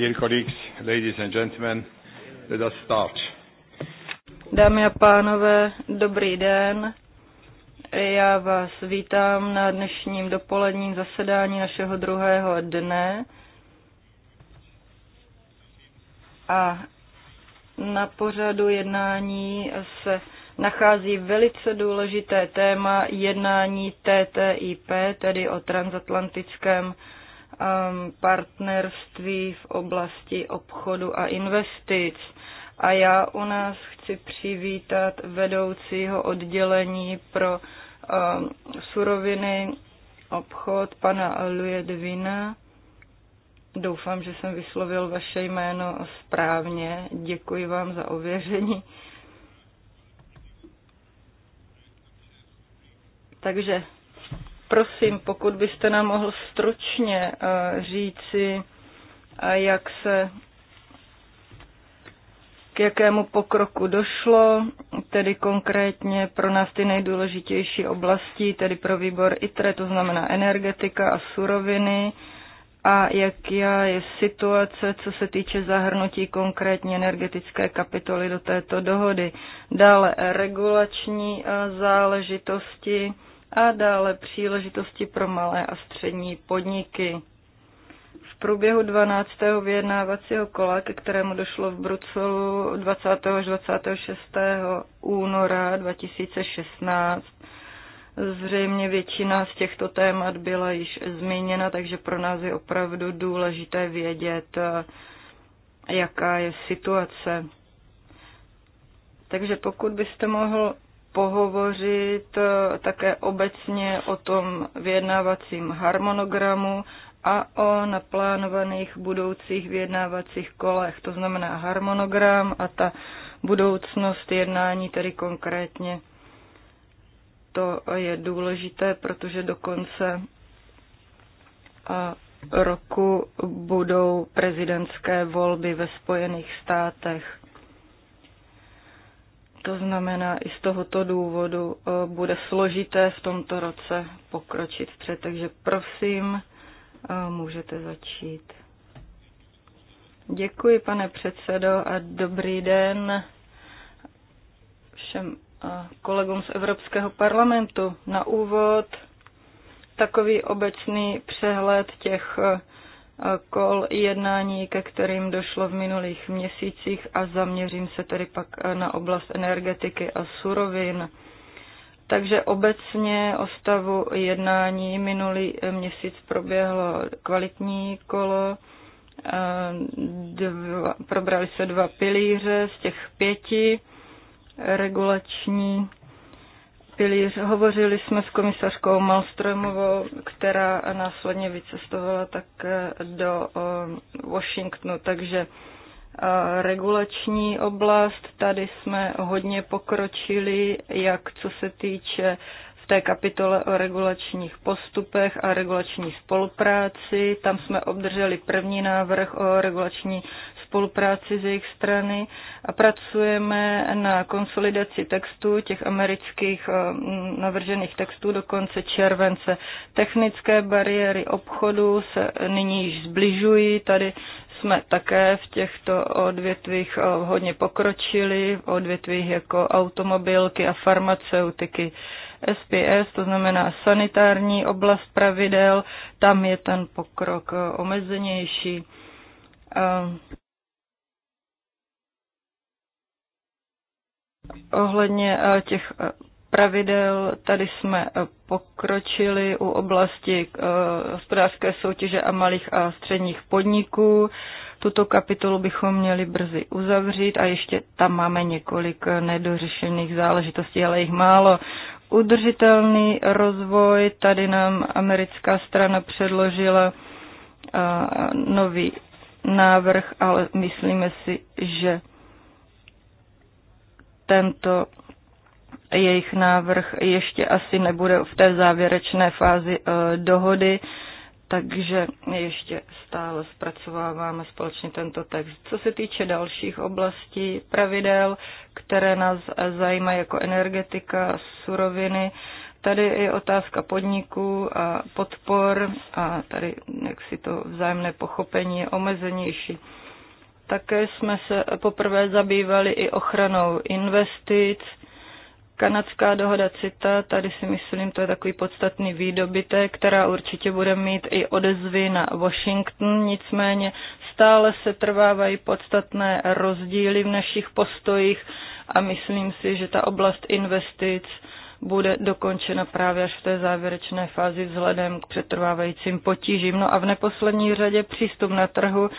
Dear colleagues, ladies and gentlemen, let us start. Dámy a pánové, dobrý den. Já vás vítám na dnešním dopoledním zasedání našeho druhého dne. A na pořadu jednání se nachází velice důležité téma jednání TTIP, tedy o transatlantickém Um, partnerství v oblasti obchodu a investic. A já u nás chci přivítat vedoucího oddělení pro um, suroviny obchod pana Luje Dvina. Doufám, že jsem vyslovil vaše jméno správně. Děkuji vám za ověření. Takže prosím, pokud byste nám mohl stručně eh, říci, jak se k jakému pokroku došlo, tedy konkrétně pro nás ty nejdůležitější oblasti, tedy pro výbor ITRE, to znamená energetika a suroviny, a jaká je situace, co se týče zahrnutí konkrétně energetické kapitoly do této dohody. Dále regulační eh, záležitosti a dále příležitosti pro malé a střední podniky. V průběhu 12. vyjednávacího kola, ke kterému došlo v Bruselu 20. až 26. února 2016, Zřejmě většina z těchto témat byla již zmíněna, takže pro nás je opravdu důležité vědět, jaká je situace. Takže pokud byste mohl pohovořit eh, také obecně o tom vyjednávacím harmonogramu a o naplánovaných budoucích vyjednávacích kolech, to znamená harmonogram a ta budoucnost jednání tedy konkrétně. To je důležité, protože do konce eh, roku budou prezidentské volby ve Spojených státech. To znamená, i z tohoto důvodu e, bude složité v tomto roce pokročit vpřed. Takže prosím, e, můžete začít. Děkuji, pane předsedo, a dobrý den všem e, kolegům z Evropského parlamentu. Na úvod takový obecný přehled těch kol jednání, ke kterým došlo v minulých měsících a zaměřím se tedy pak na oblast energetiky a surovin. Takže obecně o stavu jednání minulý měsíc proběhlo kvalitní kolo, eh, dva, probrali se dva pilíře z těch pěti, regulační pilíř. Hovořili jsme s komisařkou Malstromovou, která následně vycestovala tak eh, do eh, Washingtonu, takže eh, regulační oblast, tady jsme hodně pokročili, jak co se týče v té kapitole o regulačních postupech a regulační spolupráci. Tam jsme obdrželi první návrh o regulační spolupráci z jejich strany a pracujeme na konsolidaci textů, těch amerických eh, navržených textů do konce července. Technické bariéry obchodu se nyní již zbližují, tady jsme také v těchto odvětvích eh, hodně pokročili, v odvětvích jako automobilky a farmaceutiky. SPS, to znamená sanitární oblast pravidel, tam je ten pokrok eh, omezenější. Ohledně eh, těch eh, pravidel, tady jsme eh, pokročili u oblasti hospodářské soutěže a malých a středních podniků. Tuto kapitolu bychom měli brzy uzavřít a ještě tam máme několik nedořešených záležitostí, ale jich málo. Udržitelný rozvoj, tady nám americká strana předložila nový návrh, ale myslíme si, že tento jejich návrh ještě asi nebude v té závěrečné fázi eh, dohody, takže ještě stále zpracováváme společně tento text. Co se týče dalších oblastí pravidel, které nás zajímají jako energetika, suroviny, tady je otázka podniků a podpor a tady jak si to vzájemné pochopení je omezenější. Také jsme se poprvé zabývali i ochranou investic. Kanadská dohoda CITA, tady si myslím, to je takový podstatný výdobytek, která určitě bude mít i odezvy na Washington, nicméně stále se trvávají podstatné rozdíly v našich postojích a myslím si, že ta oblast investic bude dokončena právě až v té závěrečné fázi vzhledem k přetrvávajícím potížím. No a v neposlední řadě přístup na trhu,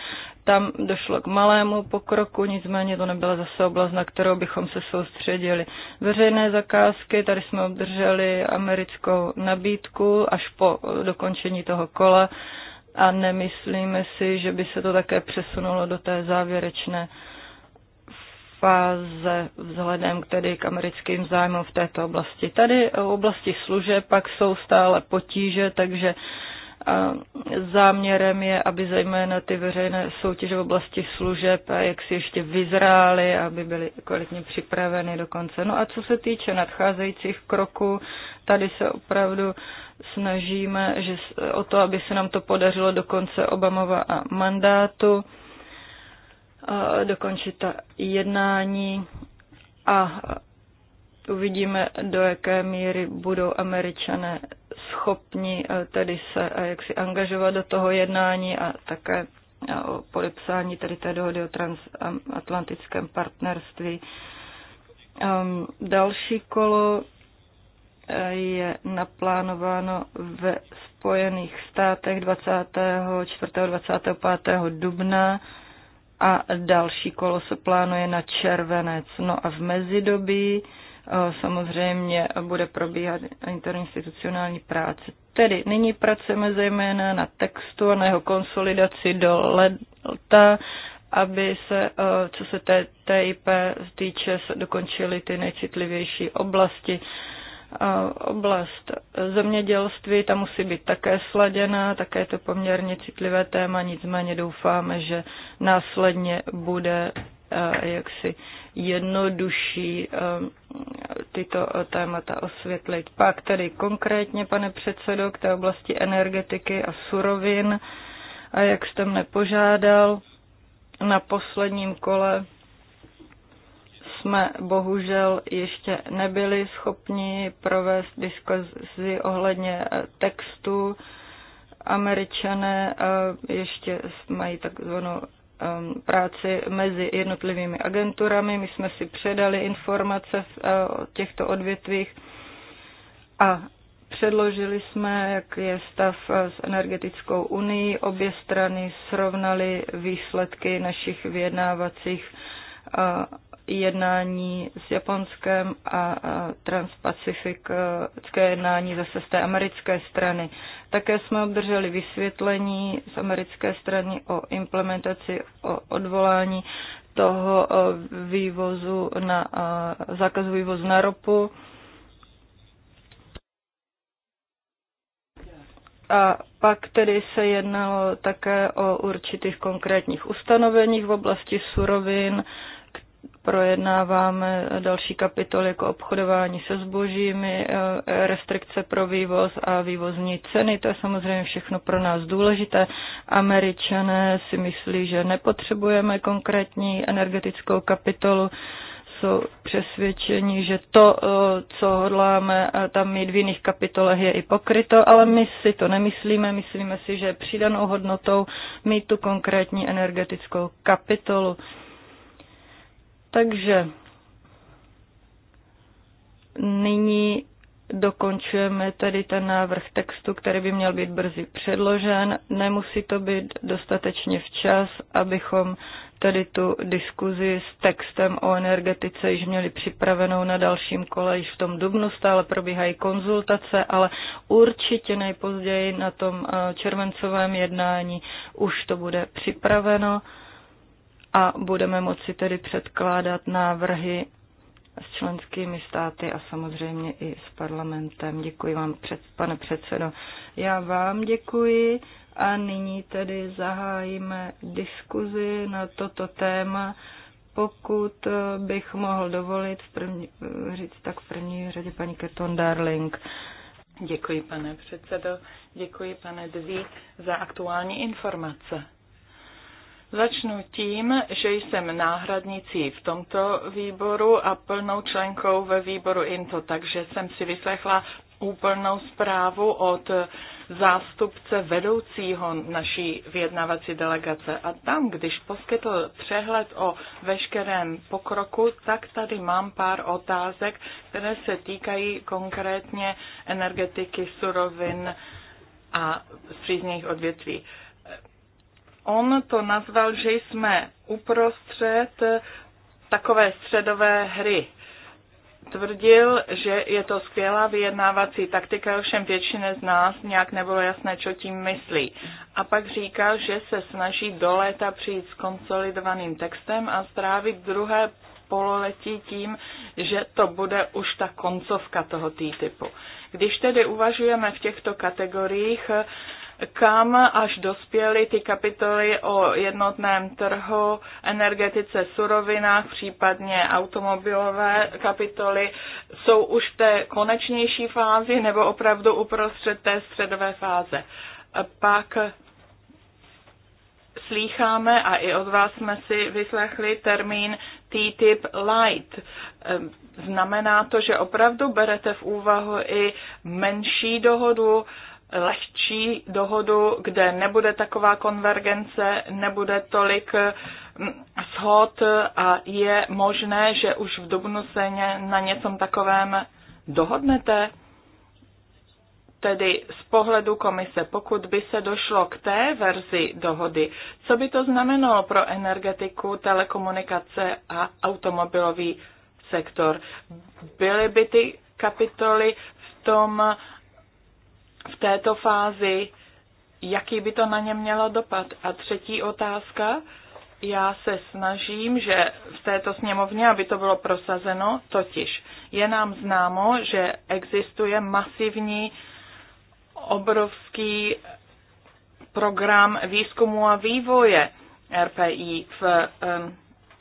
tam došlo k malému pokroku, nicméně to nebyla zase oblast, na kterou bychom se soustředili. Veřejné zakázky, tady jsme obdrželi americkou nabídku až po dokončení toho kola a nemyslíme si, že by se to také přesunulo do té závěrečné fáze vzhledem k, tedy k americkým zájmům v této oblasti. Tady v oblasti služeb pak jsou stále potíže, takže záměrem je, aby zejména ty veřejné soutěže v oblasti služeb, jak si ještě vyzrály, aby byly kvalitně připraveny dokonce. No a co se týče nadcházejících kroků, tady se opravdu snažíme že, o to, aby se nám to podařilo do konce Obamova mandátu Eh, dokončit ta jednání a uvidíme, do jaké míry budou američané schopni eh, tedy se eh, jak si angažovat do toho jednání a také o podepsání tedy té dohody o transatlantickém partnerství. Ehm, další kolo je naplánováno ve Spojených státech 24. 25. dubna a další kolo se plánuje na červenec. No a v mezidobí eh, samozřejmě bude probíhat interinstitucionální práce. Tedy nyní pracujeme zejména na textu a na jeho konsolidaci do leta, aby se, eh, co se TIP týče, se dokončily ty nejcitlivější oblasti. Oblast zemědělství, ta musí být také sladěná, také je to poměrně citlivé téma, nicméně doufáme, že následně bude eh, jaksi jednodušší eh, tyto témata osvětlit. Pak tedy konkrétně, pane předsedo, k té oblasti energetiky a surovin a jak jste mne požádal na posledním kole jsme bohužel ještě nebyli schopni provést diskuzi ohledně eh, textu. Američané eh, ještě mají takzvanou ehm, práci mezi jednotlivými agenturami. My jsme si předali informace eh, o těchto odvětvích a předložili jsme, jak je stav s energetickou unii. Obě strany srovnaly výsledky našich vyjednávacích jednání s Japonskem a transpacifické jednání zase z té americké strany. Také jsme obdrželi vysvětlení z americké strany o implementaci, o odvolání toho e, vývozu na, e, zákazu vývozu na ropu. A pak tedy se jednalo také o určitých konkrétních ustanoveních v oblasti surovin, projednáváme další kapitoly jako obchodování se zbožími, e, restrikce pro vývoz a vývozní ceny. To je samozřejmě všechno pro nás důležité. Američané si myslí, že nepotřebujeme konkrétní energetickou kapitolu jsou přesvědčeni, že to, e, co hodláme e, tam mít v jiných kapitolech, je i pokryto, ale my si to nemyslíme. Myslíme si, že je přidanou hodnotou mít tu konkrétní energetickou kapitolu. Takže nyní dokončujeme tady ten návrh textu, který by měl být brzy předložen. Nemusí to být dostatečně včas, abychom tady tu diskuzi s textem o energetice již měli připravenou na dalším kole, již v tom dubnu stále probíhají konzultace, ale určitě nejpozději na tom eh, červencovém jednání už to bude připraveno a budeme moci tedy předkládat návrhy s členskými státy a samozřejmě i s parlamentem. Děkuji vám, před, pane předsedo. Já vám děkuji a nyní tedy zahájíme diskuzi na toto téma. Pokud bych mohl dovolit v první, říct tak v první řadě paní Keton Darling. Děkuji, pane předsedo. Děkuji, pane Dví, za aktuální informace. Začnu tím, že jsem náhradnicí v tomto výboru a plnou členkou ve výboru INTO, takže jsem si vyslechla úplnou zprávu od zástupce vedoucího naší vyjednávací delegace. A tam, když poskytl přehled o veškerém pokroku, tak tady mám pár otázek, které se týkají konkrétně energetiky, surovin a zpřízněných odvětví. On to nazval, že jsme uprostřed takové středové hry. Tvrdil, že je to skvělá vyjednávací taktika, ovšem většině z nás nějak nebylo jasné, co tím myslí. A pak říkal, že se snaží do léta přijít s konsolidovaným textem a strávit druhé pololetí tím, že to bude už ta koncovka toho T-typu. Když tedy uvažujeme v těchto kategoriích, kam až dospěly ty kapitoly o jednotném trhu, energetice, surovinách, případně automobilové kapitoly, jsou už v té konečnější fázi nebo opravdu uprostřed té středové fáze. Pak slýcháme a i od vás jsme si vyslechli termín T-tip light. Ehm, znamená to, že opravdu berete v úvahu i menší dohodu, lehčí dohodu, kde nebude taková konvergence, nebude tolik mm, shod a je možné, že už v Dubnu se na něčem takovém dohodnete? Tedy z pohledu komise, pokud by se došlo k té verzi dohody, co by to znamenalo pro energetiku, telekomunikace a automobilový sektor? Byly by ty kapitoly v tom v této fázi, jaký by to na ně mělo dopad. A třetí otázka, já se snažím, že v této sněmovně, aby to bylo prosazeno, totiž je nám známo, že existuje masivní obrovský program výzkumu a vývoje RPI v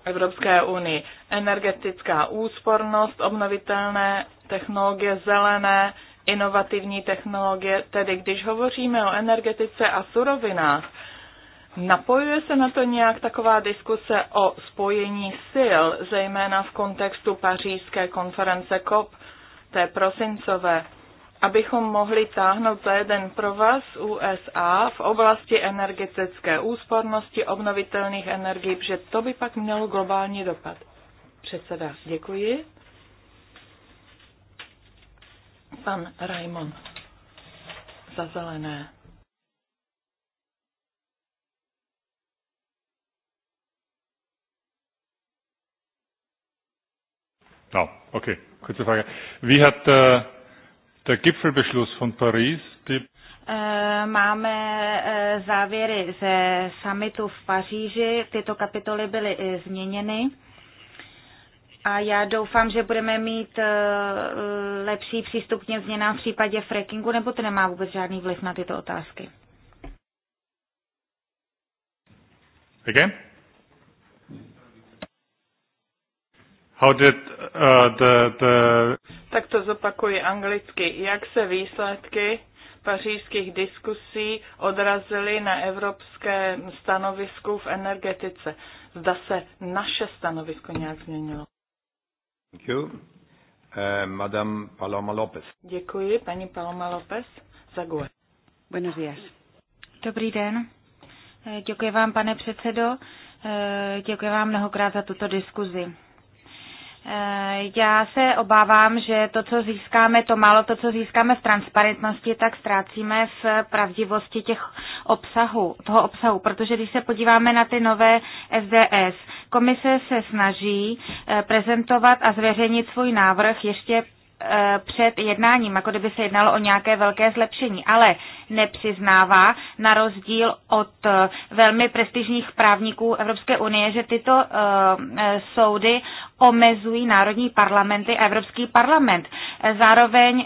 Evropské unii. Energetická úspornost, obnovitelné technologie, zelené inovativní technologie, tedy když hovoříme o energetice a surovinách, Napojuje se na to nějak taková diskuse o spojení sil, zejména v kontextu pařížské konference COP, té prosincové, abychom mohli táhnout za jeden provaz USA v oblasti energetické úspornosti obnovitelných energií, protože to by pak mělo globální dopad. Předseda, děkuji. Pan Raimon za zelené. No, okay. Kurze Frage. Wie hat äh, der Gipfelbeschluss von Paris die äh, Máme äh, závěry ze summitu v Paříži. Tyto kapitoly byly äh, změněny a já doufám, že budeme mít eh, lepší přístup k něm změnám v případě frackingu, nebo to nemá vůbec žádný vliv na tyto otázky. Okay. How did, uh, the, the... Tak to zopakuji anglicky. Jak se výsledky pařížských diskusí odrazily na evropské stanovisku v energetice? Zda se naše stanovisko nějak změnilo? Thank you. Eh, Madame Paloma López. Děkuji, paní Paloma López. Zague. Buenos días. Dobrý den. Eh, děkuji vám, pane předsedo. Eh, děkuji vám mnohokrát za tuto diskuzi. Eh, já se obávám, že to, co získáme, to málo, to, co získáme v transparentnosti, tak ztrácíme v pravdivosti těch obsahu, toho obsahu. Protože když se podíváme na ty nové SDS, komise se snaží eh, prezentovat a zveřejnit svůj návrh ještě Eh, před jednáním, jako kdyby se jednalo o nějaké velké zlepšení, ale nepřiznává, na rozdíl od eh, velmi prestižních právníků Evropské unie, že tyto eh, soudy omezují národní parlamenty a Evropský parlament. Zároveň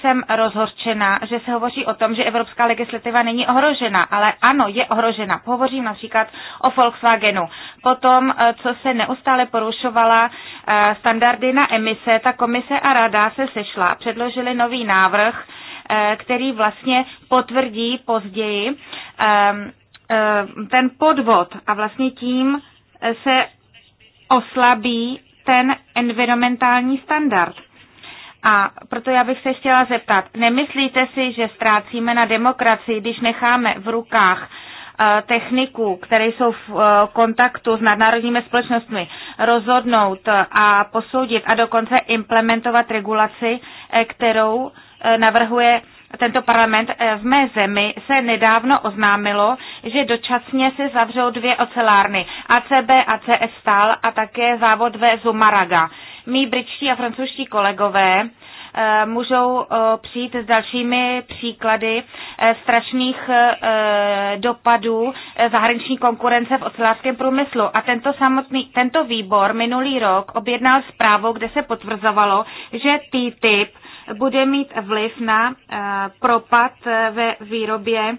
jsem rozhorčena, že se hovoří o tom, že evropská legislativa není ohrožena, ale ano, je ohrožena. Hovořím například o Volkswagenu. Potom, co se neustále porušovala standardy na emise, ta komise a rada která se sešla a předložili nový návrh, eh, který vlastně potvrdí později eh, eh, ten podvod a vlastně tím se oslabí ten environmentální standard. A proto já bych se chtěla zeptat, nemyslíte si, že ztrácíme na demokracii, když necháme v rukách Eh, techniků, které jsou v eh, kontaktu s nadnárodními společnostmi, rozhodnout a posoudit a dokonce implementovat regulaci, eh, kterou navrhuje tento parlament v mé zemi se nedávno oznámilo, že dočasně se zavřou dvě ocelárny, ACB a CS Stal a také závod ve Zumaraga. Mí britští a francouzští kolegové Eh, můžou eh, přijít s dalšími příklady eh, strašných dopadů zahraniční konkurence v ocelářském průmyslu. A tento, samotný, tento výbor minulý rok objednal zprávu, kde se potvrzovalo, že TTIP bude mít vliv na propad ve výrobě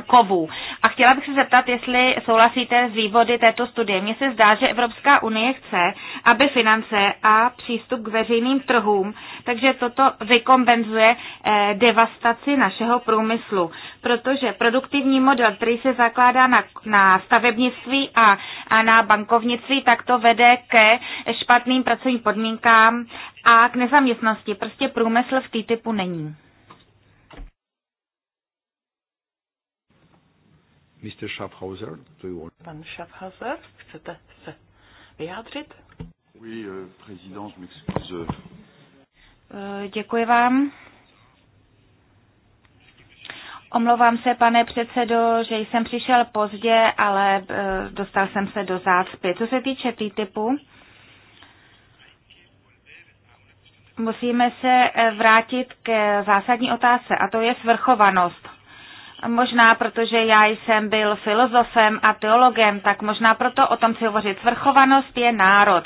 kovů. A chtěla bych se zeptat, jestli souhlasíte s vývody této studie. Mně se zdá, že Evropská unie chce, aby finance a přístup k veřejným trhům, takže toto vykompenzuje eh, devastaci našeho průmyslu, protože produktivní model, který se zakládá na, na stavebnictví a, a na bankovnictví, tak to vede ke špatným pracovním podmínkám a k nezaměstnosti. Prostě průmysl v té typu není. Mr. Schaffhauser, do you want... Pan Schaffhauser, chcete se vyjádřit? Oui, uh, président, je m'excuse. Eh, děkuji vám. Omlouvám se, pane předsedo, že jsem přišel pozdě, ale eh, dostal jsem se do zácpy. Co se týče TTIPu, musíme se eh, vrátit k zásadní otázce, a to je svrchovanost. Možná protože já jsem byl filozofem a teologem, tak možná proto o tom si hovořit. Svrchovanost je národ.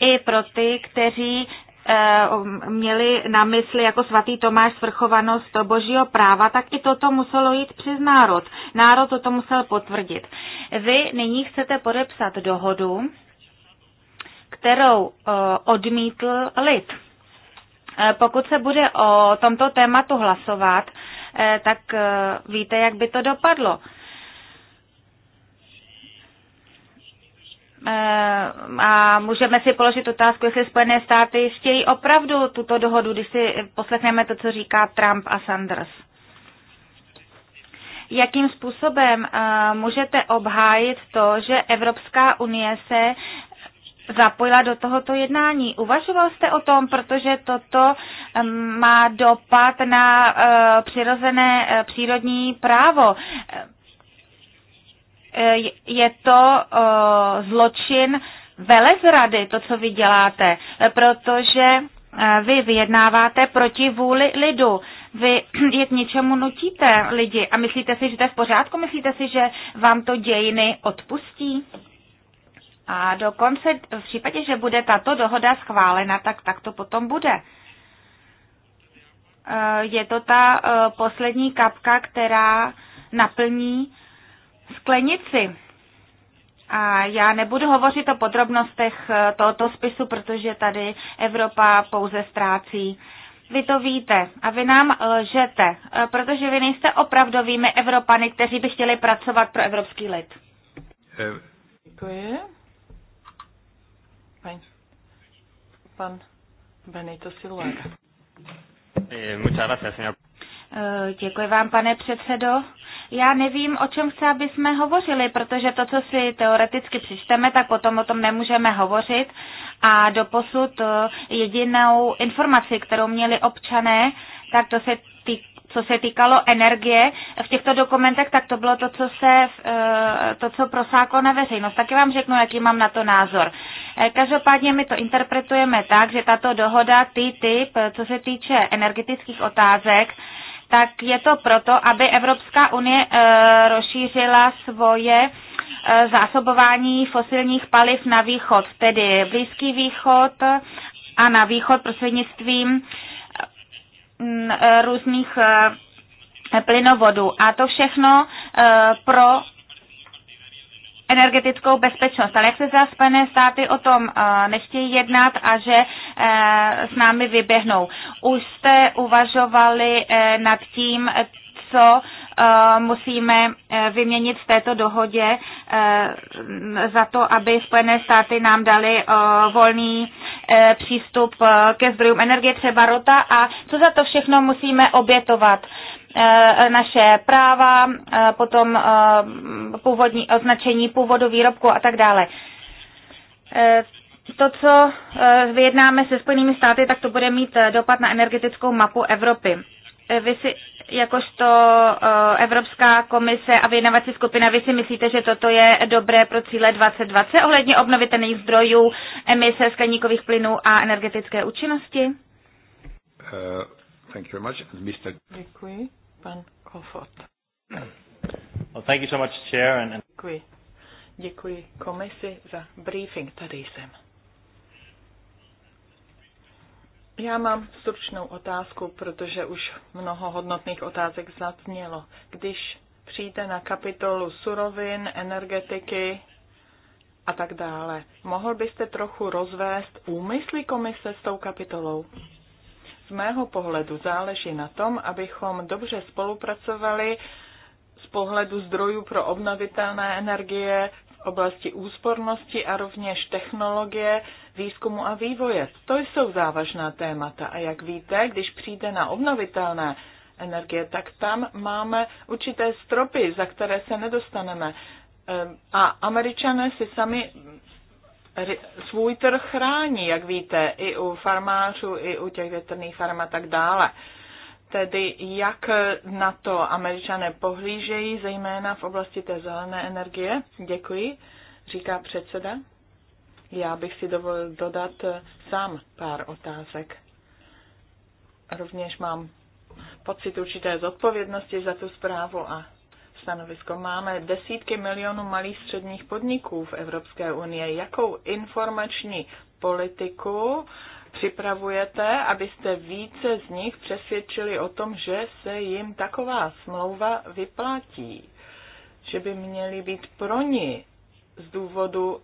I pro ty, kteří eh, měli na mysli jako svatý Tomáš svrchovanost božího práva, tak i toto muselo jít přes národ. Národ toto musel potvrdit. Vy nyní chcete podepsat dohodu, kterou eh, odmítl lid. Eh, pokud se bude o tomto tématu hlasovat, Eh, tak eh, víte, jak by to dopadlo. Eh, a můžeme si položit otázku, jestli Spojené státy chtějí opravdu tuto dohodu, když si poslechneme to, co říká Trump a Sanders. Jakým způsobem můžete obhájit to, že Evropská unie se zapojila do tohoto jednání. Uvažoval jste o tom, protože toto má dopad na e, přirozené e, přírodní právo. E, je to zločin velezrady, to, co vy děláte, protože vy vyjednáváte proti vůli lidu. Vy je k něčemu nutíte lidi a myslíte si, že to je v pořádku? Myslíte si, že vám to dějiny odpustí? A dokonce v případě, že bude tato dohoda schválena, tak, tak to potom bude. Eh, je to ta eh, poslední kapka, která naplní sklenici. A já nebudu hovořit o podrobnostech eh, tohoto spisu, protože tady Evropa pouze ztrácí. Vy to víte a vy nám lžete, protože vy nejste opravdovými Evropany, kteří by chtěli pracovat pro evropský lid. Děkuji paní, pan Benito Siluaga. Eh, eh, děkuji vám, pane předsedo. Já nevím, o čem chce, aby jsme hovořili, protože to, co si teoreticky přišteme, tak potom o tom nemůžeme hovořit. A doposud eh, jedinou informaci, kterou měli občané, tak to se co se týkalo energie v těchto dokumentech, tak to bylo to, co se, eh, to, co prosáklo na veřejnost. Taky vám řeknu, jaký mám na to názor. Eh, každopádně my to interpretujeme tak, že tato dohoda typ, eh, co se týče energetických otázek, tak je to proto, aby Evropská unie rozšířila svoje zásobování fosilních paliv na východ, tedy Blízký východ a na východ prostřednictvím Mm, eh, různých eh, plynovodů. A to všechno eh, pro energetickou bezpečnost. Ale jak se zdá, státy o tom nechtějí jednat a že s námi vyběhnou. Už jste uvažovali nad tím, co musíme vyměnit v této dohodě za to, aby Spojené státy nám dali volný Eh, přístup eh, ke zdrojům energie, třeba rota a co za to všechno musíme obětovat eh, naše práva, potom původní označení původu výrobku a tak dále. To, co vyjednáme se Spojenými státy, tak to bude mít dopad na energetickou mapu Evropy. Eh, vy si, jakožto uh, Evropská komise a vyjednavací skupina, vy si myslíte, že toto je dobré pro cíle 2020 ohledně obnovitelných zdrojů, emise skleníkových plynů a energetické účinnosti? Uh, thank you very much. Mr. Děkuji. Pan Kofot. Well, thank you so much, Chair. and, And... Děkuji. Děkuji komisi za briefing. Tady jsem. Já mám stručnou otázku, protože už mnoho hodnotných otázek zaznělo. Když přijde na kapitolu surovin, energetiky a tak dále, mohl byste trochu rozvést úmysly komise s tou kapitolou? Z mého pohledu záleží na tom, abychom dobře spolupracovali z pohledu zdrojů pro obnovitelné energie, v oblasti úspornosti a rovněž technologie, výzkumu a vývoje. To jsou závažná témata a jak víte, když přijde na obnovitelné energie, tak tam máme určité stropy, za které se nedostaneme. Ehm, a američané si sami svůj trh chrání, jak víte, i u farmářů, i u těch větrných farm a tak dále tedy jak na to američané pohlížejí, zejména v oblasti té zelené energie. Děkuji, říká předseda. Já bych si dovolil dodat eh, sám pár otázek. Rovněž mám pocit určité zodpovědnosti za tu zprávu a stanovisko. Máme desítky milionů malých středních podniků v Evropské unii. Jakou informační politiku připravujete, abyste více z nich přesvědčili o tom, že se jim taková smlouva vyplatí, že by měly být pro ní z důvodu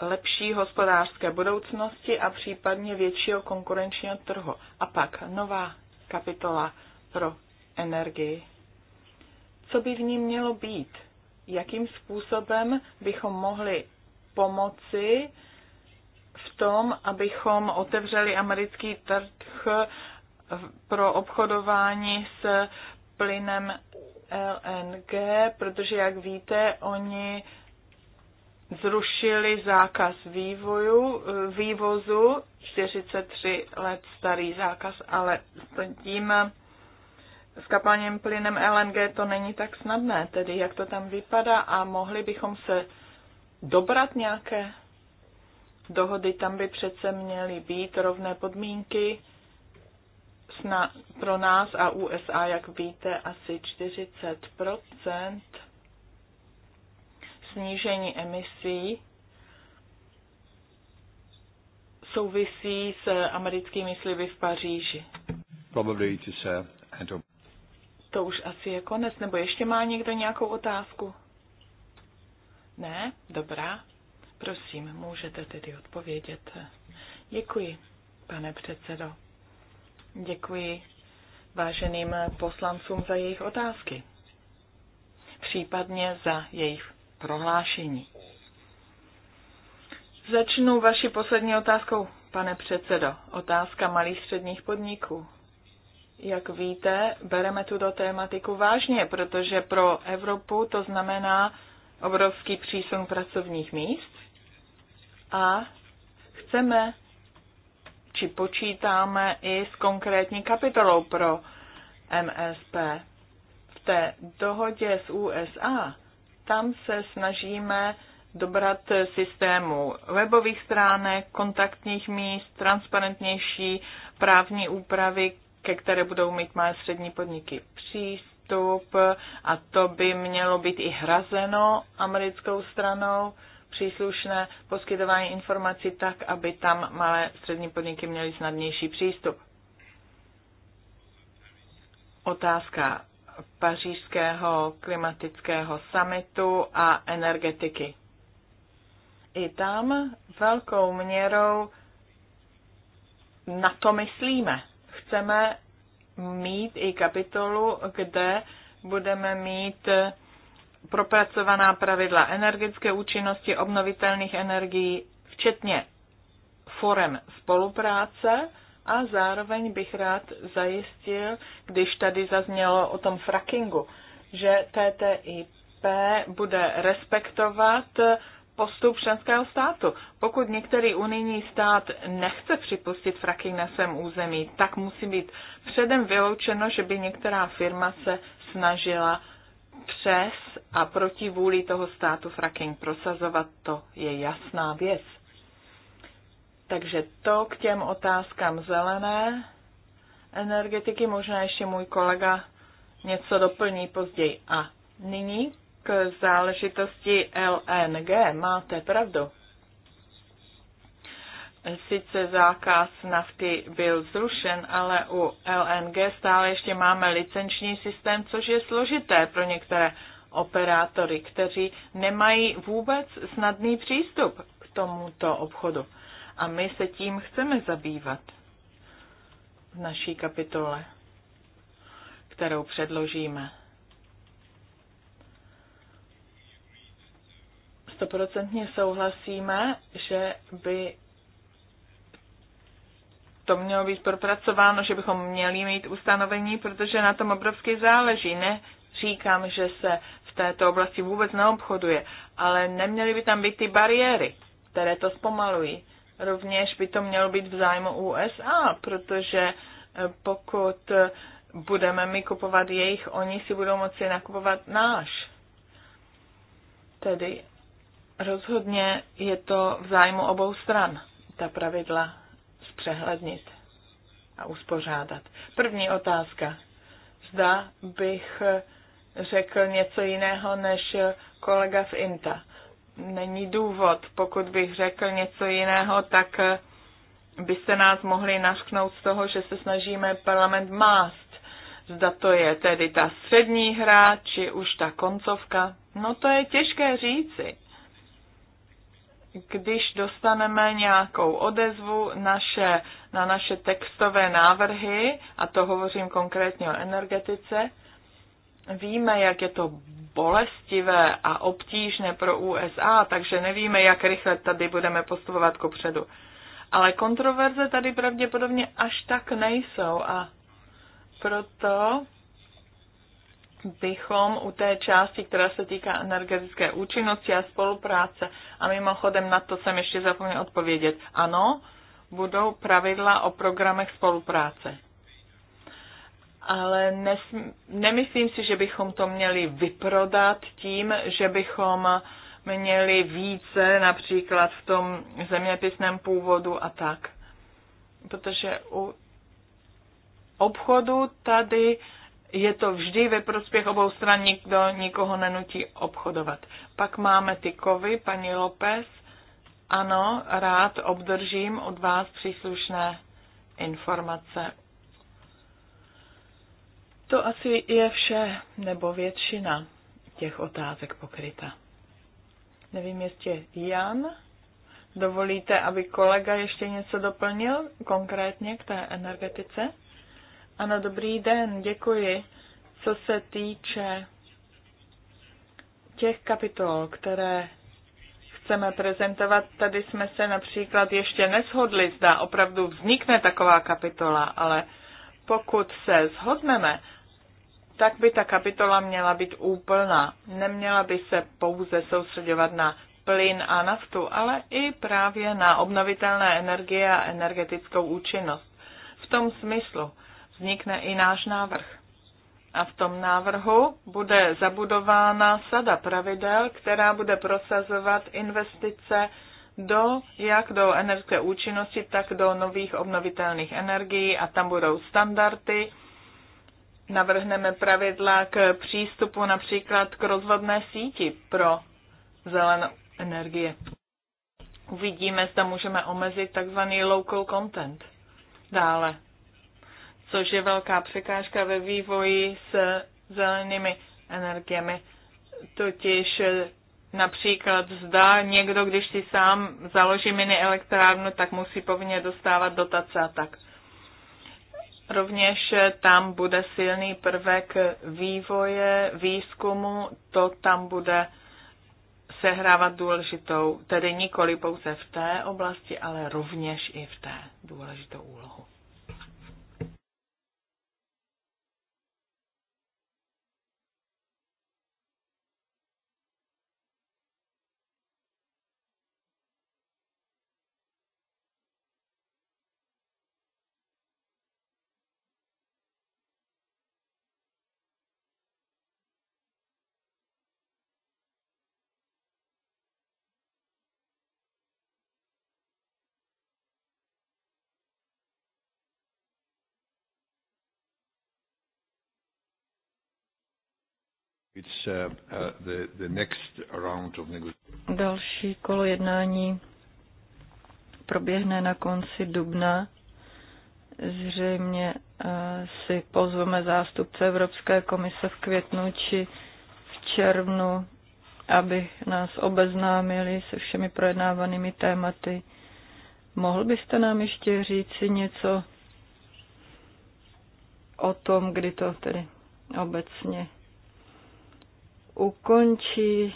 lepší hospodářské budoucnosti a případně většího konkurenčního trhu. A pak nová kapitola pro energii. Co by v ní mělo být? Jakým způsobem bychom mohli pomoci tom, abychom otevřeli americký trh pro obchodování s plynem LNG, protože, jak víte, oni zrušili zákaz vývoju, vývozu, 43 let starý zákaz, ale s tím s kapalním plynem LNG to není tak snadné, tedy jak to tam vypadá a mohli bychom se dobrat nějaké dohody, tam by přece měly být rovné podmínky pro nás a USA, jak víte, asi 40 snížení emisí souvisí s americkými slivy v Paříži. Probably to se To už asi je konec, nebo ještě má někdo nějakou otázku? Ne? Dobrá. Prosím, můžete tedy odpovědět. Děkuji, pane předsedo. Děkuji váženým poslancům za jejich otázky, případně za jejich prohlášení. Začnu vaši poslední otázkou, pane předsedo. Otázka malých středních podniků. Jak víte, bereme tuto tématiku vážně, protože pro Evropu to znamená obrovský přísun pracovních míst a chceme či počítáme i s konkrétní kapitolou pro MSP. V té dohodě s USA tam se snažíme dobrat systému webových stránek, kontaktních míst, transparentnější právní úpravy, ke které budou mít malé střední podniky přístup a to by mělo být i hrazeno americkou stranou příslušné poskytování informací tak, aby tam malé střední podniky měly snadnější přístup. Otázka pařížského klimatického summitu a energetiky. I tam velkou měrou na to myslíme. Chceme mít i kapitolu, kde budeme mít propracovaná pravidla energetické účinnosti obnovitelných energií, včetně forem spolupráce a zároveň bych rád zajistil, když tady zaznělo o tom frackingu, že TTIP bude respektovat postup členského státu. Pokud některý unijní stát nechce připustit fracking na svém území, tak musí být předem vyloučeno, že by některá firma se snažila přes a proti vůli toho státu fracking prosazovat, to je jasná věc. Takže to k těm otázkám zelené energetiky, možná ještě můj kolega něco doplní později. A nyní k záležitosti LNG. Máte pravdu sice zákaz nafty byl zrušen, ale u LNG stále ještě máme licenční systém, což je složité pro některé operátory, kteří nemají vůbec snadný přístup k tomuto obchodu. A my se tím chceme zabývat v naší kapitole, kterou předložíme. 100% souhlasíme, že by to mělo být propracováno, že bychom měli mít ustanovení, protože na tom obrovsky záleží. Ne říkám, že se v této oblasti vůbec neobchoduje, ale neměly by tam být ty bariéry, které to zpomalují. Rovněž by to mělo být v zájmu USA, protože eh, pokud eh, budeme my kupovat jejich, oni si budou moci nakupovat náš. Tedy rozhodně je to v zájmu obou stran, ta pravidla zpřehlednit a uspořádat. První otázka. Zda bych řekl něco jiného než kolega v INTA. Není důvod, pokud bych řekl něco jiného, tak byste nás mohli nařknout z toho, že se snažíme parlament mást. Zda to je tedy ta střední hra, či už ta koncovka. No to je těžké říci když dostaneme nějakou odezvu naše, na naše textové návrhy, a to hovořím konkrétně o energetice, víme, jak je to bolestivé a obtížné pro USA, takže nevíme, jak rychle tady budeme postupovat kopředu. Ale kontroverze tady pravděpodobně až tak nejsou a proto bychom u té části, která se týká energetické účinnosti a spolupráce, a mimochodem na to jsem ještě zapomněl odpovědět, ano, budou pravidla o programech spolupráce. Ale nesm, nemyslím si, že bychom to měli vyprodat tím, že bychom měli více například v tom zeměpisném původu a tak. Protože u obchodu tady je to vždy ve prospěch obou stran, nikdo nikoho nenutí obchodovat. Pak máme ty kovy, paní López. Ano, rád obdržím od vás příslušné informace. To asi je vše, nebo většina těch otázek pokryta. Nevím, jestli Jan, dovolíte, aby kolega ještě něco doplnil konkrétně k té energetice? Ano, dobrý den, děkuji. Co se týče těch kapitol, které chceme prezentovat, tady jsme se například ještě neshodli, zda opravdu vznikne taková kapitola, ale pokud se shodneme, tak by ta kapitola měla být úplná. Neměla by se pouze soustředovat na plyn a naftu, ale i právě na obnovitelné energie a energetickou účinnost. V tom smyslu, vznikne i náš návrh. A v tom návrhu bude zabudována sada pravidel, která bude prosazovat investice do, jak do energetické účinnosti, tak do nových obnovitelných energií a tam budou standardy. Navrhneme pravidla k přístupu například k rozvodné síti pro zelenou energie. Uvidíme, zda můžeme omezit takzvaný local content. Dále což je velká překážka ve vývoji s zelenými energiemi. Totiž eh, například zda někdo, když si sám založí mini elektrárnu, tak musí povinně dostávat dotace a tak. Rovněž eh, tam bude silný prvek vývoje, výzkumu, to tam bude sehrávat důležitou, tedy nikoli pouze v té oblasti, ale rovněž i v té důležitou úlohu. Uh, uh, Další kolo jednání proběhne na konci dubna. Zřejmě uh, si pozveme zástupce Evropské komise v květnu či v červnu, aby nás obeznámili se všemi projednávanými tématy. Mohl byste nám ještě říci něco o tom, kdy to tedy obecně ukončí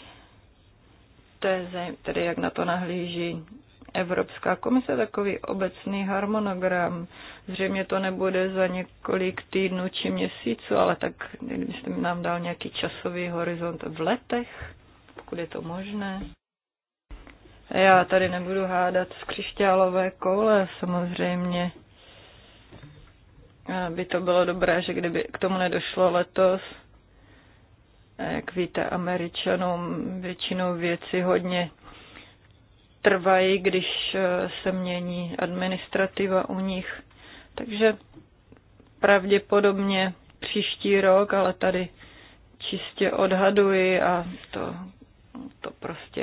té tedy jak na to nahlíží Evropská komise, takový obecný harmonogram. Zřejmě to nebude za několik týdnů či měsíců, ale tak kdybyste nám dal nějaký časový horizont v letech, pokud je to možné. Já tady nebudu hádat z křišťálové koule, samozřejmě by to bylo dobré, že kdyby k tomu nedošlo letos, jak víte, Američanům většinou věci hodně trvají, když eh, se mění administrativa u nich. Takže pravděpodobně příští rok, ale tady čistě odhaduji a to, to prostě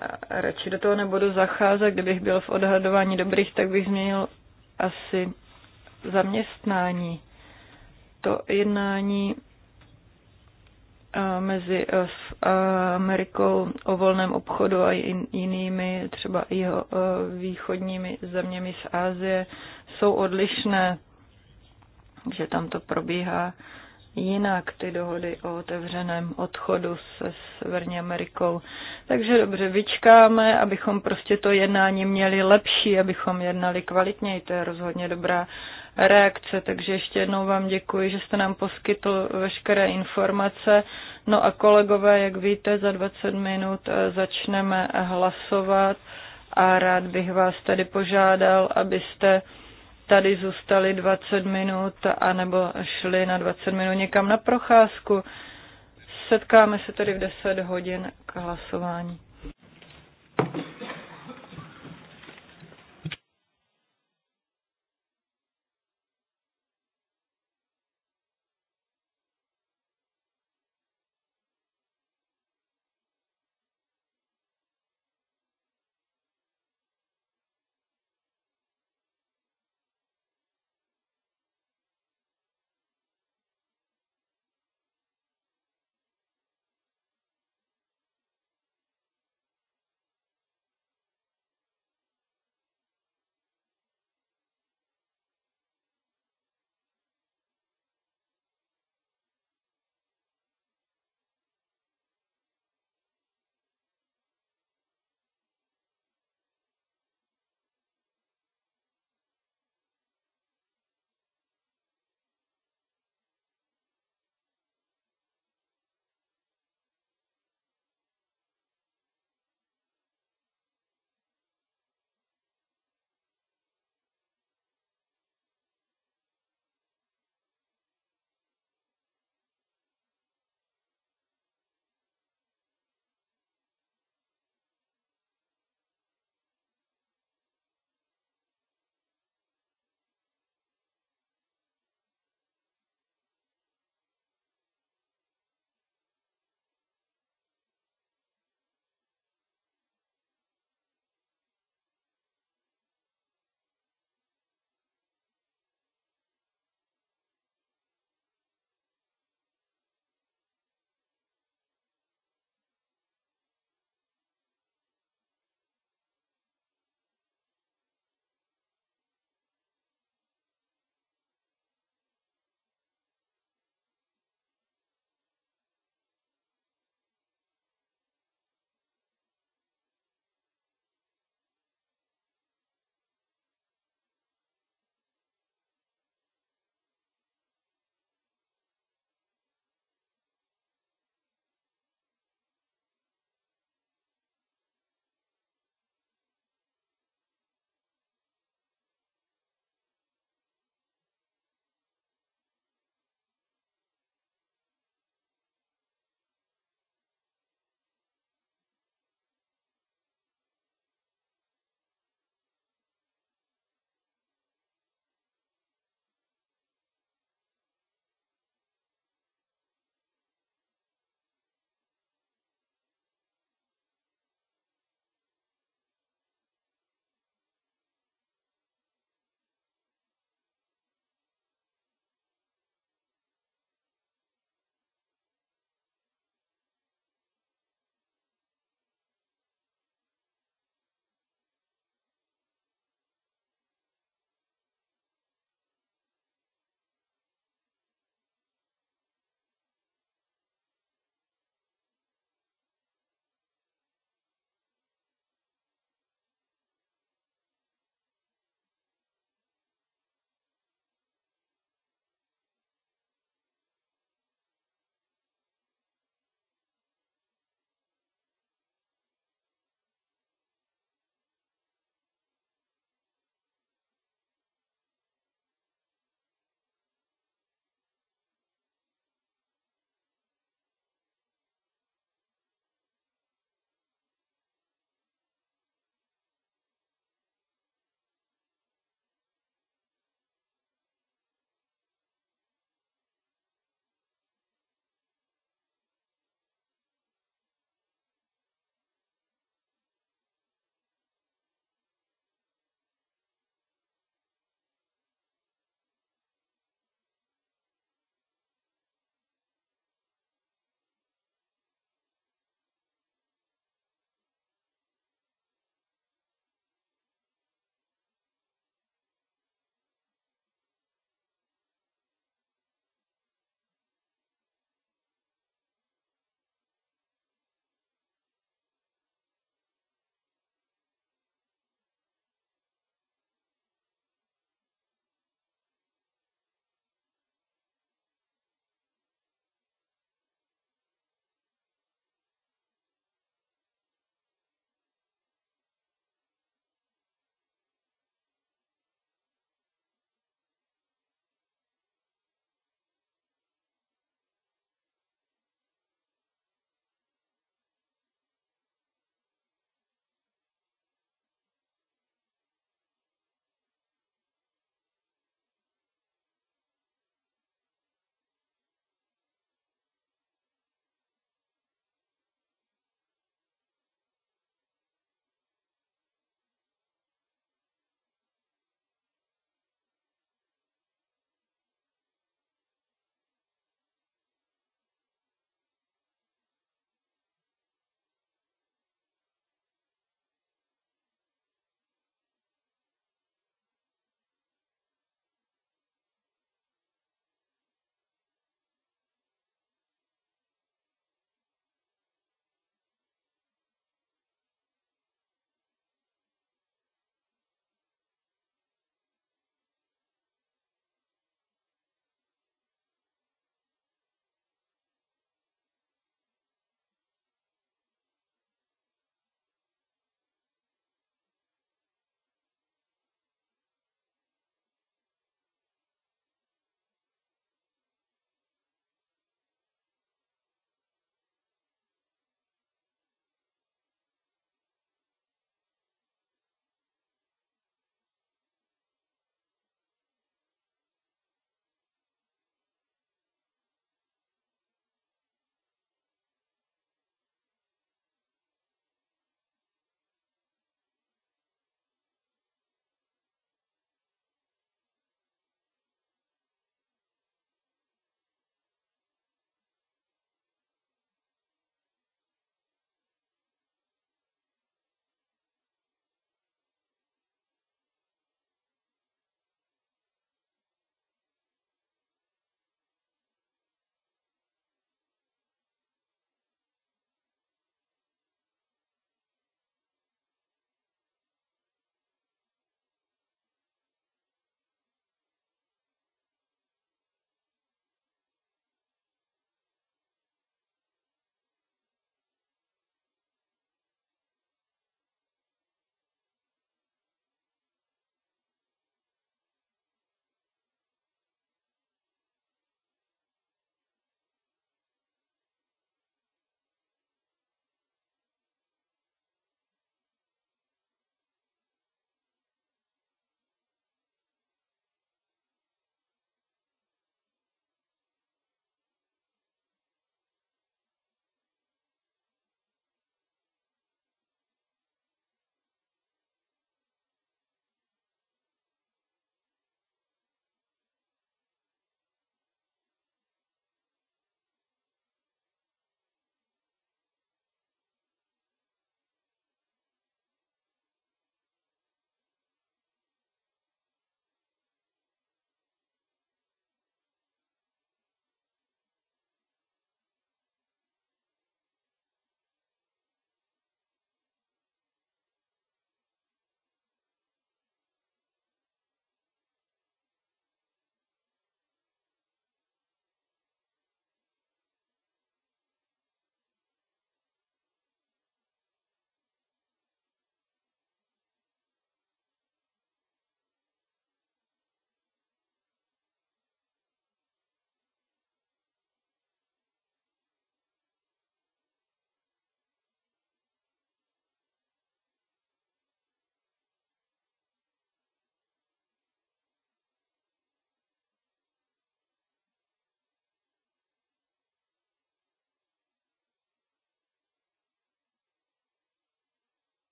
eh, radši do toho nebudu zacházet. Kdybych byl v odhadování dobrých, tak bych změnil asi zaměstnání. To jednání mezi eh, s eh, Amerikou o volném obchodu a jinými, třeba jeho eh, východními zeměmi z Ázie, jsou odlišné, že tam to probíhá jinak ty dohody o otevřeném odchodu se Severní Amerikou. Takže dobře, vyčkáme, abychom prostě to jednání měli lepší, abychom jednali kvalitněji. To je rozhodně dobrá reakce. Takže ještě jednou vám děkuji, že jste nám poskytl veškeré informace. No a kolegové, jak víte, za 20 minut eh, začneme hlasovat a rád bych vás tedy požádal, abyste tady zůstali 20 minut anebo šli na 20 minut někam na procházku. Setkáme se tedy v 10 hodin k hlasování.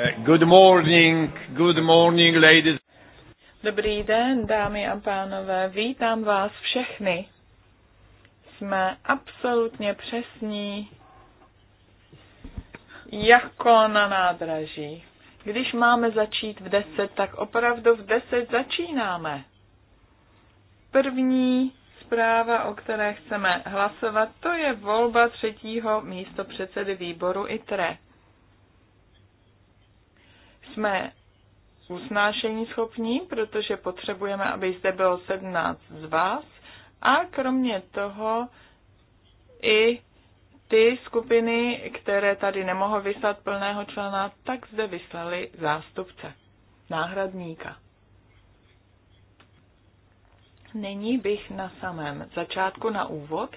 Eh, good morning, good morning, ladies. Dobrý den, dámy a pánové, vítám vás všechny. Jsme absolutně přesní, jako na nádraží. Když máme začít v 10, tak opravdu v 10 začínáme. První zpráva, o které chceme hlasovat, to je volba třetího místo předsedy výboru ITRE jsme usnášení schopní, protože potřebujeme, aby zde bylo 17 z vás a kromě toho i ty skupiny, které tady nemohou vyslat plného člena, tak zde vyslali zástupce, náhradníka. Nyní bych na samém začátku na úvod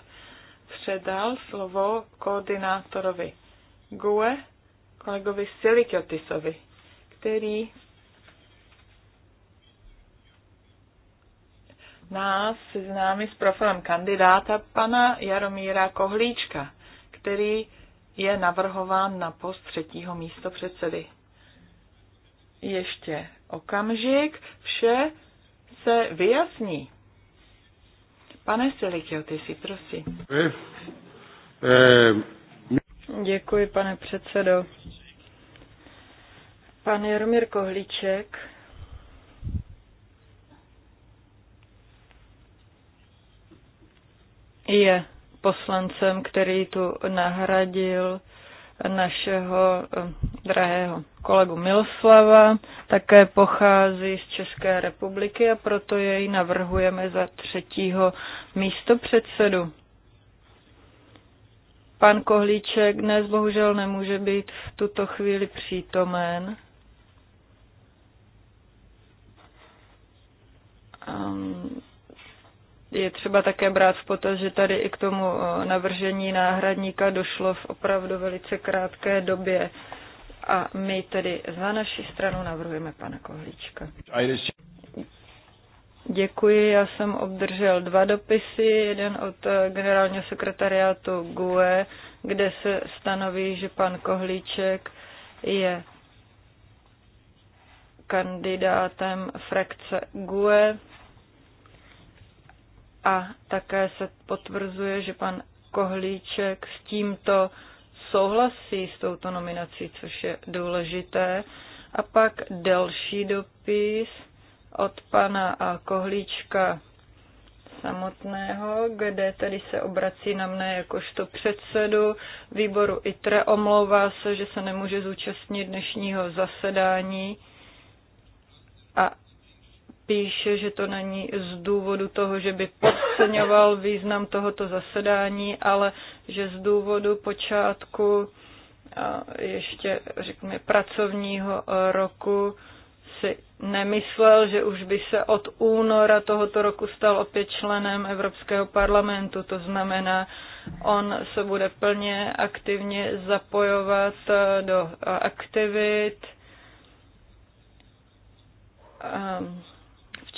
předal slovo koordinátorovi GUE, kolegovi Silikiotisovi který nás seznámí s profilem kandidáta pana Jaromíra Kohlíčka, který je navrhován na post třetího místo předsedy. Ještě okamžik, vše se vyjasní. Pane si prosím. Eh, eh, Děkuji, pane předsedo. Pan Jaromír Kohlíček. je poslancem, který tu nahradil našeho eh, drahého kolegu Miloslava, také pochází z České republiky a proto jej navrhujeme za třetího místo předsedu. Pan Kohlíček dnes bohužel nemůže být v tuto chvíli přítomen. Ehm, je třeba také brát v potaz, že tady i k tomu eh, navržení náhradníka došlo v opravdu velice krátké době. A my tedy za naši stranu navrhujeme pana Kohlíčka. Děkuji, já jsem obdržel dva dopisy, jeden od eh, generálního sekretariátu GUE, kde se stanoví, že pan Kohlíček je kandidátem frakce GUE a také se potvrzuje, že pan Kohlíček s tímto souhlasí s touto nominací, což je důležité. A pak další dopis od pana Kohlíčka samotného, kde tedy se obrací na mne jakožto předsedu výboru ITRE. Omlouvá se, že se nemůže zúčastnit dnešního zasedání a píše, že to není z důvodu toho, že by podceňoval význam tohoto zasedání, ale že z důvodu počátku ještě, řekněme, pracovního roku si nemyslel, že už by se od února tohoto roku stal opět členem Evropského parlamentu. To znamená, on se bude plně aktivně zapojovat e, do aktivit ehm,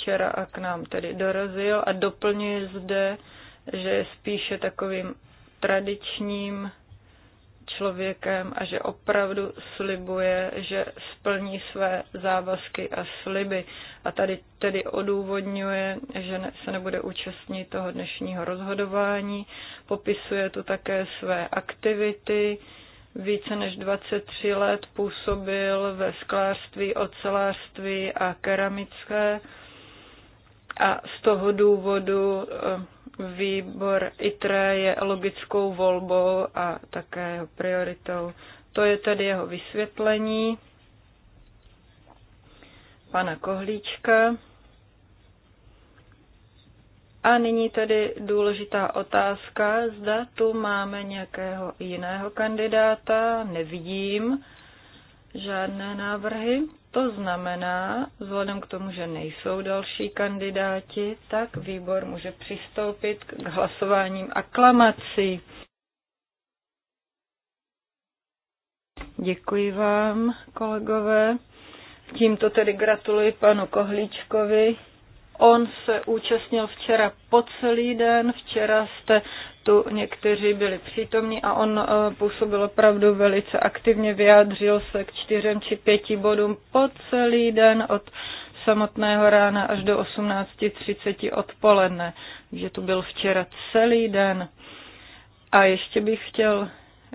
včera a k nám tedy dorazil a doplňuje zde, že je spíše takovým tradičním člověkem a že opravdu slibuje, že splní své závazky a sliby. A tady tedy odůvodňuje, že ne, se nebude účastnit toho dnešního rozhodování. Popisuje tu také své aktivity. Více než 23 let působil ve sklářství, ocelářství a keramické a z toho důvodu eh, výbor ITRE je logickou volbou a také jeho prioritou. To je tedy jeho vysvětlení pana Kohlíčka. A nyní tedy důležitá otázka, zda tu máme nějakého jiného kandidáta, nevidím žádné návrhy. To znamená, vzhledem k tomu, že nejsou další kandidáti, tak výbor může přistoupit k hlasováním aklamací. Děkuji vám, kolegové. Tímto tedy gratuluji panu Kohlíčkovi. On se účastnil včera po celý den, včera jste tu někteří byli přítomní a on eh, působil opravdu velice aktivně, vyjádřil se k čtyřem či pěti bodům po celý den od samotného rána až do 18.30 odpoledne. Takže tu byl včera celý den. A ještě bych chtěl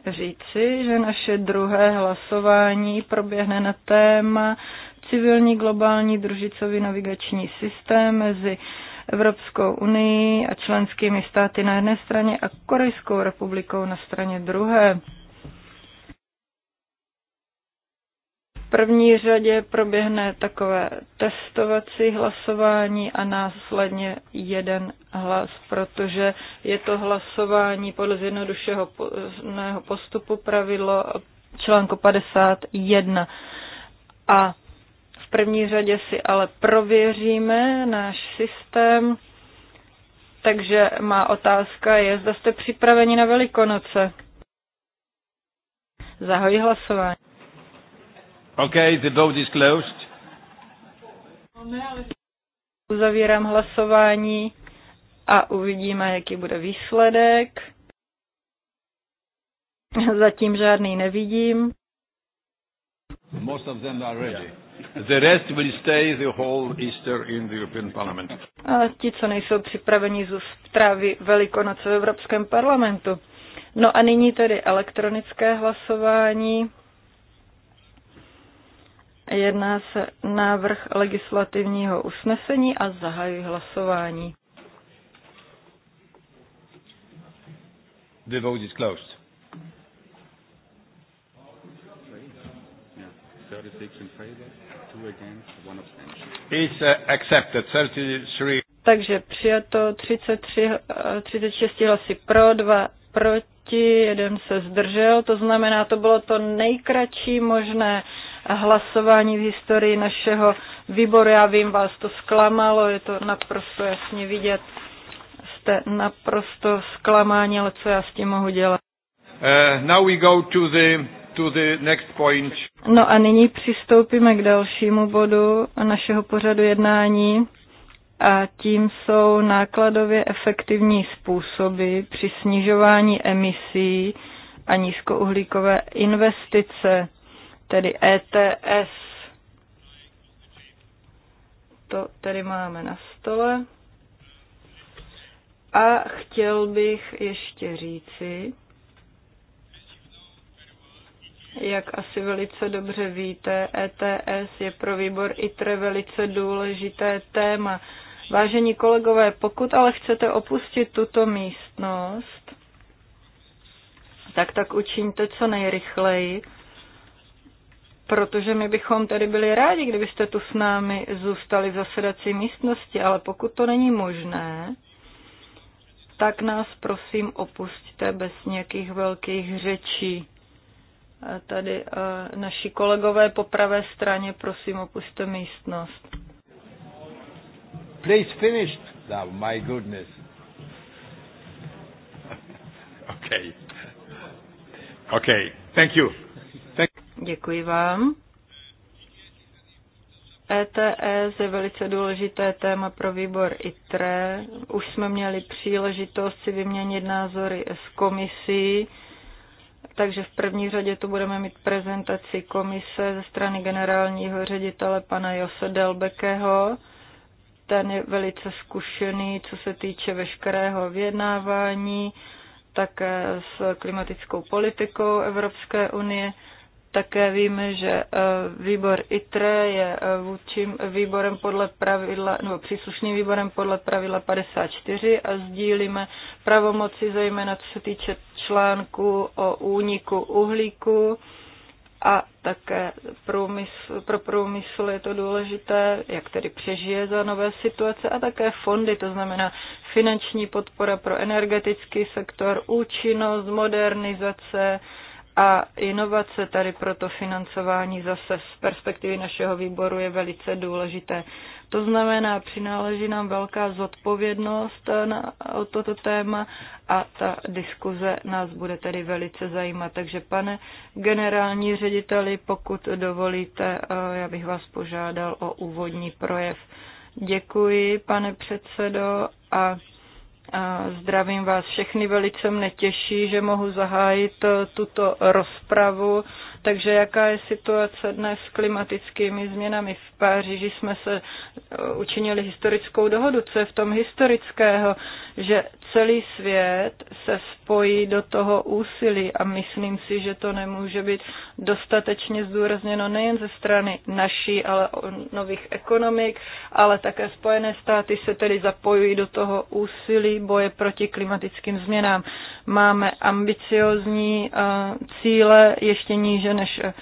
říci, že naše druhé hlasování proběhne na téma civilní globální družicový navigační systém mezi Evropskou unii a členskými státy na jedné straně a Korejskou republikou na straně druhé. V první řadě proběhne takové testovací hlasování a následně jeden hlas, protože je to hlasování podle zjednodušeného postupu pravidlo článku 51. A v první řadě si ale prověříme náš systém. Takže má otázka je, zda jste připraveni na Velikonoce. Zahoj hlasování. OK, the vote is closed. Uzavírám hlasování a uvidíme, jaký bude výsledek. Zatím žádný nevidím. Most of them are ready. Yeah. The rest will stay the whole Easter in the European Parliament. A ti, co nejsou připraveni, zůstávají velikonoce v Evropském parlamentu. No a nyní tedy elektronické hlasování. Jedná se návrh legislativního usnesení a zahajuji hlasování. The vote is closed. 36 in favor. 33. Uh, Takže přijato 33, 36 uh, hlasy pro, 2 proti, jeden se zdržel, to znamená, to bylo to nejkratší možné hlasování v historii našeho výboru. Já vím, vás to zklamalo, je to naprosto jasně vidět. Jste naprosto zklamáni, ale co já s tím mohu dělat? Uh, now we go to the to the next point. No a nyní přistoupíme k dalšímu bodu našeho pořadu jednání a tím jsou nákladově efektivní způsoby při snižování emisí a nízkouhlíkové investice, tedy ETS. To tedy máme na stole. A chtěl bych ještě říci, jak asi velice dobře víte, ETS je pro výbor ITRE velice důležité téma. Vážení kolegové, pokud ale chcete opustit tuto místnost, tak tak učiňte co nejrychleji, protože my bychom tady byli rádi, kdybyste tu s námi zůstali v zasedací místnosti, ale pokud to není možné, tak nás prosím opustte bez nějakých velkých řečí tady eh, naši kolegové po pravé straně, prosím, opuste místnost. Please finished. Oh, my goodness. okay. Okay. Thank you. Thank Děkuji vám. ETS e je velice důležité téma pro výbor ITRE. Už jsme měli příležitost si vyměnit názory s komisí takže v první řadě tu budeme mít prezentaci komise ze strany generálního ředitele pana Jose Delbekeho. Ten je velice zkušený, co se týče veškerého vyjednávání, také s klimatickou politikou Evropské unie. Také víme, že eh, výbor ITRE je eh, vůčím výborem podle pravidla, nebo příslušným výborem podle pravidla 54 a sdílíme pravomoci, zejména co se týče článku o úniku uhlíku a také průmysl, pro průmysl je to důležité, jak tedy přežije za nové situace a také fondy, to znamená finanční podpora pro energetický sektor, účinnost, modernizace, a inovace tady proto financování zase z perspektivy našeho výboru je velice důležité. To znamená, přináleží nám velká zodpovědnost eh, na o toto téma a ta diskuze nás bude tedy velice zajímat. Takže pane generální řediteli, pokud dovolíte, eh, já bych vás požádal o úvodní projev. Děkuji, pane předsedo, a Zdravím vás všechny, velice mne těší, že mohu zahájit e, tuto rozpravu. Takže jaká je situace dnes s klimatickými změnami v Paříži? Jsme se e, učinili historickou dohodu, co je v tom historického že celý svět se spojí do toho úsilí a myslím si, že to nemůže být dostatečně zdůrazněno nejen ze strany naší, ale nových ekonomik, ale také Spojené státy se tedy zapojují do toho úsilí boje proti klimatickým změnám. Máme ambiciozní eh, cíle ještě níže než eh,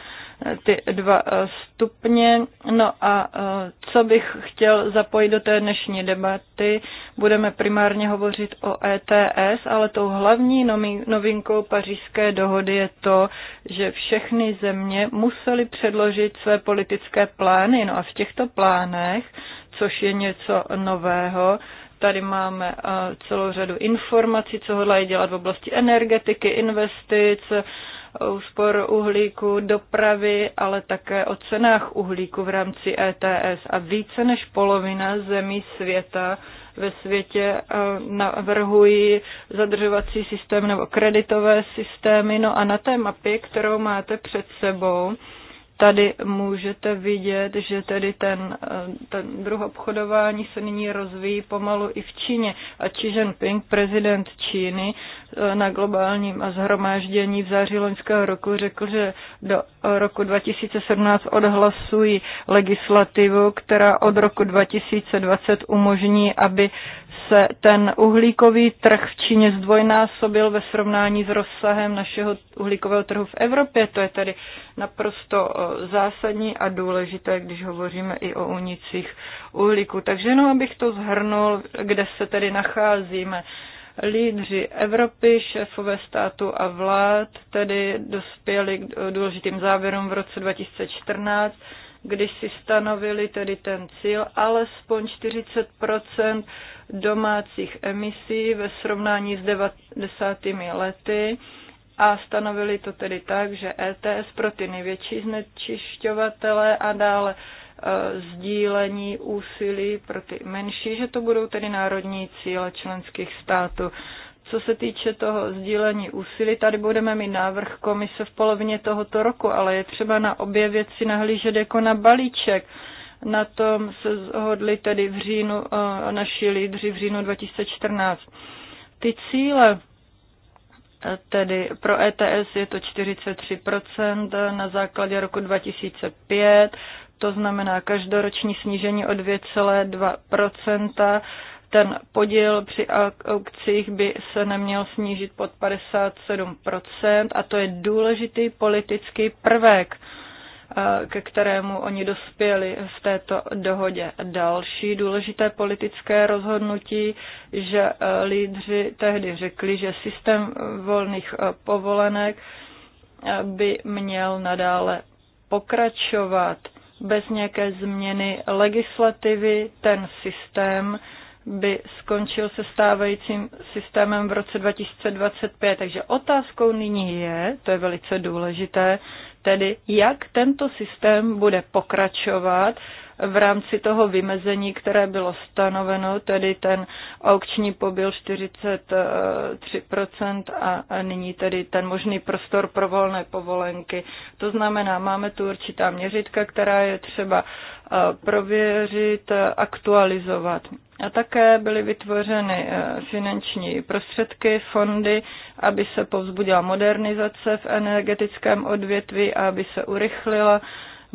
ty dva eh, stupně. No a eh, co bych chtěl zapojit do té dnešní debaty, budeme primárně hovořit o ETS, ale tou hlavní novinkou pařížské dohody je to, že všechny země musely předložit své politické plány. No a v těchto plánech, což je něco nového, Tady máme eh, celou řadu informací, co hodlají dělat v oblasti energetiky, investic, úspor uhlíku, dopravy, ale také o cenách uhlíku v rámci ETS. A více než polovina zemí světa ve světě eh, navrhují zadržovací systém nebo kreditové systémy. No a na té mapě, kterou máte před sebou, Tady můžete vidět, že tedy ten, eh, ten druh obchodování se nyní rozvíjí pomalu i v Číně. A Xi Jinping, prezident Číny, eh, na globálním zhromáždění v září loňského roku řekl, že do roku 2017 odhlasují legislativu, která od roku 2020 umožní, aby se ten uhlíkový trh v Číně zdvojnásobil ve srovnání s rozsahem našeho uhlíkového trhu v Evropě. To je tedy naprosto eh, zásadní a důležité, když hovoříme i o unicích uhlíku. Takže jenom abych to zhrnul, kde se tedy nacházíme lídři Evropy, šéfové státu a vlád tedy dospěli k důležitým závěrům v roce 2014, kdy si stanovili tedy ten cíl alespoň 40 domácích emisí ve srovnání s 90. lety a stanovili to tedy tak, že ETS pro ty největší znečišťovatele a dále e, sdílení úsilí pro ty menší, že to budou tedy národní cíle členských států. Co se týče toho sdílení úsilí, tady budeme mít návrh komise v polovině tohoto roku, ale je třeba na obě věci nahlížet jako na balíček. Na tom se zhodli tedy v říjnu eh, naši lídři v říjnu 2014. Ty cíle eh, tedy pro ETS je to 43% na základě roku 2005, to znamená každoroční snížení o 2,2%. Ten podíl při aukcích by se neměl snížit pod 57% a to je důležitý politický prvek Eh, ke kterému oni dospěli v této dohodě. Další důležité politické rozhodnutí, že eh, lídři tehdy řekli, že systém volných eh, povolenek by měl nadále pokračovat bez nějaké změny legislativy ten systém by skončil se stávajícím systémem v roce 2025. Takže otázkou nyní je, to je velice důležité, tedy jak tento systém bude pokračovat v rámci toho vymezení, které bylo stanoveno, tedy ten aukční pobyl 43% a, nyní tedy ten možný prostor pro volné povolenky. To znamená, máme tu určitá měřitka, která je třeba eh, prověřit, aktualizovat. A také byly vytvořeny eh, finanční prostředky, fondy, aby se povzbudila modernizace v energetickém odvětví a aby se urychlila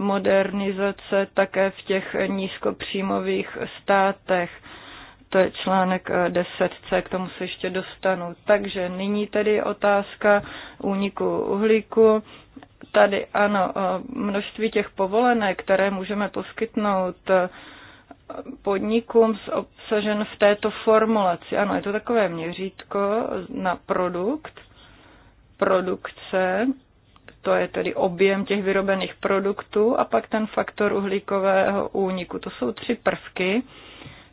modernizace také v těch nízkopříjmových státech. To je článek 10c, k tomu se ještě dostanu. Takže nyní tedy otázka úniku uhlíku. Tady ano, množství těch povolenek, které můžeme poskytnout, podnikům obsažen v této formulaci. Ano, je to takové měřítko na produkt, produkce to je tedy objem těch vyrobených produktů a pak ten faktor uhlíkového úniku. To jsou tři prvky,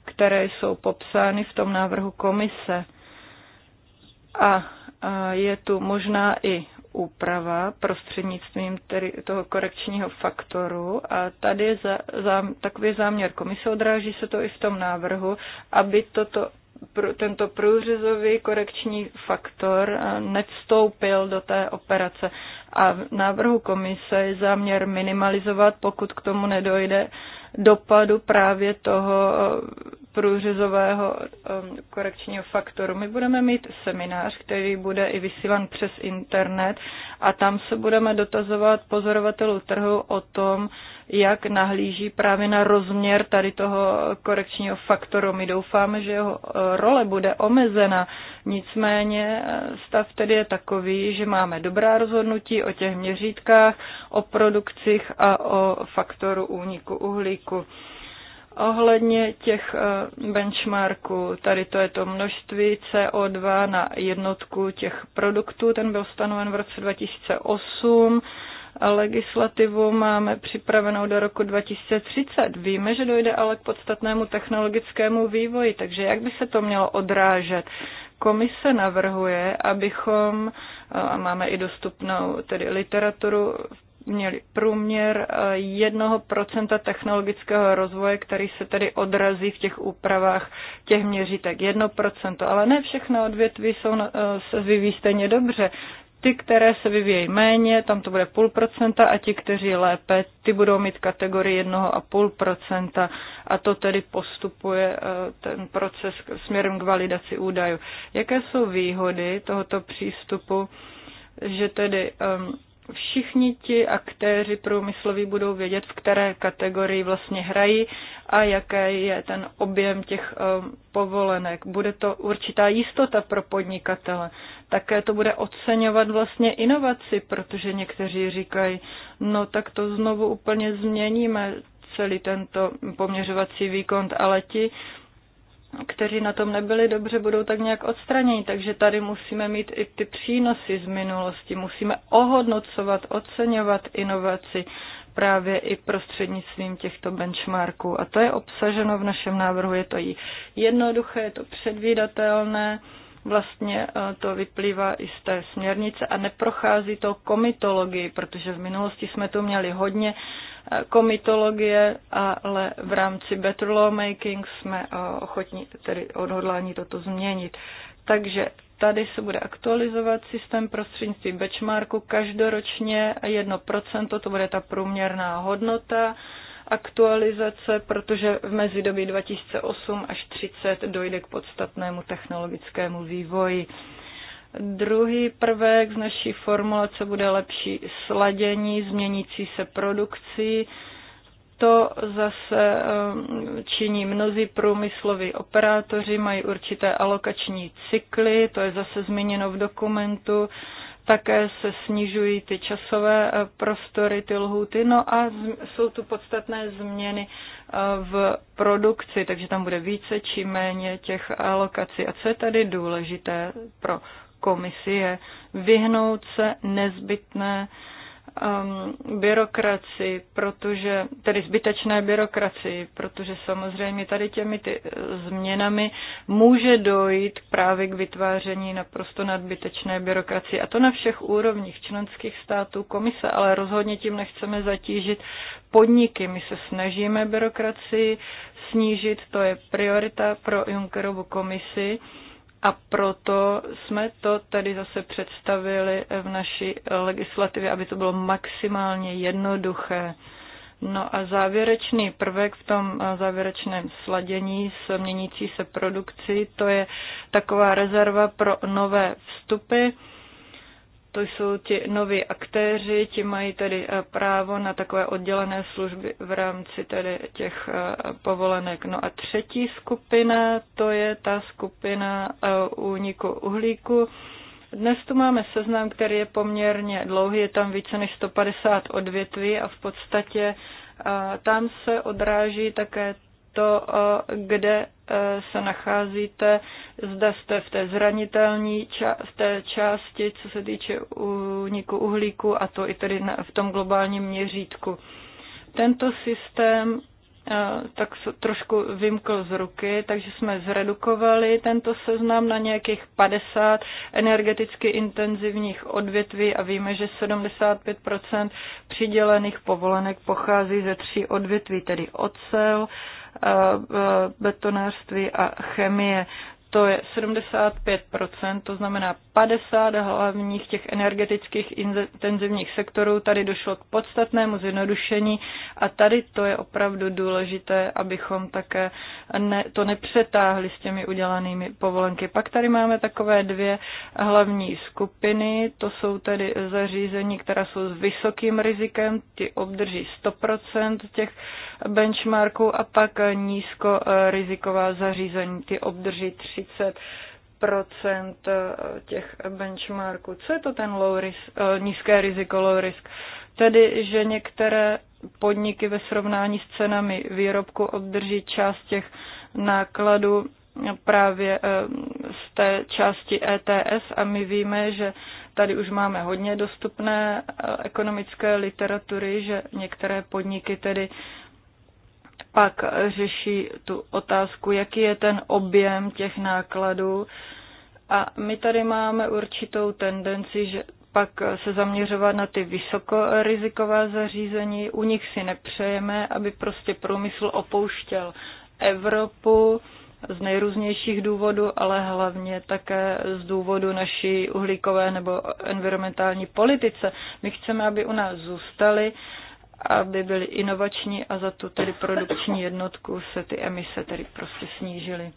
které jsou popsány v tom návrhu komise. A je tu možná i úprava prostřednictvím tedy toho korekčního faktoru a tady je za, za, takový záměr komise, odráží se to i v tom návrhu, aby toto tento průřezový korekční faktor eh, nevstoupil do té operace. A v návrhu komise je záměr minimalizovat, pokud k tomu nedojde, dopadu právě toho eh, průřezového eh, korekčního faktoru. My budeme mít seminář, který bude i vysílan přes internet a tam se budeme dotazovat pozorovatelů trhu o tom, jak nahlíží právě na rozměr tady toho korekčního faktoru. My doufáme, že jeho eh, role bude omezena. Nicméně stav tedy je takový, že máme dobrá rozhodnutí o těch měřítkách, o produkcích a o faktoru úniku uhlíku uhlíku. Ohledně těch eh, benchmarků, tady to je to množství CO2 na jednotku těch produktů, ten byl stanoven v roce 2008 legislativu máme připravenou do roku 2030. Víme, že dojde ale k podstatnému technologickému vývoji, takže jak by se to mělo odrážet? Komise navrhuje, abychom, eh, a máme i dostupnou tedy literaturu v měli průměr 1% eh, technologického rozvoje, který se tedy odrazí v těch úpravách těch měřítek. 1%, ale ne všechno odvětví jsou, eh, se vyvíjí stejně dobře. Ty, které se vyvíjejí méně, tam to bude půl procenta a ti, kteří lépe, ty budou mít kategorii jednoho a půl procenta a to tedy postupuje eh, ten proces směrem k validaci údajů. Jaké jsou výhody tohoto přístupu, že tedy um, všichni ti aktéři průmysloví budou vědět, v které kategorii vlastně hrají a jaký je ten objem těch um, povolenek. Bude to určitá jistota pro podnikatele. Také to bude oceňovat vlastně inovaci, protože někteří říkají, no tak to znovu úplně změníme celý tento poměřovací výkon, ale ti, kteří na tom nebyli dobře, budou tak nějak odstraněni. Takže tady musíme mít i ty přínosy z minulosti. Musíme ohodnocovat, oceňovat inovaci právě i prostřednictvím těchto benchmarků. A to je obsaženo v našem návrhu. Je to i jednoduché, je to předvídatelné, vlastně eh, to vyplývá i z té směrnice a neprochází to komitologii, protože v minulosti jsme tu měli hodně komitologie, ale v rámci better lawmaking jsme eh, ochotní, tedy odhodlání toto změnit. Takže tady se bude aktualizovat systém prostřednictví benchmarku každoročně 1%, to bude ta průměrná hodnota aktualizace, protože v mezidobí 2008 až 30 dojde k podstatnému technologickému vývoji. Druhý prvek z naší formulace bude lepší sladění změnící se produkcí. To zase eh, činí mnozí průmysloví operátoři, mají určité alokační cykly, to je zase zmíněno v dokumentu. Také se snižují ty časové eh, prostory, ty lhuty, no a jsou tu podstatné změny eh, v produkci, takže tam bude více či méně těch alokací. A co je tady důležité pro komisie, vyhnout se nezbytné um, byrokracii, protože, tedy zbytečné byrokracii, protože samozřejmě tady těmi ty eh, změnami může dojít právě k vytváření naprosto nadbytečné byrokracie. A to na všech úrovních členských států komise, ale rozhodně tím nechceme zatížit podniky. My se snažíme byrokracii snížit, to je priorita pro Junckerovu komisi a proto jsme to tady zase představili v naší legislativě, aby to bylo maximálně jednoduché. No a závěrečný prvek v tom závěrečném sladění s měnící se produkcí, to je taková rezerva pro nové vstupy to jsou ti noví aktéři, ti mají tedy eh, právo na takové oddělené služby v rámci tedy těch eh, povolenek. No a třetí skupina, to je ta skupina eh, úniku uhlíku. Dnes tu máme seznam, který je poměrně dlouhý, je tam více než 150 odvětví a v podstatě tam se odráží také to, eh, kde eh, se nacházíte, zda jste v té zranitelní ča- v té části, co se týče úniku uhlíku, a to i tedy v tom globálním měřítku. Tento systém eh, tak trošku vymkl z ruky, takže jsme zredukovali tento seznam na nějakých 50 energeticky intenzivních odvětví a víme, že 75 přidělených povolenek pochází ze tří odvětví, tedy ocel, betonářství a chemie. To je 75%, to znamená 50 hlavních těch energetických intenzivních sektorů. Tady došlo k podstatnému zjednodušení a tady to je opravdu důležité, abychom také ne, to nepřetáhli s těmi udělanými povolenky. Pak tady máme takové dvě hlavní skupiny, to jsou tedy zařízení, která jsou s vysokým rizikem, ty obdrží 100% těch uh, benchmarku a pak nízkoriziková eh, zařízení, ty obdrží 30 procent eh, těch benchmarků. Co je to ten low risk, eh, nízké riziko, low risk? Tedy, že některé podniky ve srovnání s cenami výrobku obdrží část těch nákladů právě z té části ETS a my víme, že tady už máme hodně dostupné ekonomické literatury, že některé podniky tedy pak řeší tu otázku, jaký je ten objem těch nákladů. A my tady máme určitou tendenci, že pak se zaměřovat na ty vysokoriziková zařízení. U nich si nepřejeme, aby prostě průmysl opouštěl Evropu z nejrůznějších důvodů, ale hlavně také z důvodu naší uhlíkové nebo environmentální politice. My chceme, aby u nás zůstali aby byly inovační a za tu tedy produkční jednotku se ty emise tedy prostě snížily.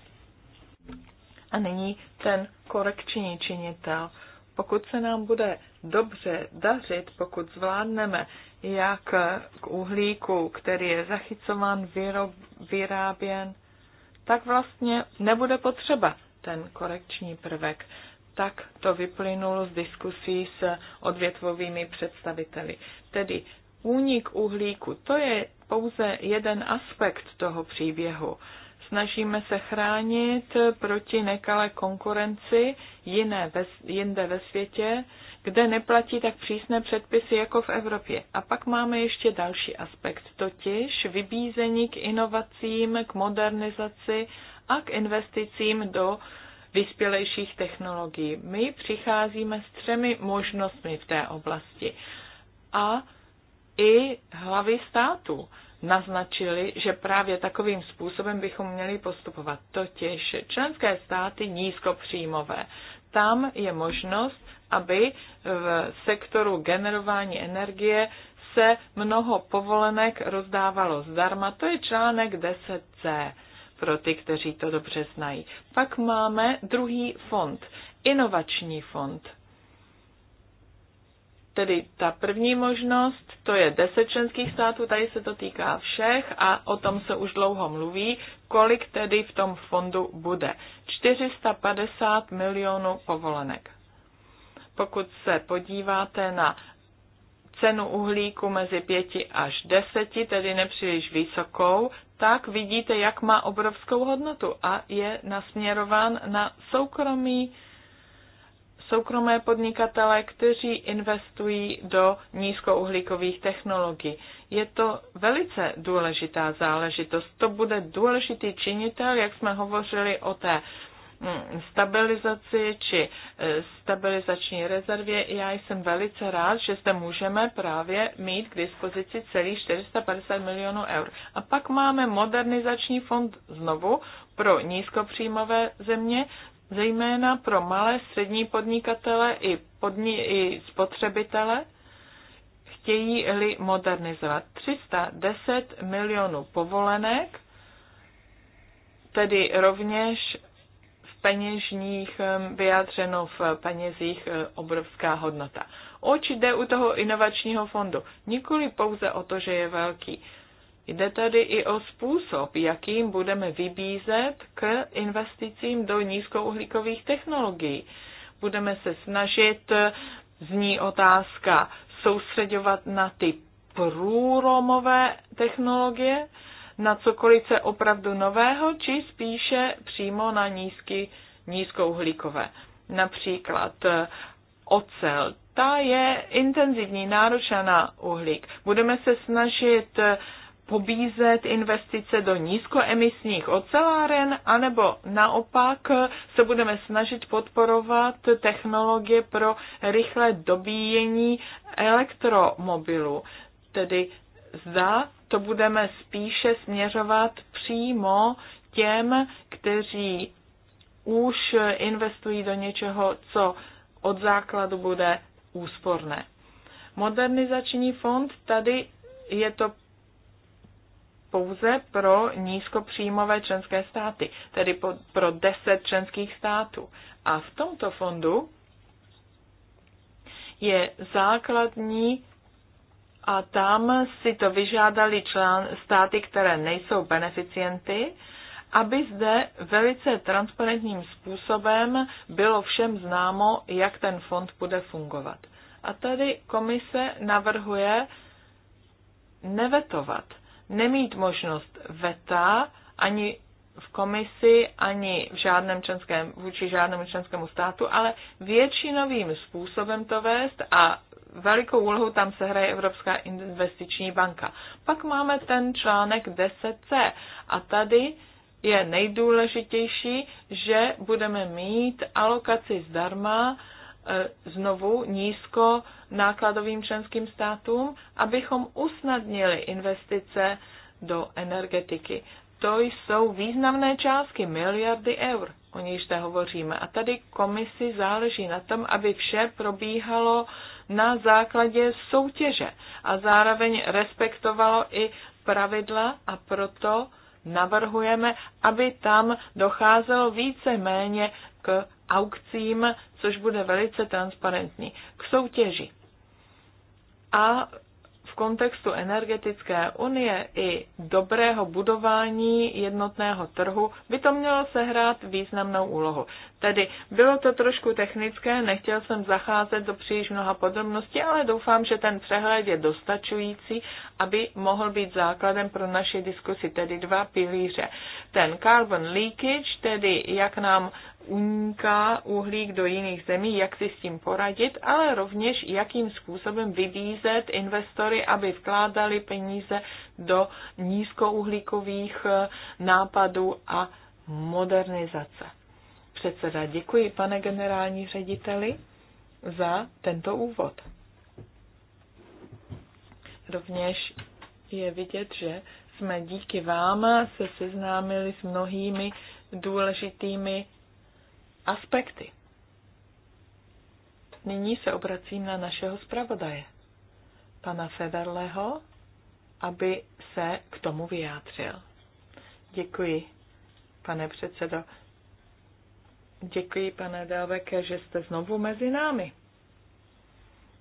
A nyní ten korekční činitel. Pokud se nám bude dobře dařit, pokud zvládneme jak k uhlíku, který je zachycován, výrob, vyráběn, tak vlastně nebude potřeba ten korekční prvek. Tak to vyplynulo z diskusí s odvětvovými představiteli. Tedy únik uhlíku, to je pouze jeden aspekt toho příběhu. Snažíme se chránit proti nekalé konkurenci jiné ve, jinde ve světě, kde neplatí tak přísné předpisy jako v Evropě. A pak máme ještě další aspekt, totiž vybízení k inovacím, k modernizaci a k investicím do vyspělejších technologií. My přicházíme s třemi možnostmi v té oblasti. A i hlavy státu naznačili, že právě takovým způsobem bychom měli postupovat. Totiž členské státy nízkopříjmové. Tam je možnost, aby v sektoru generování energie se mnoho povolenek rozdávalo zdarma. To je článek 10c pro ty, kteří to dobře znají. Pak máme druhý fond, inovační fond tedy ta první možnost, to je deset členských států, tady se to týká všech a o tom se už dlouho mluví, kolik tedy v tom fondu bude. 450 milionů povolenek. Pokud se podíváte na cenu uhlíku mezi 5 až 10, tedy nepříliš vysokou, tak vidíte, jak má obrovskou hodnotu a je nasměrován na soukromý soukromé podnikatele, kteří investují do nízkouhlíkových technologií. Je to velice důležitá záležitost. To bude důležitý činitel, jak jsme hovořili o té mm, stabilizaci či e, stabilizační rezervě. Já jsem velice rád, že zde můžeme právě mít k dispozici celých 450 milionů eur. A pak máme modernizační fond znovu pro nízkopříjmové země, zejména pro malé střední podnikatele i, podni- i spotřebitele, chtějí-li modernizovat 310 milionů povolenek, tedy rovněž v peněžních vyjádřeno v penězích e, obrovská hodnota. Oč jde u toho inovačního fondu? Nikoli pouze o to, že je velký. Jde tedy i o způsob, jakým budeme vybízet k investicím do nízkouhlíkových technologií. Budeme se snažit, zní otázka, soustředovat na ty průromové technologie, na cokoliv se opravdu nového, či spíše přímo na nízky, nízkouhlíkové. Například eh, ocel, ta je intenzivní, náročná na uhlík. Budeme se snažit eh, pobízet investice do nízkoemisních oceláren, anebo naopak se budeme snažit podporovat technologie pro rychlé dobíjení elektromobilů. Tedy zda to budeme spíše směřovat přímo těm, kteří už investují do něčeho, co od základu bude úsporné. Modernizační fond tady je to pouze pro nízkopříjmové členské státy, tedy pro deset členských států. A v tomto fondu je základní a tam si to vyžádali člán, státy, které nejsou beneficienty, aby zde velice transparentním způsobem bylo všem známo, jak ten fond bude fungovat. A tady komise navrhuje nevetovat nemít možnost veta ani v komisi, ani v žádném členském, vůči žádnému členskému státu, ale většinovým způsobem to vést a velikou úlohu tam se hraje Evropská investiční banka. Pak máme ten článek 10c a tady je nejdůležitější, že budeme mít alokaci zdarma E, znovu nízko nákladovým členským státům, abychom usnadnili investice do energetiky. To jsou významné částky, miliardy eur, o níž zde hovoříme. A tady komisi záleží na tom, aby vše probíhalo na základě soutěže a zároveň respektovalo i pravidla a proto navrhujeme, aby tam docházelo více-méně k aukcím, což bude velice transparentní, k soutěži. A v kontextu energetické unie i dobrého budování jednotného trhu by to mělo sehrát významnou úlohu. Tedy bylo to trošku technické, nechtěl jsem zacházet do příliš mnoha podrobností, ale doufám, že ten přehled je dostačující, aby mohl být základem pro naši diskusi, tedy dva pilíře. Ten carbon leakage, tedy jak nám uniká uhlík do jiných zemí, jak si s tím poradit, ale rovněž jakým způsobem vybízet investory, aby vkládali peníze do nízkouhlíkových eh, nápadů a modernizace. Předseda, děkuji pane generální řediteli za tento úvod. Rovněž je vidět, že jsme díky vám se seznámili s mnohými důležitými aspekty. Nyní se obracím na našeho zpravodaje, pana Federleho, aby se k tomu vyjádřil. Děkuji, pane předsedo. Děkuji, pane Delveke, že jste znovu mezi námi.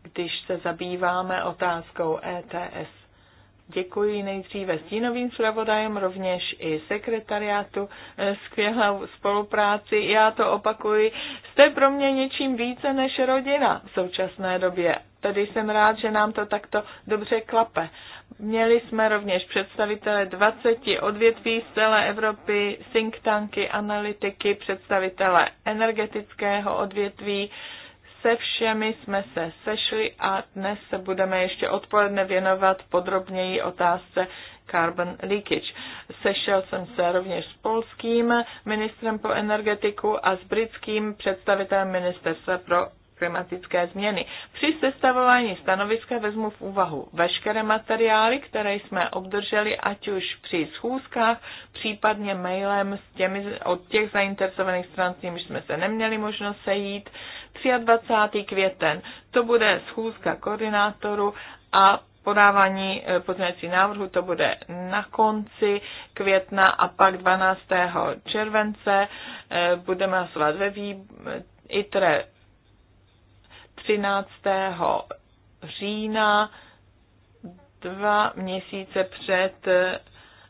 Když se zabýváme otázkou ETS Děkuji nejdříve stínovým zpravodajům, rovněž i sekretariátu eh, skvělou spolupráci. Já to opakuji, jste pro mě něčím více než rodina v současné době. Tady jsem rád, že nám to takto dobře klape. Měli jsme rovněž představitele 20 odvětví z celé Evropy, think tanky, analytiky, představitele energetického odvětví, se všemi jsme se sešli a dnes se budeme ještě odpoledne věnovat podrobněji otázce carbon leakage. Sešel jsem se rovněž s polským ministrem pro energetiku a s britským představitelem ministerstva pro klimatické změny. Při sestavování stanoviska vezmu v úvahu veškeré materiály, které jsme obdrželi, ať už při schůzkách, případně mailem s těmi, od těch zainteresovaných stran, s nimiž jsme se neměli možnost sejít. 23. květen to bude schůzka koordinátoru a podávání eh, pozměňovací návrhu, to bude na konci května a pak 12. července eh, budeme hlasovat ve výboru, eh, ITRE 13. října, dva měsíce před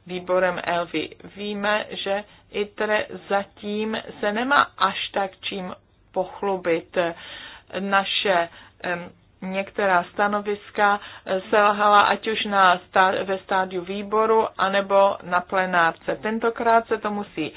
výborem Elvy. Víme, že ITRE zatím se nemá až tak čím pochlubit. Naše některá stanoviska selhala ať už na stá- ve stádiu výboru, anebo na plenárce. Tentokrát se to musí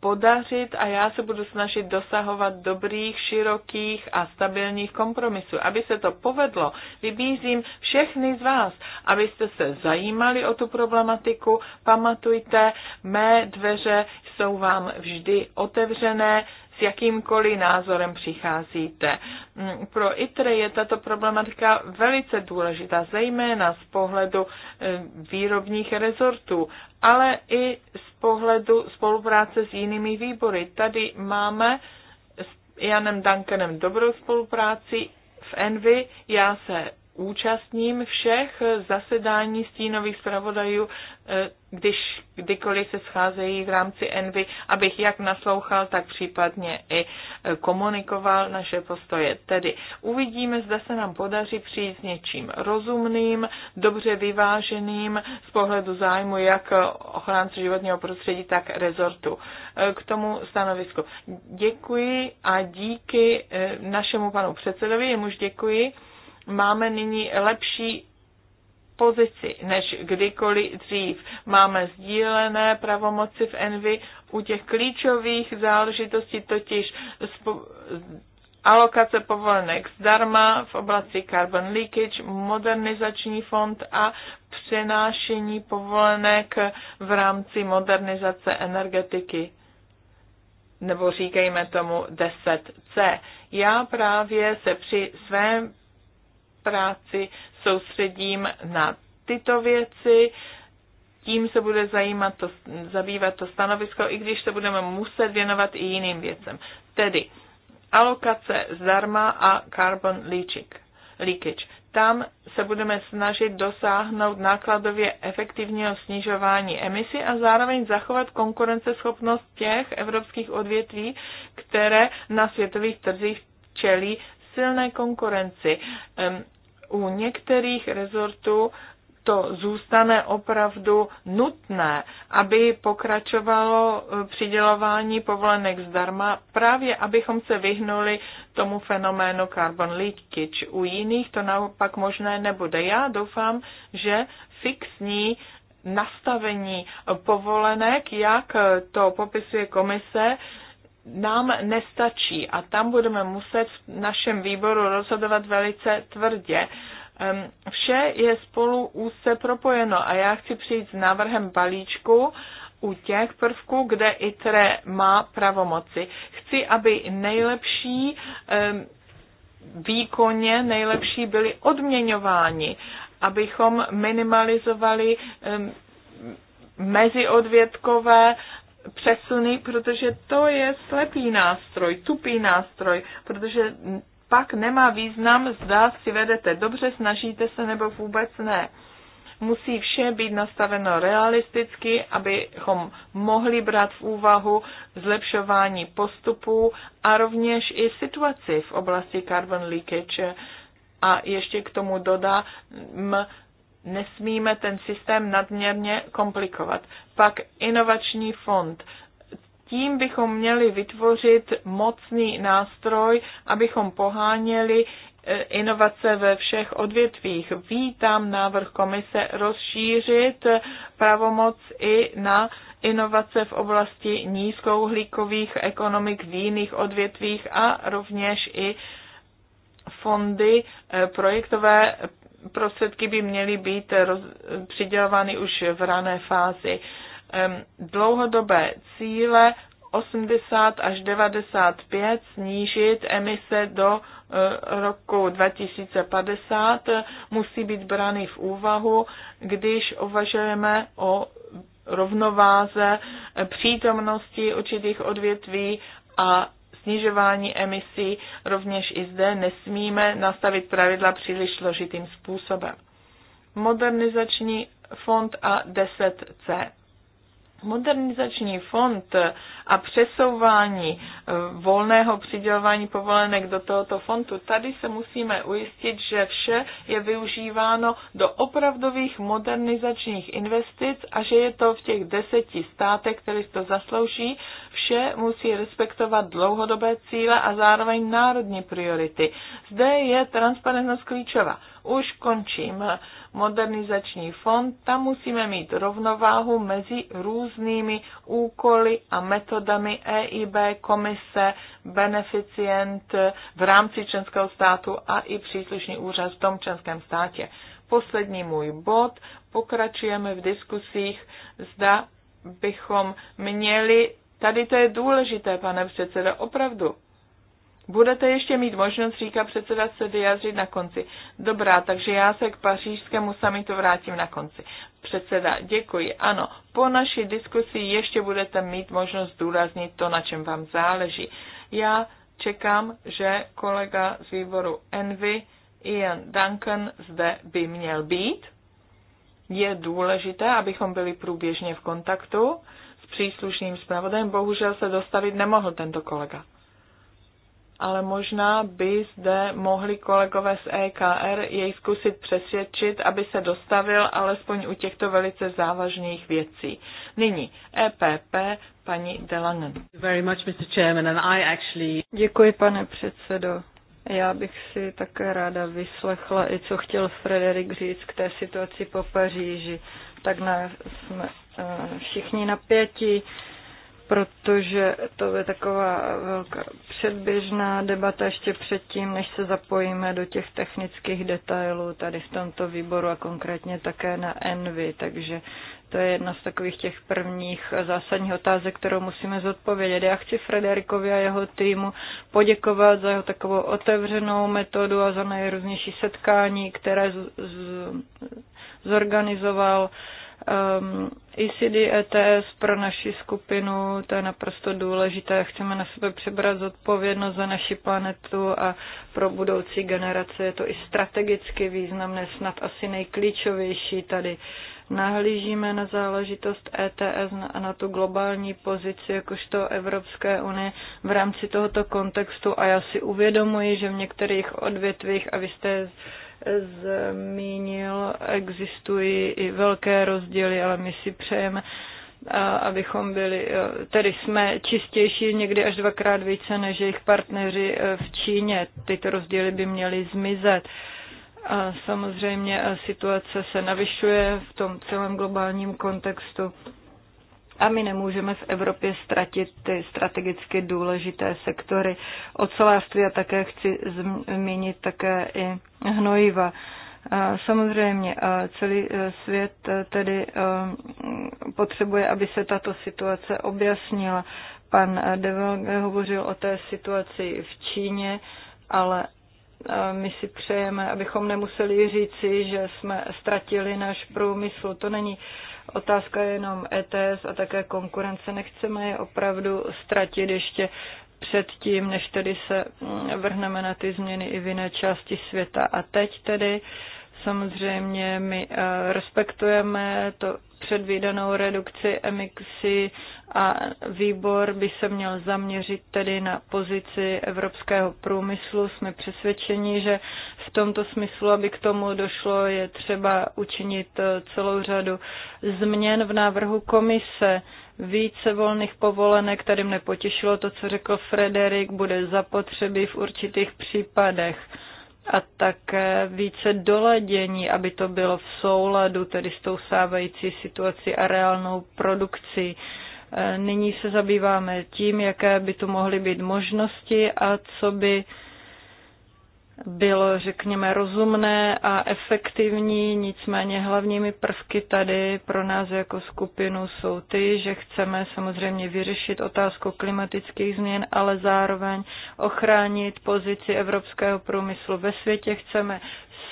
podařit a já se budu snažit dosahovat dobrých, širokých a stabilních kompromisů. Aby se to povedlo, vybízím všechny z vás, abyste se zajímali o tu problematiku. Pamatujte, mé dveře jsou vám vždy otevřené s jakýmkoliv názorem přicházíte. Mm, pro ITRE je tato problematika velice důležitá, zejména z pohledu e, výrobních rezortů, ale i z pohledu spolupráce s jinými výbory. Tady máme s Janem Duncanem dobrou spolupráci v Envy, já se účastním všech zasedání stínových zpravodajů, eh, když kdykoliv se scházejí v rámci Envy, abych jak naslouchal, tak případně i eh, komunikoval naše postoje. Tedy uvidíme, zda se nám podaří přijít s něčím rozumným, dobře vyváženým z pohledu zájmu jak eh, ochránce životního prostředí, tak rezortu. K tomu stanovisku. Děkuji a díky našemu panu předsedovi, jemuž děkuji máme nyní lepší pozici než kdykoliv dřív. Máme sdílené pravomoci v Envy u těch klíčových záležitostí, totiž alokace povolenek zdarma v oblasti carbon leakage, modernizační fond a přenášení povolenek v rámci modernizace energetiky nebo říkejme tomu 10C. Já právě se při svém práci soustředím na tyto věci, tím se bude zajímat to, zabývat to stanovisko, i když se budeme muset věnovat i jiným věcem. Tedy alokace zdarma a carbon leakage. Tam se budeme snažit dosáhnout nákladově efektivního snižování emisí a zároveň zachovat konkurenceschopnost těch evropských odvětví, které na světových trzích čelí silné konkurenci u některých rezortů to zůstane opravdu nutné, aby pokračovalo eh, přidělování povolenek zdarma, právě abychom se vyhnuli tomu fenoménu carbon leakage. U jiných to naopak možné nebude. Já doufám, že fixní nastavení povolenek, jak to popisuje komise, nám nestačí a tam budeme muset v našem výboru rozhodovat velice tvrdě. Ehm, vše je spolu úzce propojeno a já chci přijít s návrhem balíčku u těch prvků, kde ITRE má pravomoci. Chci, aby nejlepší ehm, výkonně nejlepší byli odměňováni, abychom minimalizovali ehm, meziodvědkové přesuny, protože to je slepý nástroj, tupý nástroj, protože pak nemá význam, zda si vedete dobře, snažíte se nebo vůbec ne. Musí vše být nastaveno realisticky, abychom mohli brát v úvahu zlepšování postupů a rovněž i situaci v oblasti carbon leakage. A ještě k tomu dodám Nesmíme ten systém nadměrně komplikovat. Pak inovační fond. Tím bychom měli vytvořit mocný nástroj, abychom poháněli e, inovace ve všech odvětvích. Vítám návrh komise rozšířit pravomoc i na inovace v oblasti nízkouhlíkových ekonomik v jiných odvětvích a rovněž i fondy e, projektové prostředky by měly být roz, přidělovány už v rané fázi. Dlouhodobé cíle 80 až 95 snížit emise do e, roku 2050 musí být brány v úvahu, když uvažujeme o rovnováze e, přítomnosti určitých odvětví a snižování emisí, rovněž i zde nesmíme nastavit pravidla příliš složitým způsobem. Modernizační fond a 10C. Modernizační fond a přesouvání eh, volného přidělování povolenek do tohoto fondu, tady se musíme ujistit, že vše je využíváno do opravdových modernizačních investic a že je to v těch deseti státech, které to zaslouží. Vše musí respektovat dlouhodobé cíle a zároveň národní priority. Zde je transparentnost klíčová. Už končím modernizační fond, tam musíme mít rovnováhu mezi různými úkoly a metodami EIB, komise, beneficient v rámci členského státu a i příslušný úřad v tom členském státě. Poslední můj bod, pokračujeme v diskusích, zda bychom měli Tady to je důležité, pane předsedo, opravdu Budete ještě mít možnost, říká předseda, se vyjádřit na konci. Dobrá, takže já se k pařížskému samitu vrátím na konci. Předseda, děkuji. Ano, po naší diskusi ještě budete mít možnost zdůraznit to, na čem vám záleží. Já čekám, že kolega z výboru Envy, Ian Duncan, zde by měl být. Je důležité, abychom byli průběžně v kontaktu s příslušným zpravodajem. Bohužel se dostavit nemohl tento kolega ale možná by zde mohli kolegové z EKR jej zkusit přesvědčit, aby se dostavil alespoň u těchto velice závažných věcí. Nyní EPP, paní Delangen. Děkuji, pane předsedo. Já bych si také ráda vyslechla i co chtěl Frederik říct k té situaci po Paříži. Tak na, jsme eh, všichni napěti. pěti protože to je taková velká předběžná debata ještě předtím, než se zapojíme do těch technických detailů tady v tomto výboru a konkrétně také na Envy, takže to je jedna z takových těch prvních zásadních otázek, kterou musíme zodpovědět. Já chci Frederikovi a jeho týmu poděkovat za jeho takovou otevřenou metodu a za nejrůznější setkání, které z, z, zorganizoval um, ehm, ECD ETS pro naši skupinu, to je naprosto důležité. Chceme na sebe přebrat zodpovědnost za naši planetu a pro budoucí generace je to i strategicky významné, snad asi nejklíčovější tady. Nahlížíme na záležitost ETS a na tu globální pozici jakožto Evropské unie v rámci tohoto kontextu a já si uvědomuji, že v některých odvětvích, a vy jste zmínil, existují i velké rozdíly, ale my si přejeme, abychom byli, e, tedy jsme čistější někdy až dvakrát více než jejich partneři e, v Číně. Tyto rozdíly by měly zmizet. A samozřejmě e, situace se navyšuje v tom celém globálním kontextu a my nemůžeme v Evropě ztratit ty strategicky důležité sektory ocelářství a také chci zmínit také i hnojiva. Samozřejmě celý e, svět e, tedy e, potřebuje, aby se tato situace objasnila. Pan Devel hovořil o té situaci v Číně, ale my si přejeme, abychom nemuseli říci, že jsme ztratili náš průmysl. To není Otázka je jenom ETS a také konkurence. Nechceme je opravdu ztratit ještě předtím, než tedy se mm, vrhneme na ty změny i v jiné části světa. A teď tedy uh, Samozřejmě my eh, respektujeme to předvídanou redukci emisí a výbor by se měl zaměřit tedy na pozici evropského průmyslu. Jsme přesvědčeni, že v tomto smyslu, aby k tomu došlo, je třeba učinit eh, celou řadu změn v návrhu komise. Více volných povolenek, tady mne potěšilo to, co řekl Frederik, bude zapotřebí v určitých případech a také více doladění, aby to bylo v souladu tedy s tou sávající situací a reálnou produkcí. E, nyní se zabýváme tím, jaké by tu mohly být možnosti a co by bylo, řekněme, rozumné a efektivní, nicméně hlavními prvky tady pro nás jako skupinu jsou ty, že chceme samozřejmě vyřešit otázku klimatických změn, ale zároveň ochránit pozici evropského průmyslu ve světě. Chceme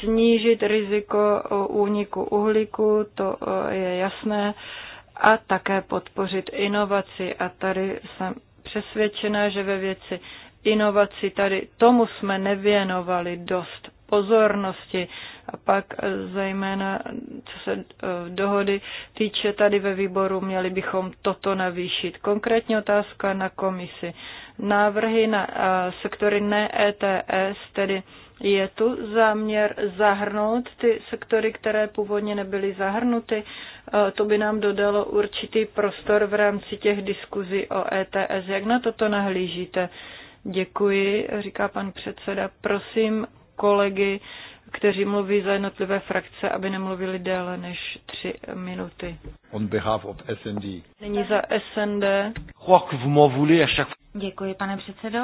snížit riziko úniku uhlíku, to eh, je jasné, a také podpořit inovaci. A tady jsem přesvědčena, že ve věci inovací. Tady tomu jsme nevěnovali dost pozornosti. A pak eh, zejména, co se eh, dohody týče tady ve výboru, měli bychom toto navýšit. Konkrétní otázka na komisi. Návrhy na eh, sektory ne ETS, tedy je tu záměr zahrnout ty sektory, které původně nebyly zahrnuty. To by nám dodalo určitý prostor v rámci těch diskuzí o ETS. Jak na toto nahlížíte? Děkuji, říká pan předseda. Prosím kolegy, kteří mluví za jednotlivé frakce, aby nemluvili déle než tři minuty. On behalf of SND. Není za SND. Děkuji, pane předsedo.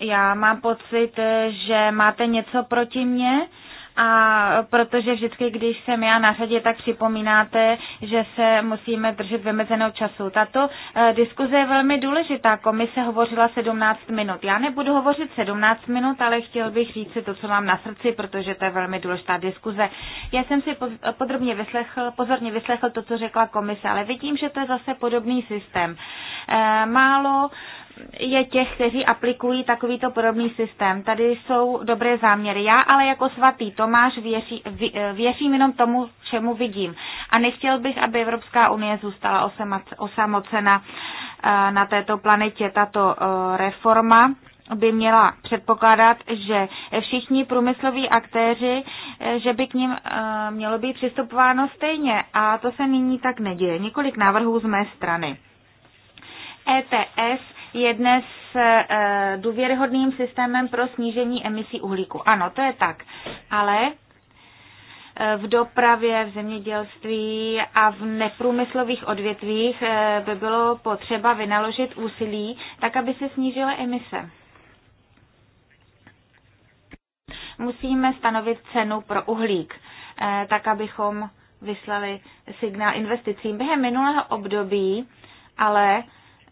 Já mám pocit, že máte něco proti mně a protože vždycky, když jsem já na řadě, tak připomínáte, že se musíme držet vymezeného času. Tato eh, diskuze je velmi důležitá. Komise hovořila 17 minut. Já nebudu hovořit 17 minut, ale chtěl bych říct si to, co mám na srdci, protože to je velmi důležitá diskuze. Já jsem si podrobně vyslechl, pozorně vyslechl to, co řekla komise, ale vidím, že to je zase podobný systém. Eh, málo je těch, kteří aplikují takovýto podobný systém. Tady jsou dobré záměry. Já ale jako svatý Tomáš věří, věřím jenom tomu, čemu vidím. A nechtěl bych, aby Evropská unie zůstala osamocena eh, na této planetě. Tato eh, reforma by měla předpokládat, že všichni průmysloví aktéři, eh, že by k ním mělo být přistupováno stejně. A to se nyní tak neděje. Několik návrhů z mé strany. ETS je dnes eh, důvěryhodným systémem pro snížení emisí uhlíku. Ano, to je tak. Ale eh, v dopravě, v zemědělství a v neprůmyslových odvětvích eh, by bylo potřeba vynaložit úsilí, tak aby se snížily emise. Musíme stanovit cenu pro uhlík, tak abychom vyslali signál investicím. Během minulého období ale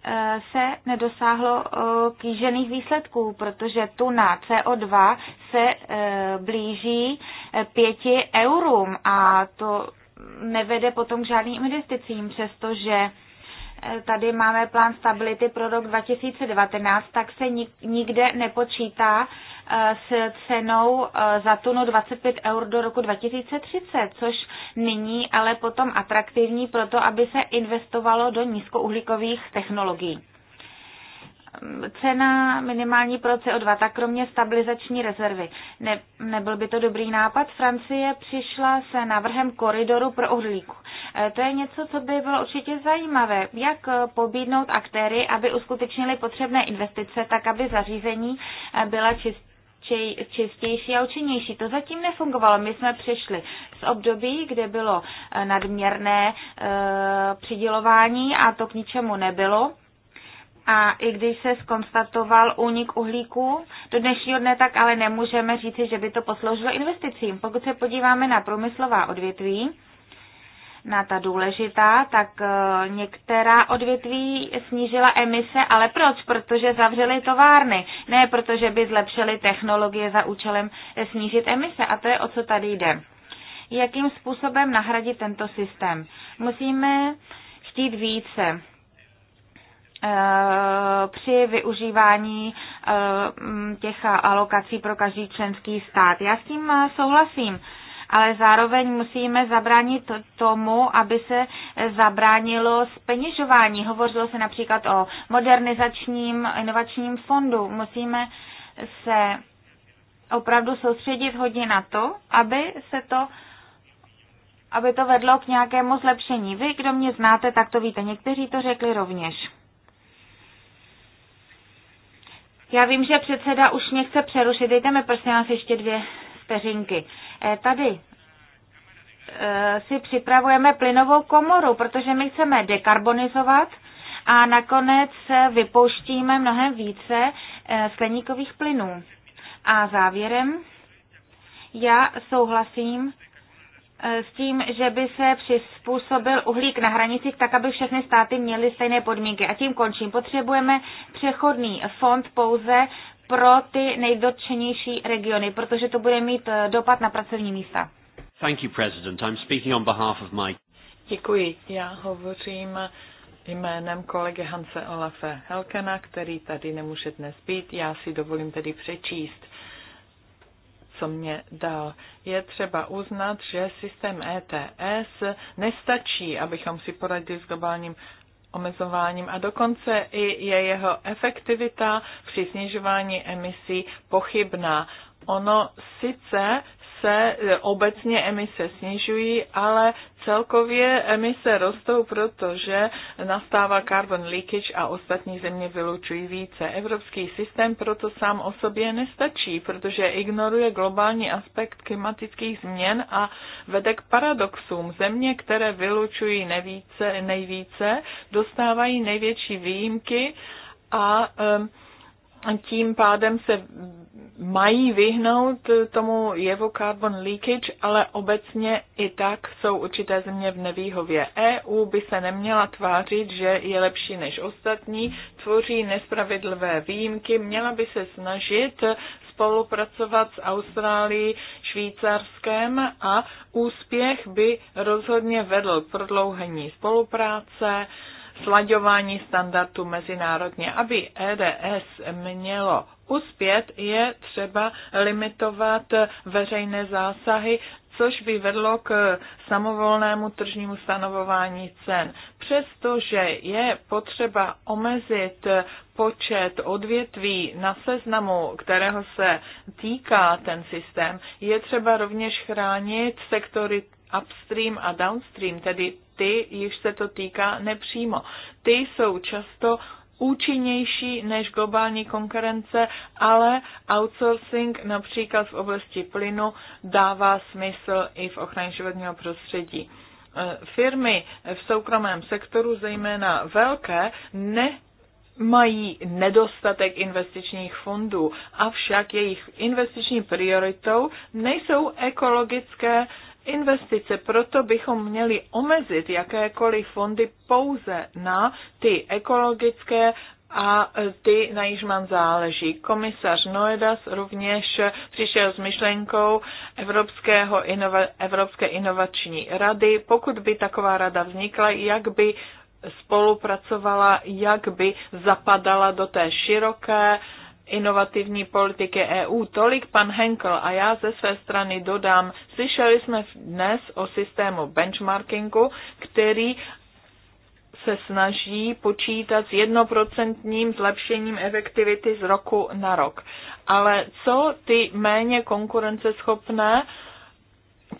Eh, se nedosáhlo eh, kýžených výsledků, protože tu na CO2 se eh, blíží pěti eurům a to nevede potom k žádným investicím, přestože tady máme plán stability pro rok 2019, tak se nikde nepočítá eh, s cenou eh, za tunu 25 eur do roku 2030, což není ale potom atraktivní to, aby se investovalo do nízkouhlíkových technologií cena minimální pro CO2, tak kromě stabilizační rezervy. Ne, nebyl by to dobrý nápad? Francie přišla se návrhem koridoru pro uhlíku. E, to je něco, co by bylo určitě zajímavé. Jak e, pobídnout aktéry, aby uskutečnili potřebné investice, tak aby zařízení e, byla čistá? čistější a účinnější. To zatím nefungovalo. My jsme přišli z období, kde bylo nadměrné e, přidělování a to k ničemu nebylo a i když se skonstatoval únik uhlíku do dnešního dne, tak ale nemůžeme říci, že by to posloužilo investicím. Pokud se podíváme na průmyslová odvětví, na ta důležitá, tak eh, některá odvětví snížila emise, ale proč? Protože zavřely továrny, ne protože by zlepšily technologie za účelem eh, snížit emise a to je o co tady jde. Jakým způsobem nahradit tento systém? Musíme chtít více Eh, při využívání eh, těch alokací pro každý členský stát. Já s tím eh, souhlasím, ale zároveň musíme zabránit tomu, aby se zabránilo speněžování. Hovořilo se například o modernizačním inovačním fondu. Musíme se opravdu soustředit hodně na to, aby se to aby to vedlo k nějakému zlepšení. Vy, kdo mě znáte, tak to víte. Někteří to řekli rovněž. Já vím, že předseda už mě chce přerušit. Dejte mi prosím vás ještě dvě vteřinky. Eh, tady eh, si připravujeme plynovou komoru, protože my chceme dekarbonizovat a nakonec eh, vypouštíme mnohem více skleníkových plynů. A závěrem, já souhlasím s tím, že by se přizpůsobil uhlík na hranicích tak, aby všechny státy měly stejné podmínky. A tím končím. Potřebujeme přechodný fond pouze pro ty nejdotčenější regiony, protože to bude mít eh, dopad na pracovní místa. Thank you, President. I'm speaking on behalf of my... Děkuji. Já hovořím jménem kolege Hanse Olafe Helkena, který tady nemůže dnes být. Já si dovolím tedy přečíst co mě dal. Je třeba uznat, že systém ETS nestačí, abychom si poradili s globálním omezováním a dokonce i je jeho efektivita při snižování emisí pochybná. Ono sice se e, obecně emise snižují, ale celkově emise rostou, protože nastává carbon leakage a ostatní země vylučují více. Evropský systém proto sám o sobě nestačí, protože ignoruje globální aspekt klimatických změn a vede k paradoxům. Země, které vylučují nejvíce, nejvíce dostávají největší výjimky a um, tím pádem se mají vyhnout tomu jevu carbon leakage, ale obecně i tak jsou určité země v nevýhově. EU by se neměla tvářit, že je lepší než ostatní, tvoří nespravedlivé výjimky, měla by se snažit spolupracovat s Austrálií, Švýcarskem a úspěch by rozhodně vedl k prodlouhení spolupráce, slaďování standardů mezinárodně. Aby EDS mělo uspět, je třeba limitovat veřejné zásahy, což by vedlo k samovolnému tržnímu stanovování cen. Přestože je potřeba omezit počet odvětví na seznamu, kterého se týká ten systém, je třeba rovněž chránit sektory upstream a downstream, tedy ty, již se to týká nepřímo. Ty jsou často účinnější než globální konkurence, ale outsourcing například v oblasti plynu dává smysl i v ochraně životního prostředí. E, firmy v soukromém sektoru, zejména velké, ne mají nedostatek investičních fondů, avšak jejich investiční prioritou nejsou ekologické investice. Proto bychom měli omezit jakékoliv fondy pouze na ty ekologické a e, ty na již mám záleží. Komisař Noedas rovněž přišel s myšlenkou Evropského inova, Evropské inovační rady. Pokud by taková rada vznikla, jak by spolupracovala, jak by zapadala do té široké inovativní politiky EU. Tolik pan Henkel a já ze své strany dodám, slyšeli jsme dnes o systému benchmarkingu, který se snaží počítat s jednoprocentním zlepšením efektivity z roku na rok. Ale co ty méně konkurenceschopné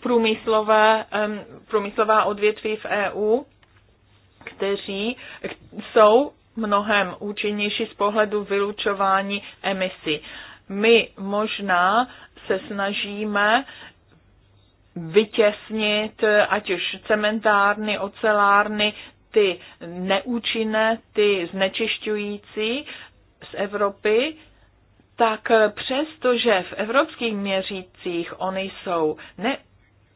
průmyslové, průmyslová odvětví v EU, kteří jsou mnohem účinnější z pohledu vylučování emisí. My možná se snažíme vytěsnit, ať už cementárny, ocelárny, ty neúčinné, ty znečišťující z Evropy, tak přestože v evropských měřících oni jsou ne,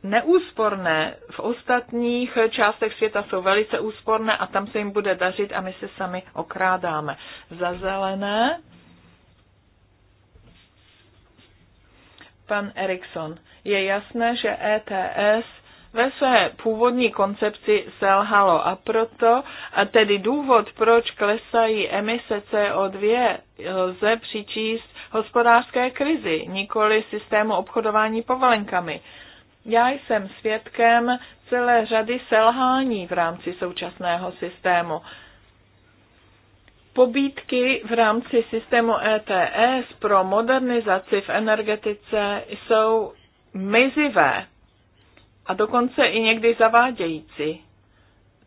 neúsporné. V ostatních částech světa jsou velice úsporné a tam se jim bude dařit a my se sami okrádáme. Za zelené pan Erikson. Je jasné, že ETS ve své původní koncepci selhalo a proto, a tedy důvod, proč klesají emise CO2, lze přičíst hospodářské krizi, nikoli systému obchodování povolenkami. Já jsem svědkem celé řady selhání v rámci současného systému. Pobídky v rámci systému ETS pro modernizaci v energetice jsou mizivé a dokonce i někdy zavádějící,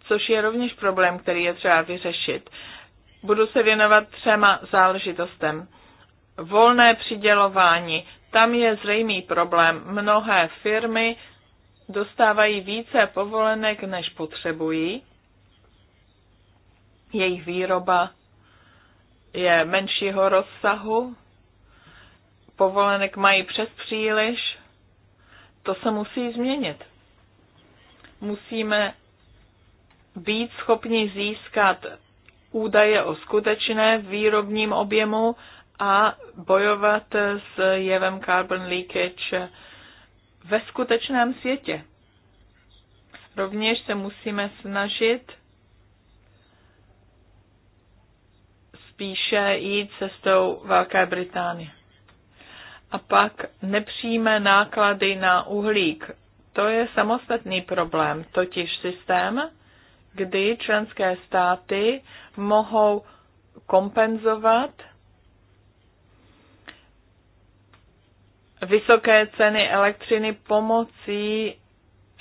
což je rovněž problém, který je třeba vyřešit. Budu se věnovat třema záležitostem. Volné přidělování, tam je zřejmý problém. Mnohé firmy dostávají více povolenek, než potřebují. Jejich výroba je menšího rozsahu. Povolenek mají přes příliš. To se musí změnit. Musíme být schopni získat údaje o skutečné výrobním objemu a bojovat s jevem carbon leakage ve skutečném světě. Rovněž se musíme snažit spíše jít cestou Velké Británie. A pak nepřijme náklady na uhlík. To je samostatný problém, totiž systém, kdy členské státy mohou kompenzovat vysoké ceny elektřiny pomocí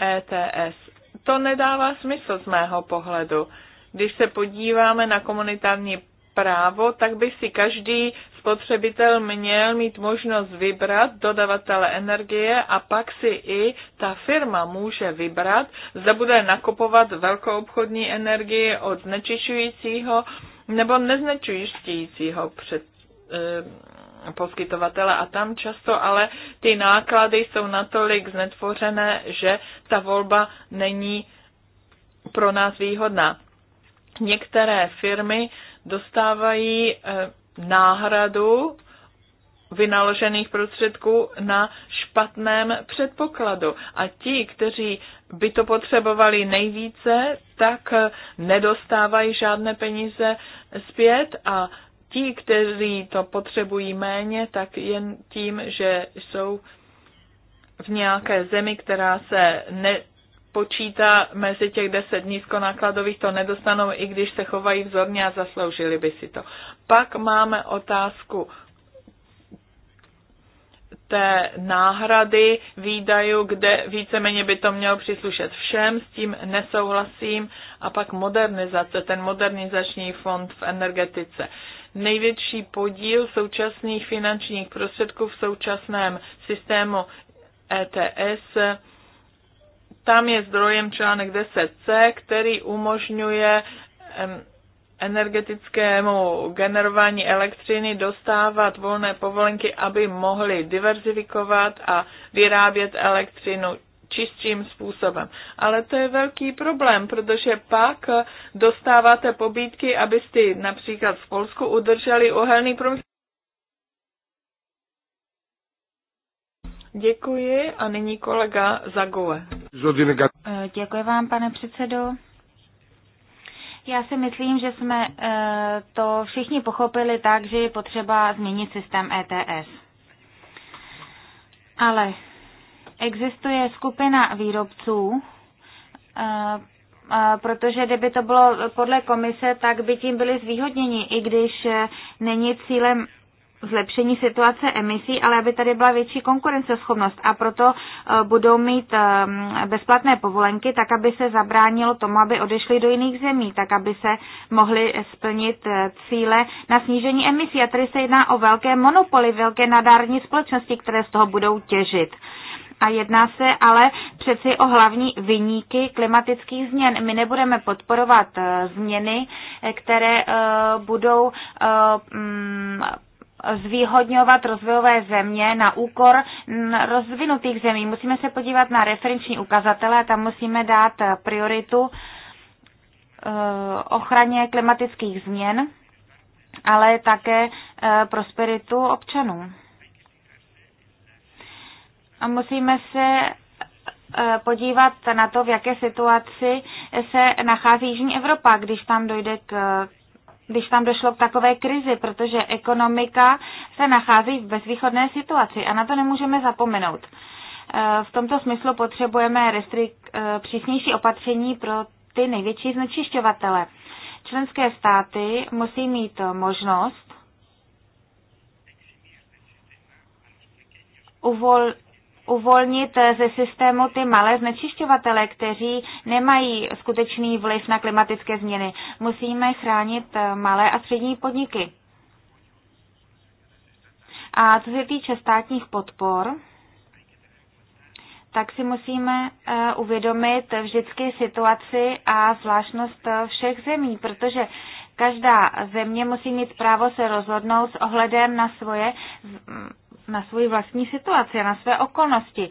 ETS. To nedává smysl z mého pohledu. Když se podíváme na komunitární právo, tak by si každý spotřebitel měl mít možnost vybrat dodavatele energie a pak si i ta firma může vybrat, zda bude nakupovat velkoobchodní energii od znečišťujícího nebo neznečišťujícího před, eh, poskytovatele a tam často ale ty náklady jsou natolik znetvořené, že ta volba není pro nás výhodná. Některé firmy dostávají eh, náhradu vynaložených prostředků na špatném předpokladu. A ti, kteří by to potřebovali nejvíce, tak eh, nedostávají žádné peníze zpět a ti, kteří to potřebují méně, tak jen tím, že jsou v nějaké zemi, která se nepočítá mezi těch deset nízkonákladových, to nedostanou, i když se chovají vzorně a zasloužili by si to. Pak máme otázku té náhrady výdajů, kde víceméně by to mělo příslušet všem, s tím nesouhlasím, a pak modernizace, ten modernizační fond v energetice největší podíl současných finančních prostředků v současném systému ETS. Tam je zdrojem článek 10c, který umožňuje energetickému generování elektřiny dostávat volné povolenky, aby mohli diverzifikovat a vyrábět elektřinu čistším způsobem. Ale to je velký problém, protože pak dostáváte pobídky, abyste například v Polsku udrželi uhelný průmysl. Děkuji a nyní kolega Zagoe. Děkuji vám, pane předsedo. Já si myslím, že jsme eh, to všichni pochopili tak, že je potřeba změnit systém ETS. Ale existuje skupina výrobců, protože kdyby to bylo podle komise, tak by tím byli zvýhodněni, i když není cílem zlepšení situace emisí, ale aby tady byla větší konkurenceschopnost a proto e, budou mít e, bezplatné povolenky, tak aby se zabránilo tomu, aby odešli do jiných zemí, tak aby se mohly splnit e, cíle na snížení emisí. A tady se jedná o velké monopoly, velké nadární společnosti, které z toho budou těžit. A jedná se ale přeci o hlavní vyníky klimatických změn. My nebudeme podporovat e, změny, e, které e, budou mm, zvýhodňovat rozvojové země na úkor mm, rozvinutých zemí. Musíme se podívat na referenční ukazatele a tam musíme dát prioritu ochraně klimatických změn, ale také prosperitu občanů. A musíme se e, podívat na to, v jaké situaci se nachází Jižní Evropa, když tam dojde k když tam došlo k takové krizi, protože ekonomika se nachází v bezvýchodné situaci a na to nemůžeme zapomenout. E, v tomto smyslu potřebujeme restrik- e, přísnější opatření pro ty největší znečišťovatele. Členské státy musí mít možnost uvol- uvolnit eh, ze systému ty malé znečišťovatele, kteří nemají skutečný vliv na klimatické změny. Musíme chránit eh, malé a střední podniky. A co se týče státních podpor, tak si musíme eh, uvědomit vždycky situaci a zvláštnost všech zemí, protože Každá země musí mít právo se rozhodnout s ohledem na svoje na svůj vlastní situaci, na své okolnosti.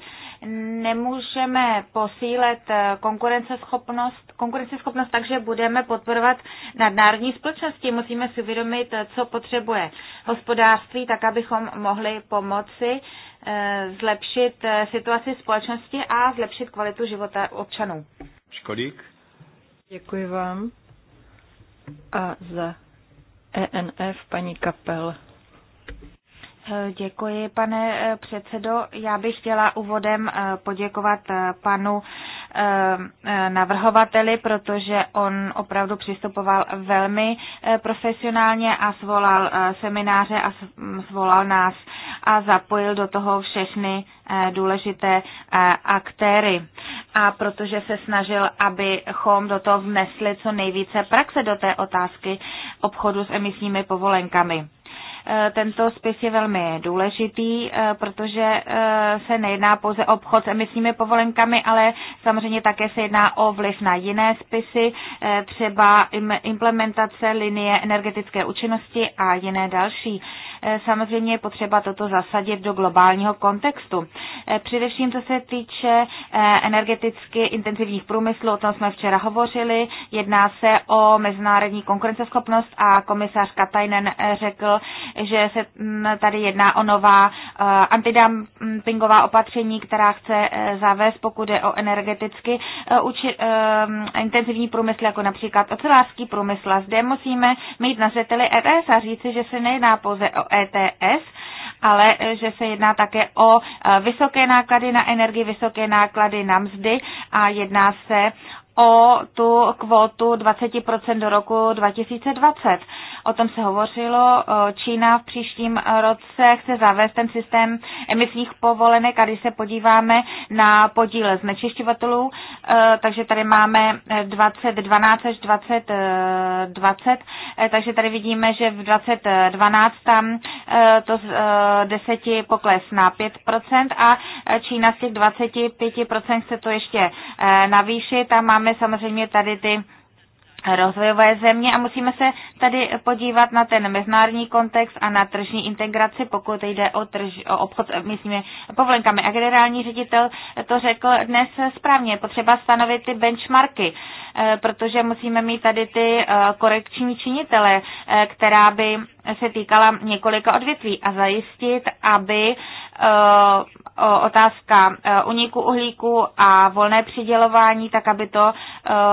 Nemůžeme posílet konkurenceschopnost, konkurenceschopnost tak, že budeme podporovat nadnárodní společnosti. Musíme si uvědomit, co potřebuje hospodářství, tak abychom mohli pomoci eh, zlepšit eh, situaci společnosti a zlepšit kvalitu života občanů. Škodík. Děkuji vám a za ENF paní Kapel. Děkuji, pane eh, předsedo. Já bych chtěla úvodem eh, poděkovat eh, panu navrhovateli, protože on opravdu přistupoval velmi profesionálně a svolal semináře a mm, svolal nás a zapojil do toho všechny důležité aktéry. A protože se snažil, abychom do toho vnesli co nejvíce praxe do té otázky obchodu s emisními povolenkami. Eh, tento spis je velmi důležitý, eh, protože eh, se nejedná pouze o obchod s emisními povolenkami, ale samozřejmě také se jedná o vliv na jiné spisy, třeba implementace linie energetické účinnosti a jiné další. Samozřejmě je potřeba toto zasadit do globálního kontextu. Především co se týče energeticky intenzivních průmyslů, o tom jsme včera hovořili, jedná se o mezinárodní konkurenceschopnost a komisař Katajnen řekl, že se mm, tady jedná o nová eh, antidumpingová opatření, která chce eh, zavést, pokud je o energeticky eh, uči, intenzivní průmysl, jako například ocelářský průmysl. A zde musíme mít na zřeteli ETS a říci, že se nejedná pouze o ETS, ale že se jedná také o vysoké náklady na energii, vysoké náklady na mzdy a jedná se o tu kvotu 20% do roku 2020 o tom se hovořilo. Čína v příštím roce chce zavést ten systém emisních povolenek a když se podíváme na podíl znečišťovatelů, e, takže tady máme 2012 až 2020, e, takže tady vidíme, že v 2012 tam e, to z 10 pokles na 5% a Čína z těch 25% chce to ještě navýšit a máme samozřejmě tady ty rozvojové země a musíme se tady podívat na ten mezinárodní kontext a na tržní integraci, pokud jde o, trž, o obchod s povolenkami. A generální ředitel to řekl dnes správně, potřeba stanovit ty benchmarky, eh, protože musíme mít tady ty eh, korekční činitele, eh, která by se týkala několika odvětví a zajistit, aby otázka uniku uhlíku a volné přidělování, tak aby to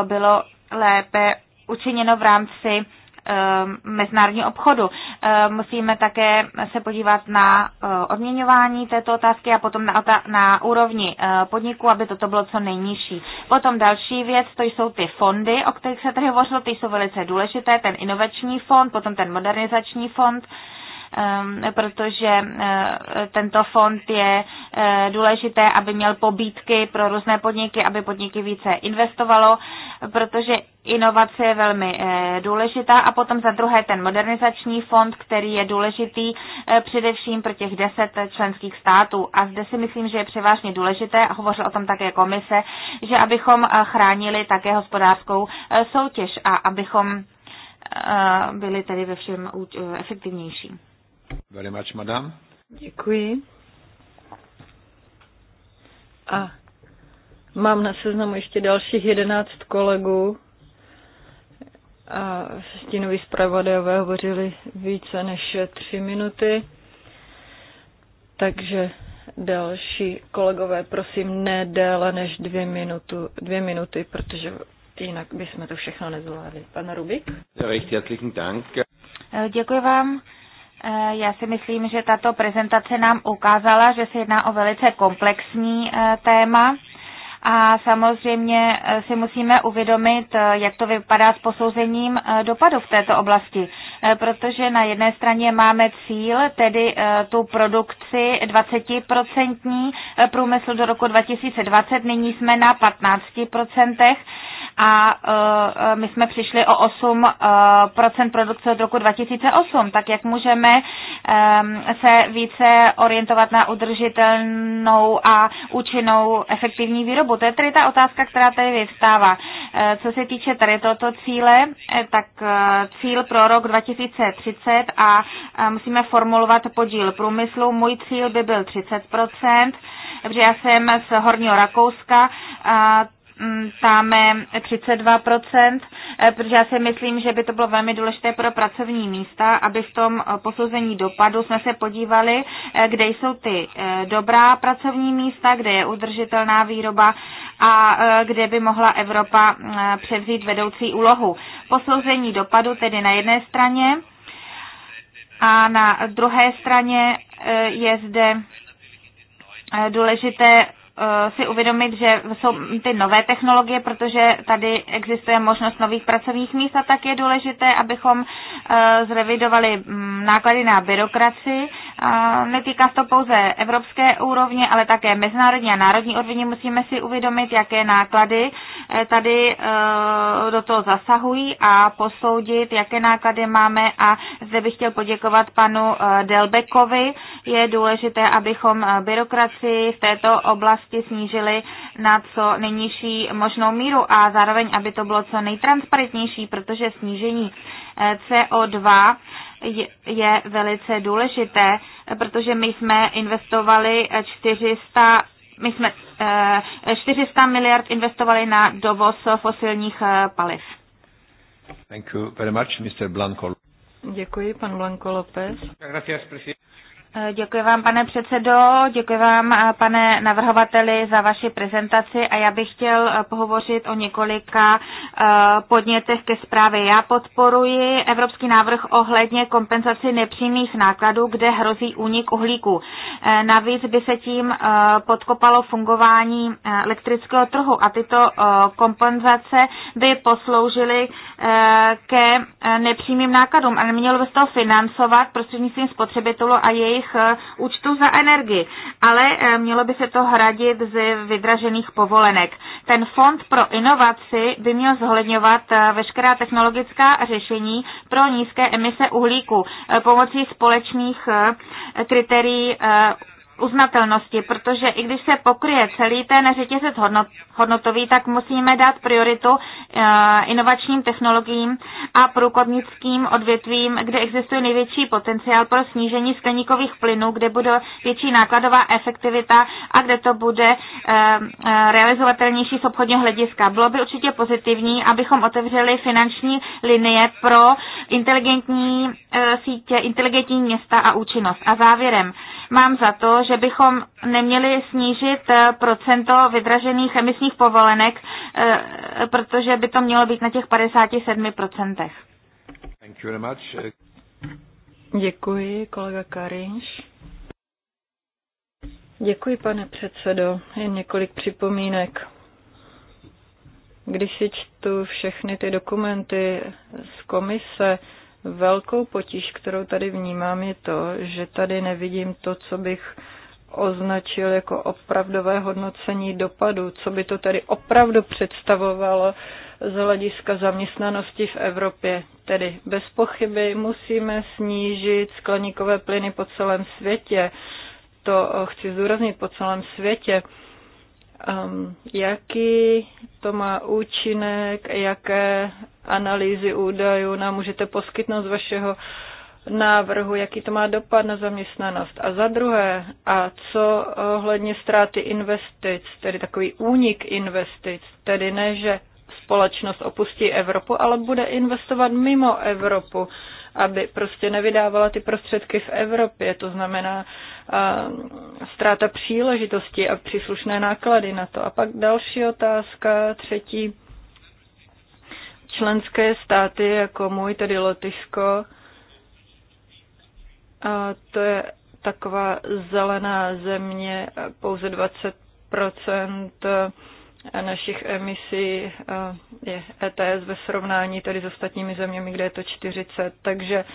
bylo lépe učiněno v rámci ehm, mezinárodního obchodu. Ehm, musíme také se podívat na eh, odměňování této otázky a potom na, na úrovni eh, podniku, aby toto bylo co nejnižší. Potom další věc, to jsou ty fondy, o kterých se tady hovořilo, ty jsou velice důležité, ten inovační fond, potom ten modernizační fond Ehm, protože eh, tento fond je eh, důležité, aby měl pobídky pro různé podniky, aby podniky více investovalo, protože inovace je velmi eh, důležitá. A potom za druhé ten modernizační fond, který je důležitý především pro těch deset členských států. A zde si myslím, že je převážně důležité, a hovořil o tom také komise, že abychom chránili také hospodářskou soutěž a abychom byli tedy ve všem efektivnější. Very much, madam. Děkuji. A mám na seznamu ještě dalších jedenáct kolegů a stínoví zpravodajové hovořili více než tři minuty. Takže další kolegové, prosím, ne déle než dvě, minutu, dvě minuty, protože jinak bychom to všechno nezvládli. Pan Rubik? Děkuji vám. Eh, já si myslím, že tato prezentace nám ukázala, že se jedná o velice komplexní eh, téma. A samozřejmě eh, si musíme uvědomit, jak to vypadá s posouzením dopadu v této oblasti. Protože na jedné straně máme cíl, tedy tu produkci 20% průmyslu do roku 2020, nyní jsme na 15% a e, e, my jsme přišli o 8% e, produkce od roku 2008, tak jak můžeme se více orientovat na udržitelnou a účinnou efektivní výrobu. To je tedy ta otázka, která tady vyvstává. Co se týče tady tohoto cíle, tak cíl pro rok 2030 a musíme formulovat podíl průmyslu. Můj cíl by byl 30%, protože já jsem z Horního Rakouska, dáme mm, 32%, eh, protože já si myslím, že by to bylo velmi důležité pro pracovní místa, aby v tom eh, posouzení dopadu jsme se podívali, eh, kde jsou ty dobrá pracovní místa, kde je udržitelná výroba a kde by mohla Evropa převzít vedoucí úlohu. Posouzení dopadu tedy na jedné straně a na druhé straně je zde důležité Eh, si uvědomit, že jsou ty nové technologie, protože tady existuje možnost nových pracovních míst a tak je důležité, abychom eh, zrevidovali mm, náklady na byrokraci. Netýká se to pouze evropské úrovně, ale také mezinárodní a národní úrovně. Musíme si uvědomit, jaké náklady eh, tady do toho zasahují a posoudit, jaké náklady máme a zde bych chtěl poděkovat panu Delbekovi. Je důležité, abychom byrokraci v této oblasti části snížili na co nejnižší možnou míru a zároveň, aby to bylo co nejtransparentnější, protože snížení eh, CO2 je velice důležité, protože my jsme investovali 400 eh, my jsme 400 eh, miliard investovali na dovoz fosilních paliv. Thank you very much, Mr. Blanco. Děkuji, pan Blanco López. Děkuji vám, pane předsedo, děkuji vám, eh, pane navrhovateli, za vaši prezentaci a já bych chtěl eh, pohovořit o několika eh, podnětech ke zprávě. Já podporuji evropský návrh ohledně kompenzaci nepřímých nákladů, kde hrozí únik uhlíku. Navíc by se tím podkopalo fungování elektrického trhu a tyto kompenzace by posloužily Eh, ke eh, nepřímým nákladům, ale mělo by se to financovat prostřednictvím spotřebitelů a jejich eh, účtu za energii. Ale mělo by se to hradit z vydražených povolenek. Ten fond pro inovaci by měl zohledňovat veškerá technologická řešení pro nízké emise uhlíku pomocí společných kritérií uznatelnosti, protože i když se pokryje celý ten řetězec hodnot, hodnotový, tak musíme dát prioritu eh, inovačním technologiím a průkodnickým odvětvím, kde existuje největší potenciál pro snížení skleníkových plynů, kde bude větší nákladová efektivita a kde to bude eh, eh, realizovatelnější z obchodního hlediska. Bylo by určitě pozitivní, abychom otevřeli finanční linie pro inteligentní sítě, inteligentní města a účinnost. A závěrem, mám za to, že bychom neměli snížit eh, procento vydražených emisních povolenek, eh, protože by to mělo být na těch 57%. Děkuji, kolega Karinš. Děkuji, pane předsedo. Jen několik připomínek. Když si čtu všechny ty dokumenty z komise, Velkou potíž, kterou tady vnímám, je to, že tady nevidím to, co bych označil jako opravdové hodnocení dopadu, co by to tady opravdu představovalo z hlediska zaměstnanosti v Evropě. Tedy bez pochyby musíme snížit skleníkové plyny po celém světě. To eh, chci zdůraznit po celém světě. Um, jaký to má účinek, jaké analýzy údajů nám můžete poskytnout z vašeho návrhu, jaký to má dopad na zaměstnanost. A za druhé, a co ohledně ztráty investic, tedy takový únik investic, tedy ne, že společnost opustí Evropu, ale bude investovat mimo Evropu, aby prostě nevydávala ty prostředky v Evropě, to znamená a, ztráta příležitosti a příslušné náklady na to. A pak další otázka, třetí členské státy, jako můj, tedy Lotyšsko, a to je taková zelená země, pouze 20 našich emisí je ETS ve srovnání tedy s ostatními zeměmi, kde je to 40. Takže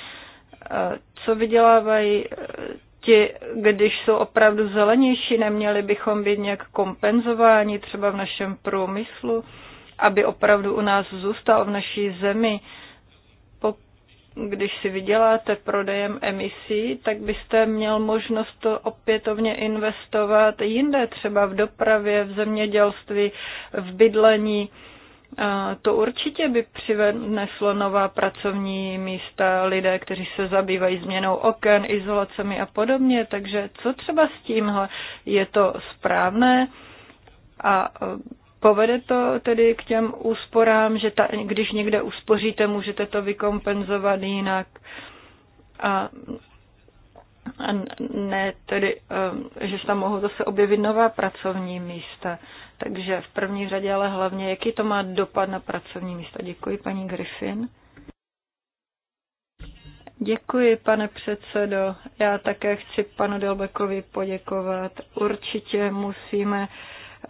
co vydělávají e, ti, když jsou opravdu zelenější, neměli bychom být nějak kompenzováni třeba v našem průmyslu? aby opravdu u nás zůstal v naší zemi. Když si vyděláte prodejem emisí, tak byste měl možnost to opětovně investovat jinde, třeba v dopravě, v zemědělství, v bydlení. To určitě by přineslo nová pracovní místa lidé, kteří se zabývají změnou oken, izolacemi a podobně. Takže co třeba s tímhle? Je to správné? A Povede to tedy k těm úsporám, že ta, když někde uspoříte, můžete to vykompenzovat jinak. A, a ne tedy, um, že se tam mohou zase objevit nová pracovní místa. Takže v první řadě, ale hlavně, jaký to má dopad na pracovní místa. Děkuji, paní Griffin. Děkuji, pane předsedo. Já také chci panu Delbekovi poděkovat. Určitě musíme uh,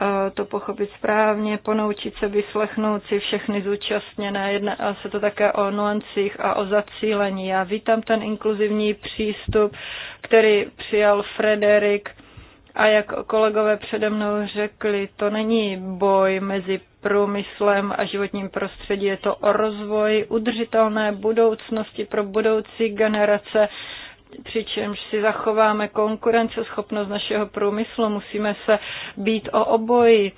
Eh, to pochopit správně, ponoučit se, vyslechnout si všechny zúčastněné. Jedná se to také o nuancích a o zacílení. Já vítám ten inkluzivní přístup, který přijal Frederik. A jak kolegové přede mnou řekli, to není boj mezi průmyslem a životním prostředí, je to o rozvoji udržitelné budoucnosti pro budoucí generace přičemž si zachováme konkurenceschopnost našeho průmyslu, musíme se být o oboji.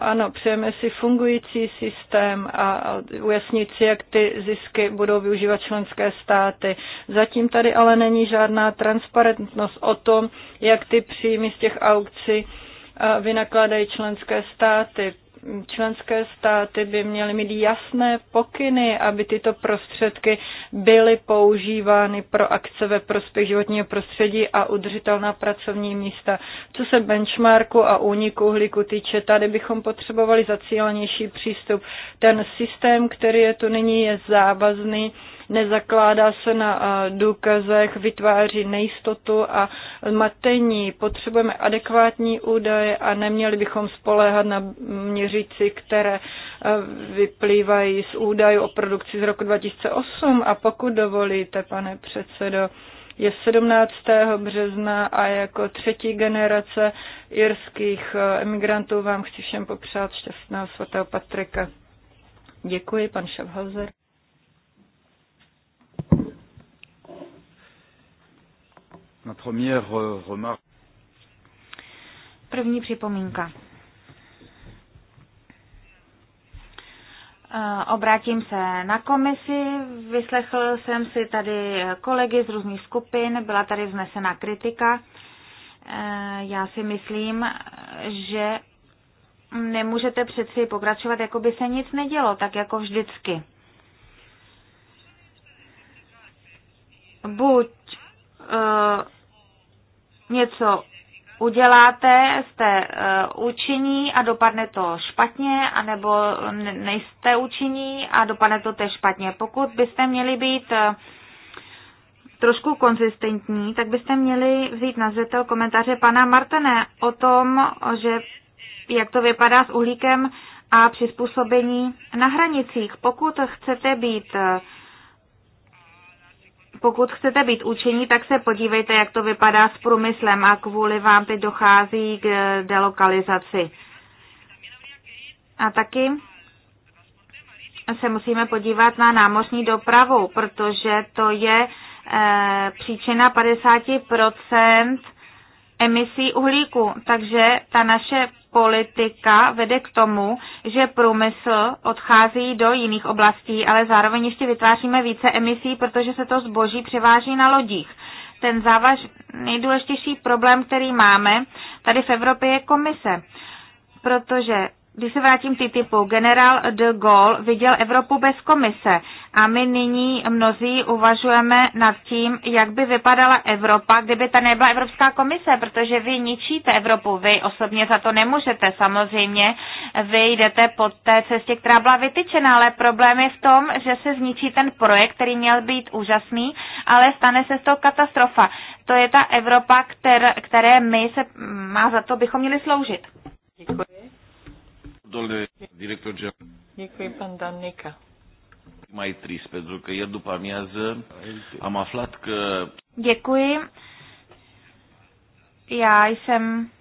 Ano, přejeme si fungující systém a ujasnit si, jak ty zisky budou využívat členské státy. Zatím tady ale není žádná transparentnost o tom, jak ty příjmy z těch aukcí vynakládají členské státy členské státy by měly mít jasné pokyny, aby tyto prostředky byly používány pro akce ve prospěch životního prostředí a udržitelná pracovní místa. Co se benchmarku a úniku uhlíku týče, tady bychom potřebovali zacílenější přístup. Ten systém, který je tu nyní, je závazný nezakládá se na eh, důkazech, vytváří nejistotu a matení. Potřebujeme adekvátní údaje a neměli bychom spoléhat na měřící, které eh, vyplývají z údajů o produkci z roku 2008 a pokud dovolíte, pane předsedo, je 17. března a jako třetí generace irských eh, emigrantů vám chci všem popřát šťastného svatého Patrika. Děkuji, pan Schaffhauser. Euh, První připomínka. Eh, obrátím se na komisi, vyslechl jsem si tady kolegy z různých skupin, byla tady vznesena kritika. Eh, já si myslím, že nemůžete přeci pokračovat, jako by se nic nedělo, tak jako vždycky. Buď Eh, něco uděláte, jste uh, účinní a dopadne to špatně, anebo nejste učiní a dopadne to tež špatně. Pokud byste měli být uh, trošku konzistentní, tak byste měli vzít na zřetel komentáře pana Martene o tom, že jak to vypadá s uhlíkem a přizpůsobení na hranicích. Pokud chcete být uh, pokud chcete být učení, tak se podívejte, jak to vypadá s průmyslem a kvůli vám teď dochází k delokalizaci. A taky se musíme podívat na námořní dopravu, protože to je e, příčina 50 emisí uhlíku. Takže ta naše politika vede k tomu, že průmysl odchází do jiných oblastí, ale zároveň ještě vytváříme více emisí, protože se to zboží převáží na lodích. Ten závaž, nejdůležitější problém, který máme tady v Evropě, je komise. Protože když se vrátím ty TTIPu, generál de Gaulle viděl Evropu bez komise. A my nyní mnozí uvažujeme nad tím, jak by vypadala Evropa, kdyby ta nebyla Evropská komise, protože vy ničíte Evropu, vy osobně za to nemůžete samozřejmě, vy jdete po té cestě, která byla vytyčena, ale problém je v tom, že se zničí ten projekt, který měl být úžasný, ale stane se z toho katastrofa. To je ta Evropa, kter, které my se má za to, bychom měli sloužit. Děkuji. Děkuji, pan Danika. Mai trist, pentru că ieri după amiază am aflat că... Děkuji. Já jsem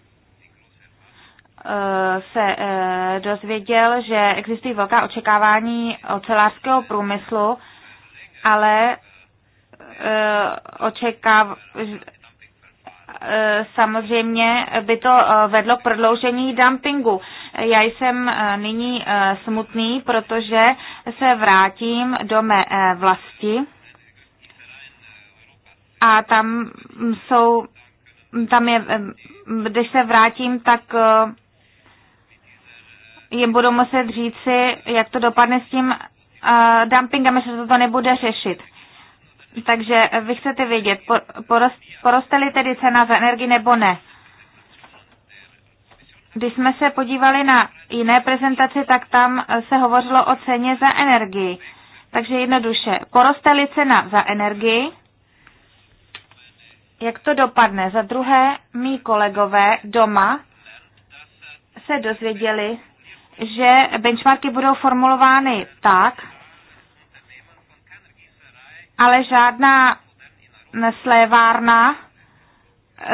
uh, se uh, dozvěděl, že existují velká očekávání ocelářského průmyslu, ale uh, očekáv, Eh, samozřejmě by to eh, vedlo k prodloužení dumpingu. Já jsem eh, nyní smutný, protože se vrátím do mé vlasti a tam jsou, tam je, když se vrátím, tak jim budu muset říci, jak to dopadne s tím dumpingem, jestli se to nebude řešit. Takže vy chcete vědět, poroste tedy cena za energii nebo ne. Když jsme se podívali na jiné prezentaci, tak tam se hovořilo o ceně za energii. Takže jednoduše, poroste cena za energii, jak to dopadne? Za druhé, mý kolegové doma se dozvěděli, že benchmarky budou formulovány tak, ale žádná slévárna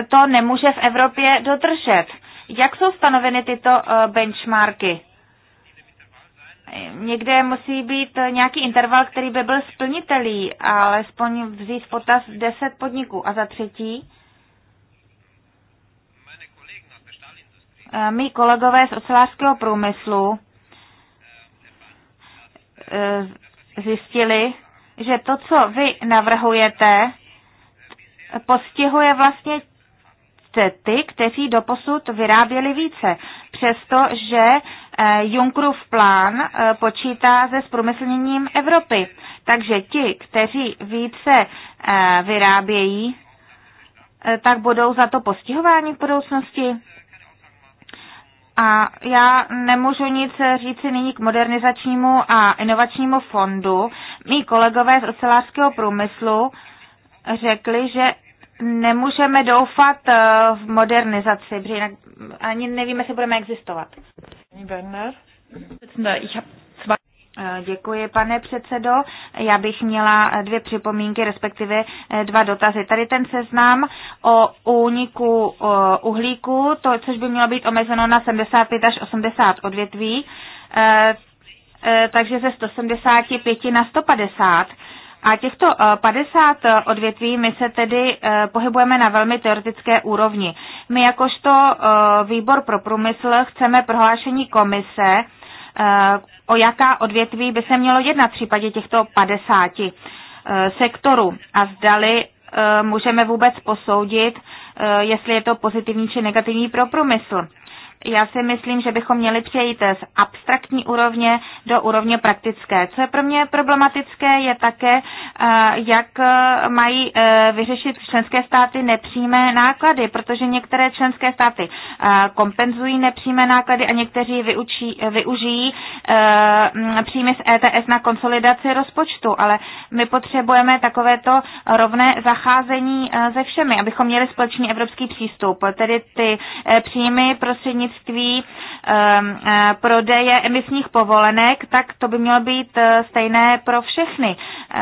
to nemůže v Evropě dodržet. Jak jsou stanoveny tyto eh, benchmarky? Někde musí být nějaký interval, který by byl splnitelý, alespoň vzít potaz 10 podniků. A za třetí, eh, mý kolegové z ocelářského průmyslu eh, zjistili, že to, co vy navrhujete, postihuje vlastně ty, kteří doposud vyráběli více, přestože eh, Junckerův plán eh, počítá se zprůmyslněním Evropy. Takže ti, kteří více eh, vyrábějí, tak budou za to postihováni v budoucnosti? A já nemůžu nic říci nyní k modernizačnímu a inovačnímu fondu. Mí kolegové z ocelářského průmyslu řekli, že nemůžeme doufat eh, v modernizaci, protože jinak ani nevíme, jestli budeme existovat. Werner? Děkuji, pane předsedo. Já bych měla dvě připomínky, respektive eh, dva dotazy. Tady ten seznam o úniku eh, uhlíku, to, což by mělo být omezeno na 75 až 80 odvětví, eh, takže ze 175 na 150. A těchto 50 odvětví my se tedy pohybujeme na velmi teoretické úrovni. My jakožto výbor pro průmysl chceme prohlášení komise, Eh, o jaká odvětví by se mělo jednat v případě těchto 50 eh, sektorů a zdali eh, můžeme vůbec posoudit, jestli je to pozitivní či negativní pro průmysl já si myslím, že bychom měli přejít z abstraktní úrovně do úrovně praktické. Co je pro mě problematické, je také, eh, jak eh, mají eh, vyřešit členské státy nepřímé náklady, protože některé členské státy kompenzují nepřímé náklady a někteří vyučí, využijí příjmy z ETS na konsolidaci rozpočtu, ale my potřebujeme takovéto rovné zacházení se všemi, abychom měli společný evropský přístup, tedy ty příjmy prostřednictvím předsednictví ehm, eh, prodeje emisních povolenek, tak to by mělo být eh, stejné pro všechny, eh,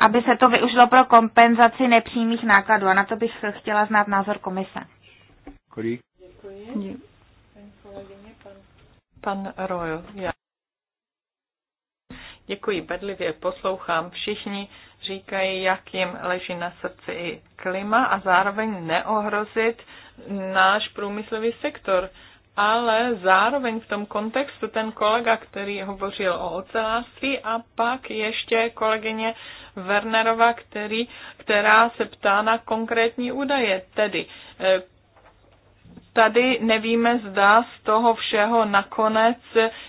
aby se to využilo pro kompenzaci nepřímých nákladů. A na to bych chtěla znát názor komise. Kolik? Děkuji. Pan Royal. Já. Děkuji, bedlivě poslouchám. Všichni říkají, jak jim leží na srdci i klima a zároveň neohrozit náš průmyslový sektor ale zároveň v tom kontextu ten kolega, který hovořil o ocelářství a pak ještě kolegyně Wernerova, který, která se ptá na konkrétní údaje, tedy eh, tady nevíme, zda z toho všeho nakonec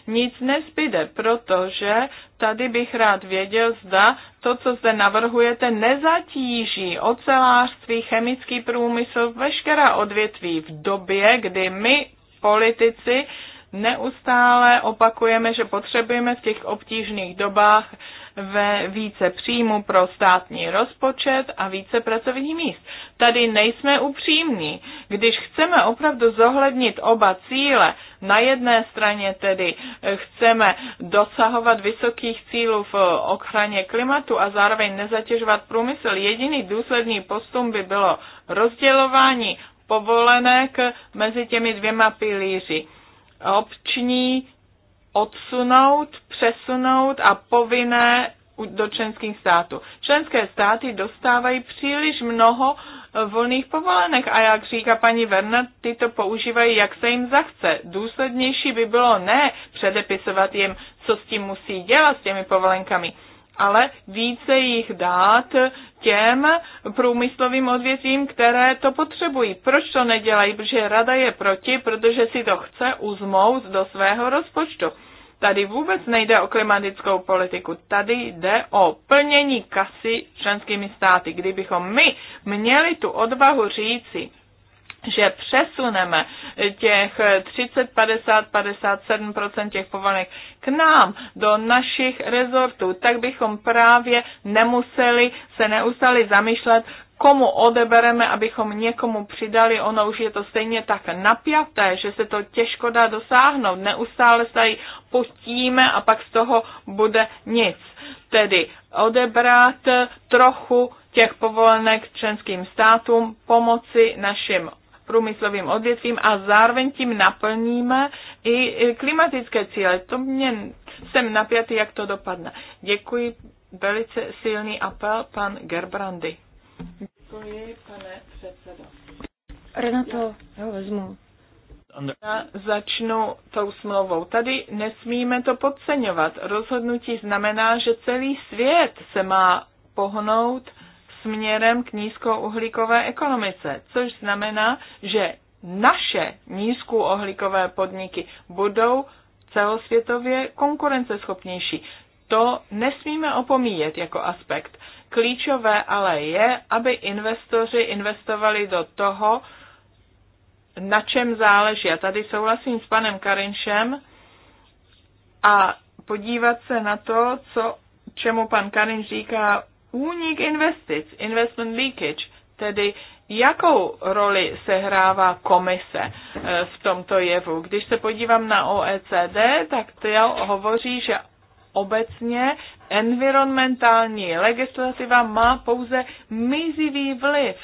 nic nezbyde, protože tady bych rád věděl, zda to, co zde navrhujete, nezatíží ocelářství, chemický průmysl, veškerá odvětví v době, kdy my politici neustále opakujeme, že potřebujeme v těch obtížných dobách ve více příjmu pro státní rozpočet a více pracovních míst. Tady nejsme upřímní. Když chceme opravdu zohlednit oba cíle, na jedné straně tedy chceme dosahovat vysokých cílů v ochraně klimatu a zároveň nezatěžovat průmysl, jediný důsledný postup by bylo rozdělování povolenek mezi těmi dvěma pilíři. Obční odsunout, přesunout a povinné do členských států. Členské státy dostávají příliš mnoho eh, volných povolenek a jak říká paní Verna, ty to používají, jak se jim zachce. Důslednější by bylo ne předepisovat jim, co s tím musí dělat s těmi povolenkami, ale více jich dát těm průmyslovým odvětvím, které to potřebují. Proč to nedělají? Protože rada je proti, protože si to chce uzmout do svého rozpočtu. Tady vůbec nejde o klimatickou politiku, tady jde o plnění kasy členskými státy. Kdybychom my měli tu odvahu říci, že přesuneme těch 30, 50, 57 těch povolenek k nám do našich rezortů, tak bychom právě nemuseli se neustále zamýšlet, komu odebereme, abychom někomu přidali, ono už je to stejně tak napjaté, že se to těžko dá dosáhnout. Neustále se tady a pak z toho bude nic. Tedy odebrat trochu těch povolenek členským státům, pomoci našim průmyslovým odvětvím a zároveň tím naplníme i klimatické cíle. To mě jsem napjatý, jak to dopadne. Děkuji, velice silný apel, pan Gerbrandy. Děkuji, pane předsedo. Renato, já vezmu. Já začnu tou smlouvou. Tady nesmíme to podceňovat. Rozhodnutí znamená, že celý svět se má pohnout směrem k nízkouhlíkové ekonomice, což znamená, že naše nízkouhlíkové podniky budou celosvětově konkurenceschopnější. To nesmíme opomíjet jako aspekt. Klíčové ale je, aby investoři investovali do toho, na čem záleží. A tady souhlasím s panem Karinšem a podívat se na to, co, čemu pan Karinš říká únik investic, investment leakage, tedy jakou roli sehrává komise eh, v tomto jevu. Když se podívám na OECD, tak to hovoří, že obecně environmentální legislativa má pouze mizivý vliv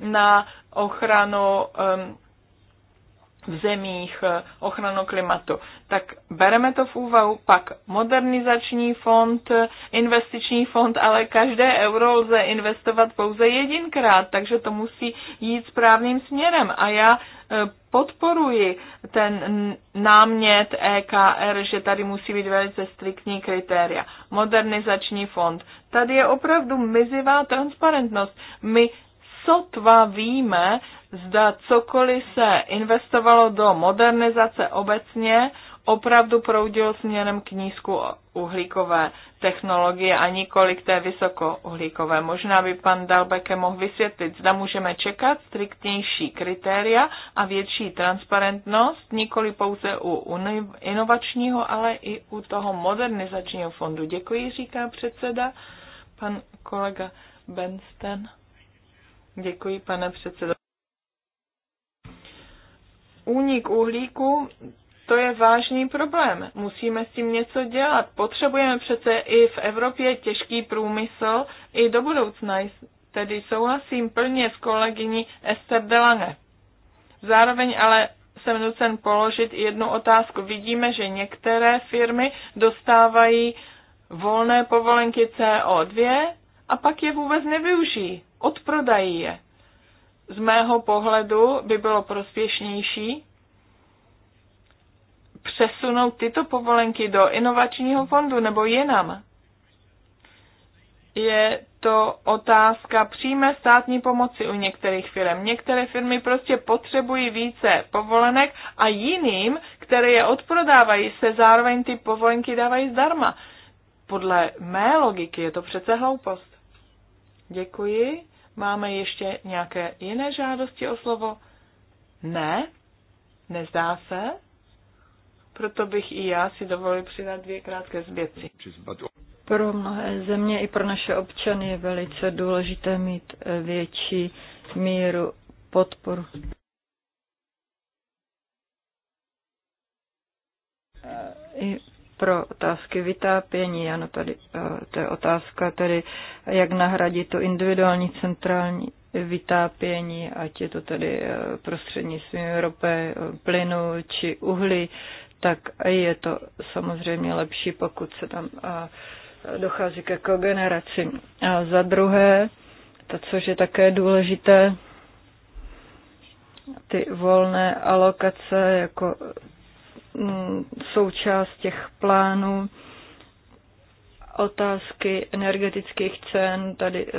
na ochranu um, v zemích eh, ochranu klimatu. Tak bereme to v úvahu, pak modernizační fond, investiční fond, ale každé euro lze investovat pouze jedinkrát, takže to musí jít správným směrem. A já eh, podporuji ten námět EKR, že tady musí být velice striktní kritéria. Modernizační fond. Tady je opravdu mizivá transparentnost. My sotva víme, zda cokoliv se investovalo do modernizace obecně, opravdu proudilo směrem k uhlíkové technologie a nikoli k té vysokouhlíkové. Možná by pan Dalbeke mohl vysvětlit, zda můžeme čekat striktnější kritéria a větší transparentnost, nikoli pouze u inovačního, ale i u toho modernizačního fondu. Děkuji, říká předseda, pan kolega Benstein. Děkuji, pane předsedo. Únik uhlíku to je vážný problém. Musíme s tím něco dělat. Potřebujeme přece i v Evropě těžký průmysl i do budoucna. Tedy souhlasím plně s kolegyní Esther Delange. Zároveň ale jsem nucen položit jednu otázku. Vidíme, že některé firmy dostávají volné povolenky CO2 a pak je vůbec nevyužijí, odprodají je. Z mého pohledu by bylo prospěšnější přesunout tyto povolenky do inovačního fondu nebo jinam. Je to otázka přímé státní pomoci u některých firm. Některé firmy prostě potřebují více povolenek a jiným, které je odprodávají, se zároveň ty povolenky dávají zdarma. Podle mé logiky je to přece hloupost. Děkuji. Máme ještě nějaké jiné žádosti o slovo? Ne, nezdá se. Proto bych i já si dovolil přidat dvě krátké zvěci. Pro mnohé země i pro naše občany je velice důležité mít eh, větší míru podporu. Eh, I pro otázky vytápění. Ano, tady eh, to je otázka tedy, jak nahradit to individuální centrální vytápění, ať je to tedy eh, prostřednictvím ropy, eh, plynu či uhlí, tak je to samozřejmě lepší, pokud se tam dochází ke kogeneraci. A za druhé, to, což je také důležité, ty volné alokace jako Mm, součást těch plánů. Otázky energetických cen, tady eh,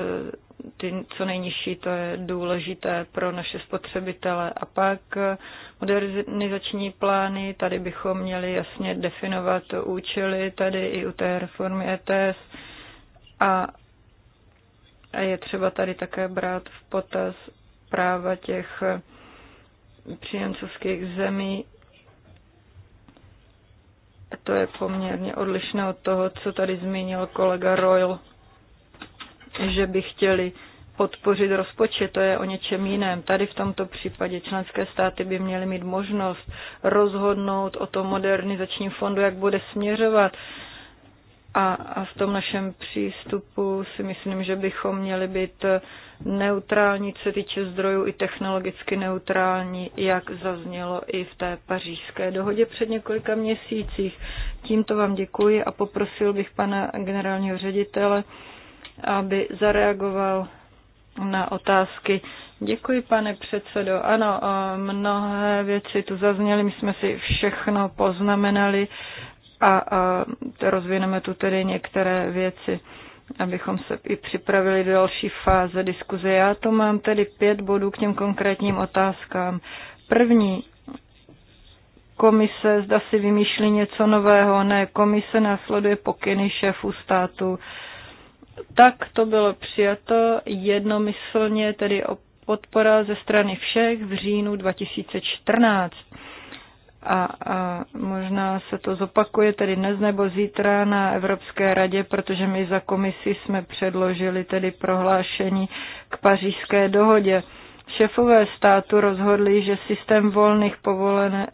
ty co nejnižší, to je důležité pro naše spotřebitele. A pak eh, modernizační plány, tady bychom měli jasně definovat účely, tady i u té reformy ETS. A je třeba tady také brát v potaz práva těch eh, příjemcovských zemí to je poměrně odlišné od toho, co tady zmínil kolega Royal, že by chtěli podpořit rozpočet, to je o něčem jiném. Tady v tomto případě členské státy by měly mít možnost rozhodnout o tom modernizačním fondu, jak bude směřovat. A, a v tom našem přístupu si myslím, že bychom měli být neutrální, co týče zdrojů i technologicky neutrální, jak zaznělo i v té pařížské dohodě před několika měsících. Tímto vám děkuji a poprosil bych pana generálního ředitele, aby zareagoval na otázky. Děkuji, pane předsedo. Ano, mnohé věci tu zazněly, my jsme si všechno poznamenali a, a rozvineme tu tedy některé věci, abychom se i připravili do další fáze diskuze. Já to mám tedy pět bodů k těm konkrétním otázkám. První, komise, zda si vymýšlí něco nového, ne, komise následuje pokyny šéfů státu. Tak to bylo přijato jednomyslně, tedy o podpora ze strany všech v říjnu 2014 a, a možná se to zopakuje tedy dnes nebo zítra na Evropské radě, protože my za komisi jsme předložili tedy prohlášení k pařížské dohodě. Šefové státu rozhodli, že systém volných povolenek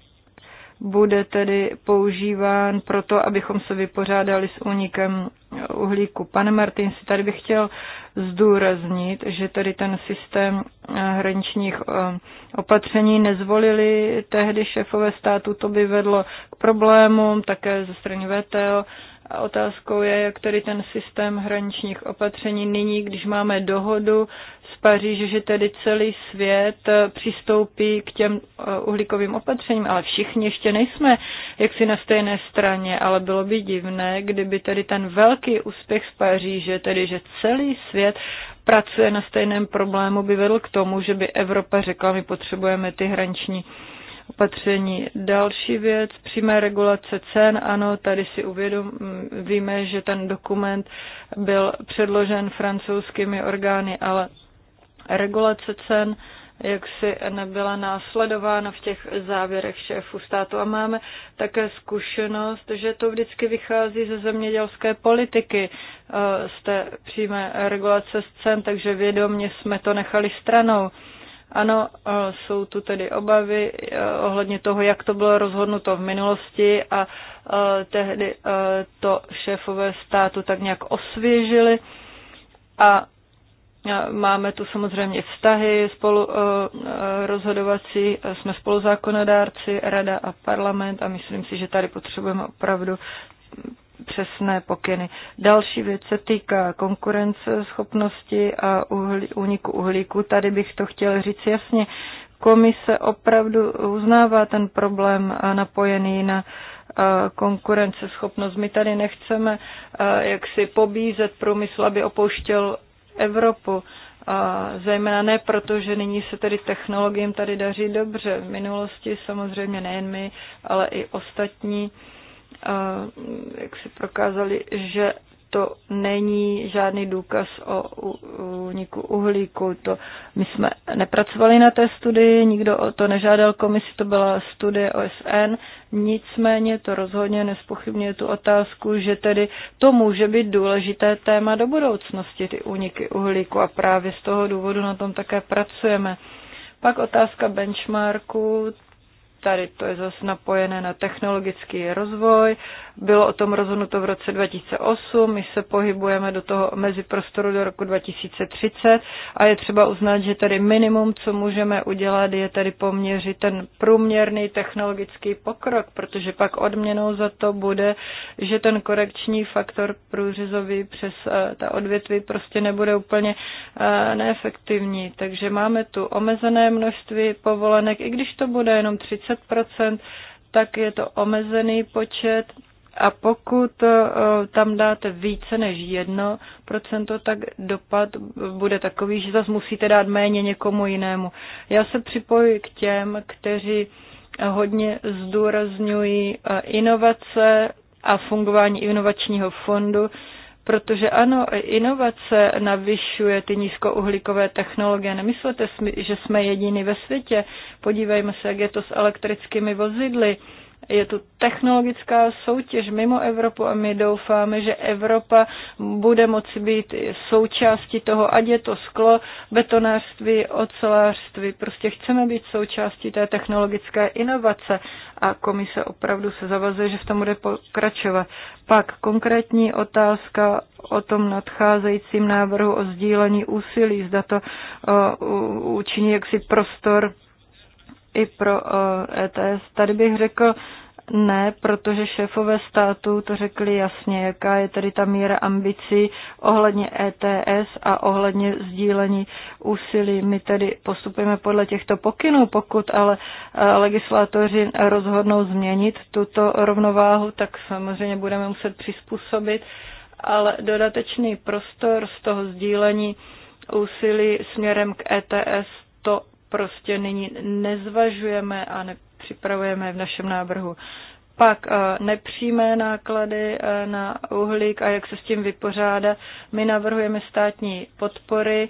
bude tedy používán proto, abychom se vypořádali s únikem uhlíku. Pane Martin, si tady bych chtěl zdůraznit, že tady ten systém eh, hraničních eh, opatření nezvolili tehdy šéfové státu, to by vedlo k problémům také ze strany VTO Otázkou je, jak tedy ten systém hraničních opatření nyní, když máme dohodu z Paříže, že tedy celý svět přistoupí k těm eh, uhlíkovým opatřením, ale všichni ještě nejsme jaksi na stejné straně, ale bylo by divné, kdyby tedy ten velký úspěch z Paříže, tedy že celý svět pracuje na stejném problému, by vedl k tomu, že by Evropa řekla, my potřebujeme ty hraniční opatření. Další věc, přímé regulace cen. Ano, tady si uvědom, víme, že ten dokument byl předložen francouzskými orgány, ale regulace cen jak si nebyla následována v těch závěrech šéfů státu. A máme také zkušenost, že to vždycky vychází ze zemědělské politiky, eh, z té přímé regulace cen, takže vědomně jsme to nechali stranou. Ano, jsou tu tedy obavy e, ohledně toho, jak to bylo rozhodnuto v minulosti a e, tehdy e, to šéfové státu tak nějak osvěžili a Máme tu samozřejmě vztahy, spolu rozhodovací, jsme spoluzákonodárci, rada a parlament a myslím si, že tady potřebujeme opravdu přesné pokyny. Další věc se týká konkurence, schopnosti a uhlí, uniku uhlíku. Tady bych to chtěl říct jasně. Komise opravdu uznává ten problém napojený na konkurenceschopnost. My tady nechceme jak si pobízet průmysl, aby opouštěl Evropu. A zejména ne proto, že nyní se tedy technologiím tady daří dobře. V minulosti samozřejmě nejen my, ale i ostatní uh, jak si prokázali, že to není žádný důkaz o úniku uhlíku. To my jsme nepracovali na té studii, nikdo o to nežádal komisi, to byla studie OSN, nicméně to rozhodně nespochybňuje tu otázku, že tedy to může být důležité téma do budoucnosti, ty úniky uhlíku a právě z toho důvodu na tom také pracujeme. Pak otázka benchmarku, Tady to je zase napojené na technologický rozvoj. Bylo o tom rozhodnuto v roce 2008, my se pohybujeme do toho mezi prostoru do roku 2030 a je třeba uznat, že tady minimum, co můžeme udělat, je tady poměřit ten průměrný technologický pokrok, protože pak odměnou za to bude, že ten korekční faktor průřezový přes eh, ta odvětví prostě nebude úplně eh, neefektivní. Takže máme tu omezené množství povolenek, i když to bude jenom 30 20 tak je to omezený počet a pokud eh, tam dáte více než jedno procento, tak dopad bude takový, že zase musíte dát méně někomu jinému. Já se připojuji k těm, kteří hodně zdůrazňují eh, inovace a fungování inovačního fondu, Protože ano, inovace navyšuje ty nízkouhlíkové technologie. Nemyslete, že jsme jediní ve světě. Podívejme se, jak je to s elektrickými vozidly. Je tu technologická soutěž mimo Evropu a my doufáme, že Evropa bude moci být součástí toho, ať je to sklo, betonářství, ocelářství. Prostě chceme být součástí té technologické inovace a komise opravdu se zavazuje, že v tom bude pokračovat. Pak konkrétní otázka o tom nadcházejícím návrhu o sdílení úsilí, zda to eh, učiní jaksi prostor i pro ETS. Eh, e Tady bych řekl ne, protože šéfové států to řekli jasně, jaká je tedy ta míra ambicí ohledně ETS a ohledně sdílení úsilí. My tedy postupujeme podle těchto pokynů, pokud ale eh, legislátoři rozhodnou změnit tuto rovnováhu, tak samozřejmě budeme muset přizpůsobit, ale dodatečný prostor z toho sdílení úsilí směrem k ETS to prostě nyní nezvažujeme a nepřipravujeme v našem návrhu. Pak eh, nepřímé náklady eh, na uhlík a jak se s tím vypořádat. My navrhujeme státní podpory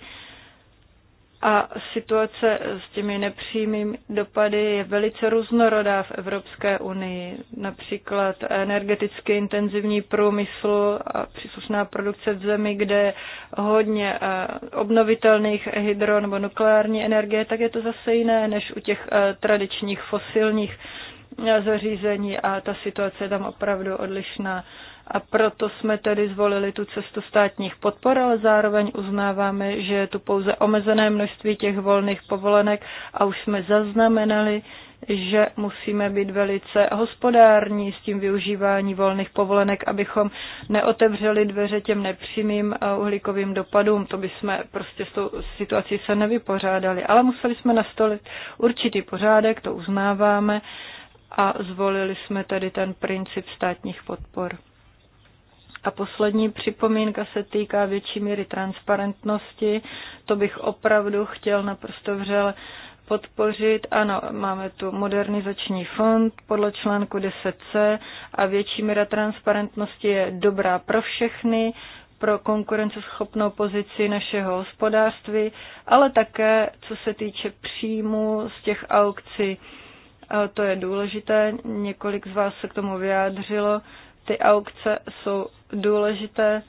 a situace s těmi nepřímými dopady je velice různorodá v Evropské unii. Například energeticky intenzivní průmysl a příslušná produkce v zemi, kde je hodně eh, obnovitelných hydro nebo nukleární energie, tak je to zase jiné než u těch eh, tradičních fosilních eh, zařízení a ta situace je tam opravdu odlišná a proto jsme tedy zvolili tu cestu státních podpor, ale zároveň uznáváme, že je tu pouze omezené množství těch volných povolenek a už jsme zaznamenali, že musíme být velice hospodární s tím využívání volných povolenek, abychom neotevřeli dveře těm nepřímým eh, uhlíkovým dopadům. To bychom prostě s tou situací se nevypořádali. Ale museli jsme nastolit určitý pořádek, to uznáváme a zvolili jsme tady ten princip státních podpor. A poslední připomínka se týká větší míry transparentnosti. To bych opravdu chtěl naprosto vřel podpořit. Ano, máme tu modernizační fond podle článku 10c a větší míra transparentnosti je dobrá pro všechny, pro konkurenceschopnou pozici našeho hospodářství, ale také co se týče příjmu z těch aukcí. To je důležité, několik z vás se k tomu vyjádřilo. Ty aukce jsou důležité.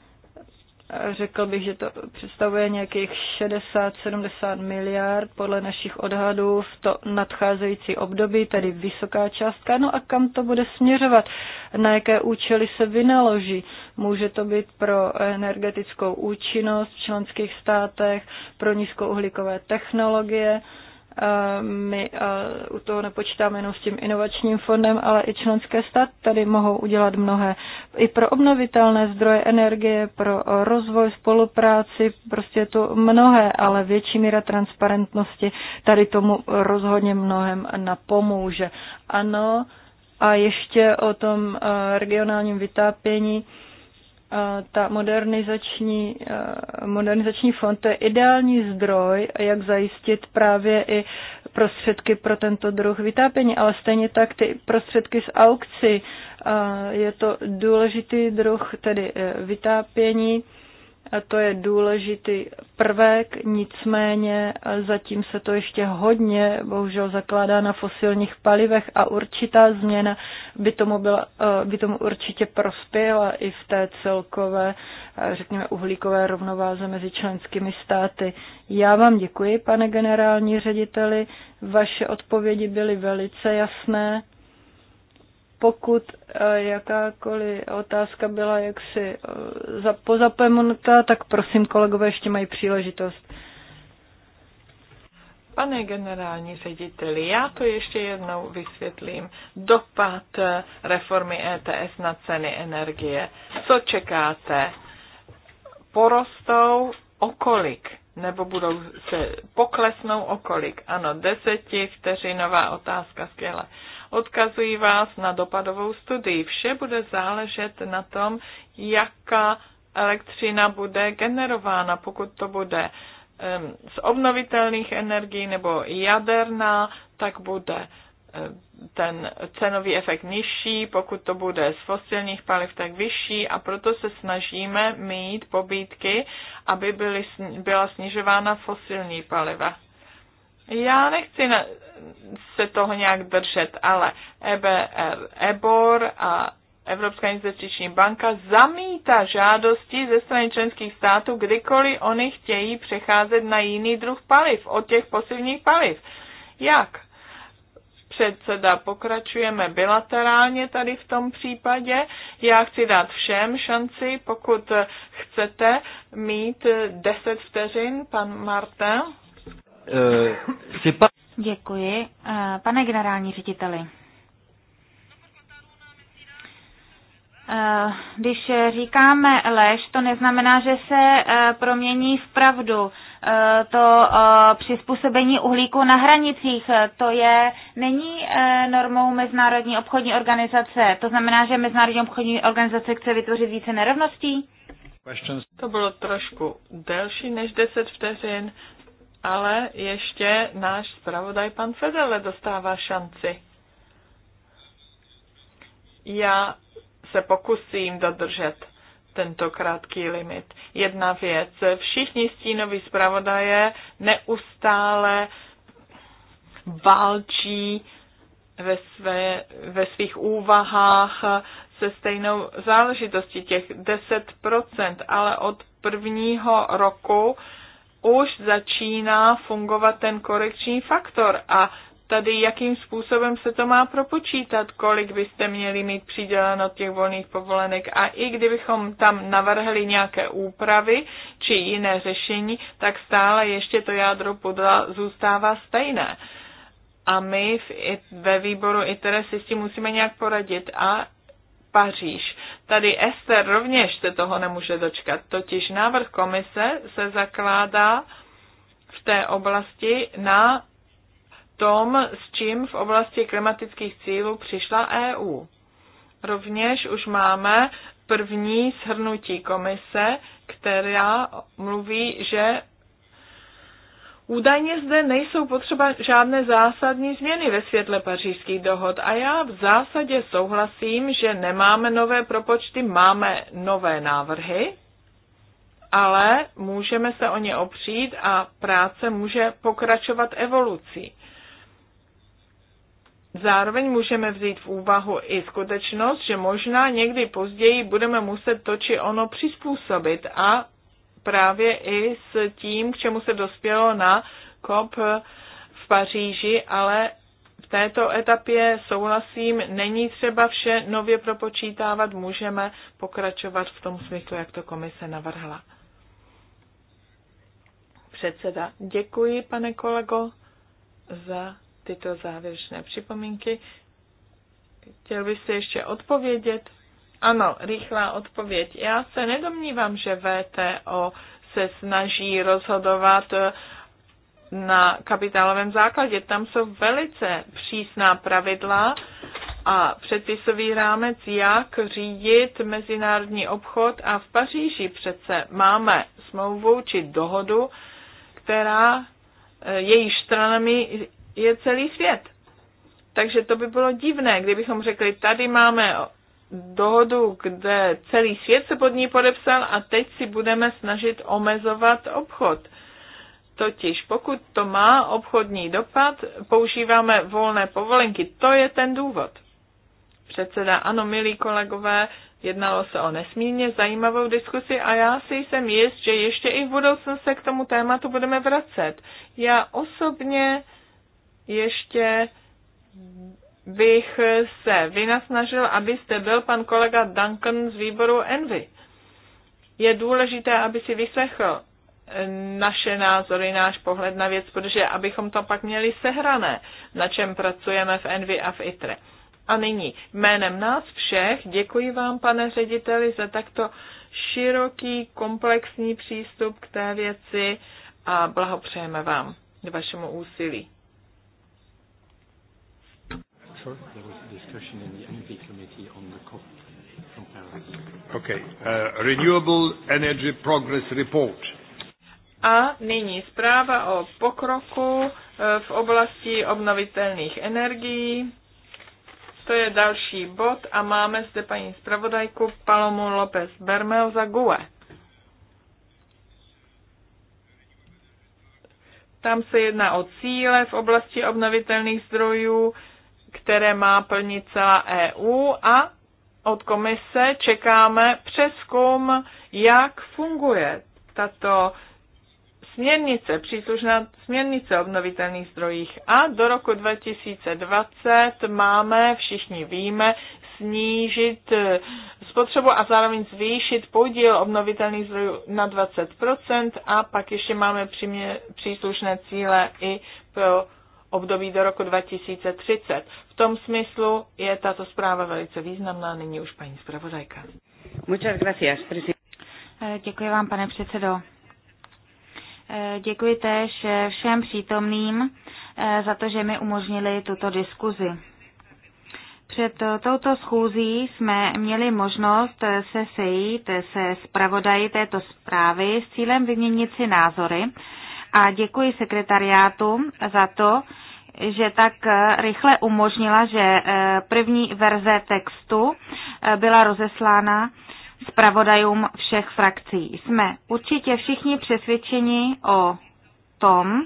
Řekl bych, že to představuje nějakých 60-70 miliard podle našich odhadů v to nadcházející období, tedy vysoká částka. No a kam to bude směřovat? Na jaké účely se vynaloží? Může to být pro energetickou účinnost v členských státech, pro nízkouhlíkové technologie, Eh, my eh, u toho nepočítáme jenom s tím inovačním fondem, ale i členské stát tady mohou udělat mnohé. I pro obnovitelné zdroje energie, pro rozvoj, spolupráci, prostě je to mnohé, ale větší míra transparentnosti tady tomu rozhodně mnohem napomůže. Ano, a ještě o tom eh, regionálním vytápění Eh, ta modernizační, eh, modernizační fond, to je ideální zdroj, jak zajistit právě i prostředky pro tento druh vytápění, ale stejně tak ty prostředky z aukci, eh, je to důležitý druh tedy vytápění to je důležitý prvek, nicméně zatím se to ještě hodně, bohužel, zakládá na fosilních palivech a určitá změna by tomu, byla, eh, by tomu určitě prospěla i v té celkové, eh, řekněme, uhlíkové rovnováze mezi členskými státy. Já vám děkuji, pane generální řediteli, vaše odpovědi byly velice jasné pokud eh, jakákoliv otázka byla jaksi eh, pozapomenutá, tak prosím, kolegové ještě mají příležitost. Pane generální řediteli, já to ještě jednou vysvětlím. Dopad eh, reformy ETS na ceny energie. Co čekáte? Porostou okolik? Nebo budou se poklesnou okolik? Ano, vteřinová otázka, skvěle. Uh, Odkazují vás na dopadovou studii. Vše bude záležet na tom, jaká elektřina bude generována, pokud to bude z obnovitelných energií nebo jaderná, tak bude ten cenový efekt nižší, pokud to bude z fosilních paliv, tak vyšší a proto se snažíme mít pobídky, aby byly, byla snižována fosilní paliva. Já nechci na, se toho nějak držet, ale EBR, EBOR a Evropská investiční banka zamítá žádosti ze strany členských států, kdykoliv oni chtějí přecházet na jiný druh paliv, od těch posilních paliv. Jak? Předseda, pokračujeme bilaterálně tady v tom případě. Já chci dát všem šanci, pokud chcete mít 10 vteřin, pan Martin. Eh, Děkuji. Eh, pane generální řediteli, eh, Když říkáme lež, to neznamená, že se promění v pravdu. To přizpůsobení uhlíku na hranicích, to je, není normou Mezinárodní obchodní organizace. To znamená, že Mezinárodní obchodní organizace chce vytvořit více nerovností? To bylo trošku delší než 10 vteřin ale ještě náš zpravodaj pan Fedele dostává šanci. Já se pokusím dodržet tento krátký limit. Jedna věc. Všichni stínoví zpravodaje neustále válčí ve, své, ve svých úvahách se stejnou záležitostí těch 10%, ale od prvního roku uh, už začíná fungovat ten korekční faktor a tady jakým způsobem se to má propočítat, kolik byste měli mít přiděleno těch volných povolenek. A i kdybychom tam navrhli nějaké úpravy či jiné řešení, tak stále ještě to jádro podla zůstává stejné. A my v, ve výboru ITERE si s tím musíme nějak poradit. A Paříž. Tady Ester rovněž se toho nemůže dočkat, totiž návrh komise se zakládá v té oblasti na tom, s čím v oblasti klimatických cílů přišla EU. Rovněž už máme první shrnutí komise, která mluví, že Údajně zde nejsou potřeba žádné zásadní změny ve světle pařížských dohod a já v zásadě souhlasím, že nemáme nové propočty, máme nové návrhy, ale můžeme se o ně opřít a práce může pokračovat evolucí. Zároveň můžeme vzít v úvahu i skutečnost, že možná někdy později budeme muset to či ono přizpůsobit a právě i s tím, k čemu se dospělo na COP v Paříži, ale v této etapě souhlasím, není třeba vše nově propočítávat, můžeme pokračovat v tom smyslu, jak to komise navrhla. Předseda, děkuji, pane kolego, za tyto závěrečné připomínky. Chtěl byste ještě odpovědět? Ano, rychlá odpověď. Já se nedomnívám, že VTO se snaží rozhodovat eh, na kapitálovém základě. Tam jsou velice přísná pravidla a předpisový rámec, jak řídit mezinárodní obchod a v Paříži přece máme smlouvu či dohodu, která eh, její stranami je celý svět. Takže to by bylo divné, kdybychom řekli, tady máme dohodu, kde celý svět se pod ní podepsal a teď si budeme snažit omezovat obchod. Totiž pokud to má obchodní dopad, používáme volné povolenky. To je ten důvod. Předseda, ano, milí kolegové, jednalo se o nesmírně zajímavou diskusi a já si jsem jist, že ještě i v budoucnu se k tomu tématu budeme vracet. Já osobně ještě bych se vynasnažil, abyste byl pan kolega Duncan z výboru Envy. Je důležité, aby si vyslechl naše názory, náš pohled na věc, protože abychom to pak měli sehrané, na čem pracujeme v Envy a v ITRE. A nyní jménem nás všech děkuji vám, pane řediteli, za takto široký, komplexní přístup k té věci a blahopřejeme vám k vašemu úsilí. Sorry, there was a discussion in the Energy committee on the COP from Paris. Okay. Uh, Renewable Energy Progress Report. A nyní zpráva o pokroku uh, v oblasti obnovitelných energií. To je další bod a máme zde paní zpravodajku Palomu López Bermel za GUE. Tam se jedná o cíle v oblasti obnovitelných zdrojů, které má plnit celá EU a od komise čekáme přeskum, jak funguje tato směrnice, příslušná směrnice obnovitelných zdrojích a do roku 2020 máme, všichni víme, snížit eh, spotřebu a zároveň zvýšit podíl obnovitelných zdrojů na 20% a pak ještě máme přímě, příslušné cíle i pro období do roku 2030. V tom smyslu je tato zpráva velice významná, nyní už paní zpravodajka. Muchas gracias, eh, Děkuji vám, pane předsedo. Eh, děkuji též eh, všem přítomným za to, že mi umožnili tuto diskuzi. Před touto schůzí jsme měli možnost se sejít se zpravodají této zprávy s cílem vyměnit si názory a děkuji sekretariátu za to, že tak eh, rychle umožnila, že eh, první verze textu eh, byla rozeslána zpravodajům všech frakcí. Jsme určitě všichni přesvědčeni o tom,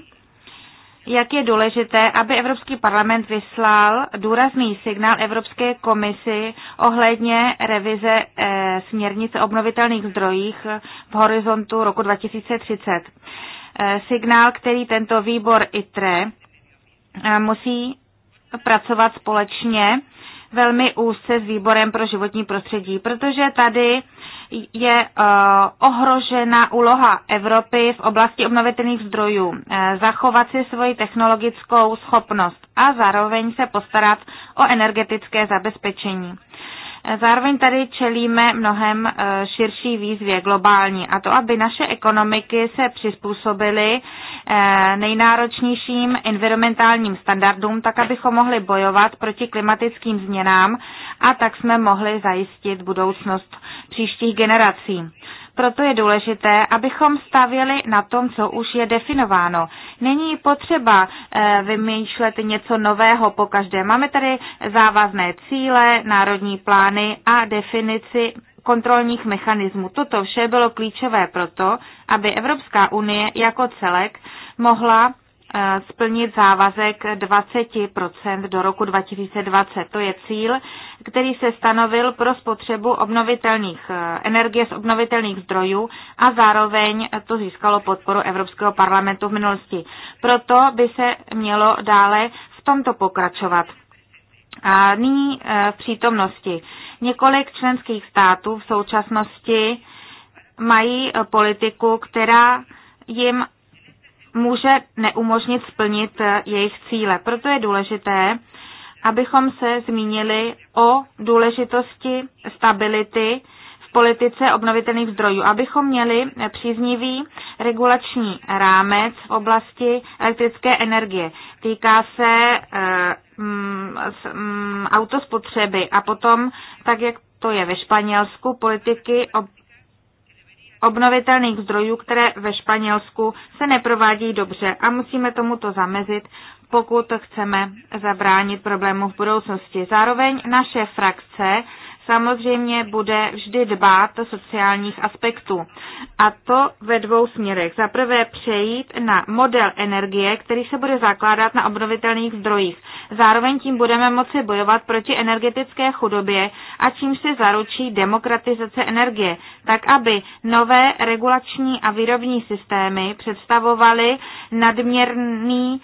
jak je důležité, aby Evropský parlament vyslal důrazný signál Evropské komisi ohledně revize e, směrnice obnovitelných zdrojích v horizontu roku 2030. E, signál, který tento výbor ITRE musí pracovat společně velmi úzce s výborem pro životní prostředí, protože tady je eh, ohrožena úloha Evropy v oblasti obnovitelných zdrojů, eh, zachovat si svoji technologickou schopnost a zároveň se postarat o energetické zabezpečení. Zároveň tady čelíme mnohem eh, širší výzvě globální a to, aby naše ekonomiky se přizpůsobily eh, nejnáročnějším environmentálním standardům, tak abychom mohli bojovat proti klimatickým změnám a tak jsme mohli zajistit budoucnost příštích generací. Proto je důležité, abychom stavěli na tom, co už je definováno. Není potřeba eh, vymýšlet něco nového po každé. Máme tady závazné cíle, národní plány a definici kontrolních mechanismů. Toto vše bylo klíčové proto, aby Evropská unie jako celek mohla Eh, splnit závazek 20 do roku 2020. To je cíl, který se stanovil pro spotřebu obnovitelných eh, energie z obnovitelných zdrojů a zároveň to získalo podporu Evropského parlamentu v minulosti. Proto by se mělo dále v tomto pokračovat. A nyní eh, v přítomnosti. Několik členských států v současnosti mají politiku, která jim může neumožnit splnit eh, jejich cíle. Proto je důležité, abychom se zmínili o důležitosti stability v politice obnovitelných zdrojů, abychom měli eh, příznivý regulační rámec v oblasti elektrické energie. Týká se eh, mm, mm, autospotřeby a potom, tak jak to je ve Španělsku, politiky obnovitelných zdrojů, které ve Španělsku se neprovádí dobře a musíme tomuto zamezit, pokud chceme zabránit problému v budoucnosti. Zároveň naše frakce samozřejmě bude vždy dbát sociálních aspektů. A to ve dvou směrech. Za prvé přejít na model energie, který se bude zakládat na obnovitelných zdrojích. Zároveň tím budeme moci bojovat proti energetické chudobě a čím se zaručí demokratizace energie, tak aby nové regulační a výrobní systémy představovaly nadměrný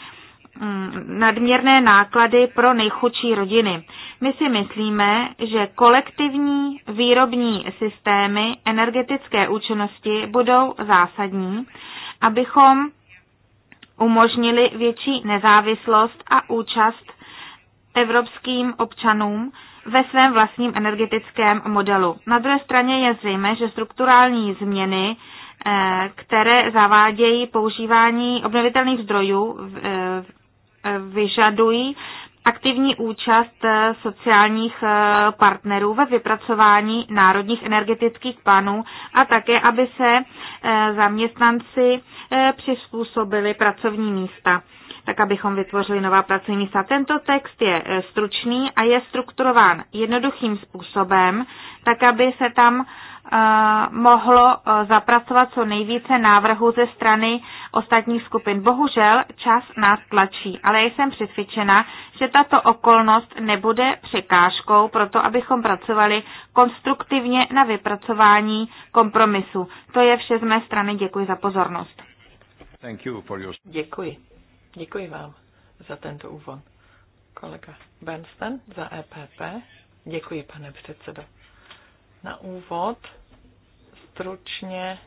Mm, nadměrné náklady pro nejchudší rodiny. My si myslíme, že kolektivní výrobní systémy energetické účinnosti budou zásadní, abychom umožnili větší nezávislost a účast evropským občanům ve svém vlastním energetickém modelu. Na druhé straně je zřejmé, že strukturální změny, eh, které zavádějí používání obnovitelných zdrojů eh, vyžadují aktivní účast eh, sociálních eh, partnerů ve vypracování národních energetických plánů a také, aby se eh, zaměstnanci přizpůsobili pracovní místa tak abychom vytvořili nová pracovní místa. Tento text je stručný a je strukturován jednoduchým způsobem, tak aby se tam mohlo e, zapracovat co nejvíce návrhů ze strany ostatních skupin. Bohužel čas nás tlačí, ale jsem přesvědčena, že tato okolnost nebude překážkou pro to, abychom pracovali konstruktivně na vypracování kompromisu. To je vše z mé strany. Děkuji za pozornost. You your... Děkuji. Děkuji vám za tento úvod. Kolega Bernstein za EPP. Děkuji, pane předsedo. Na úvod stručně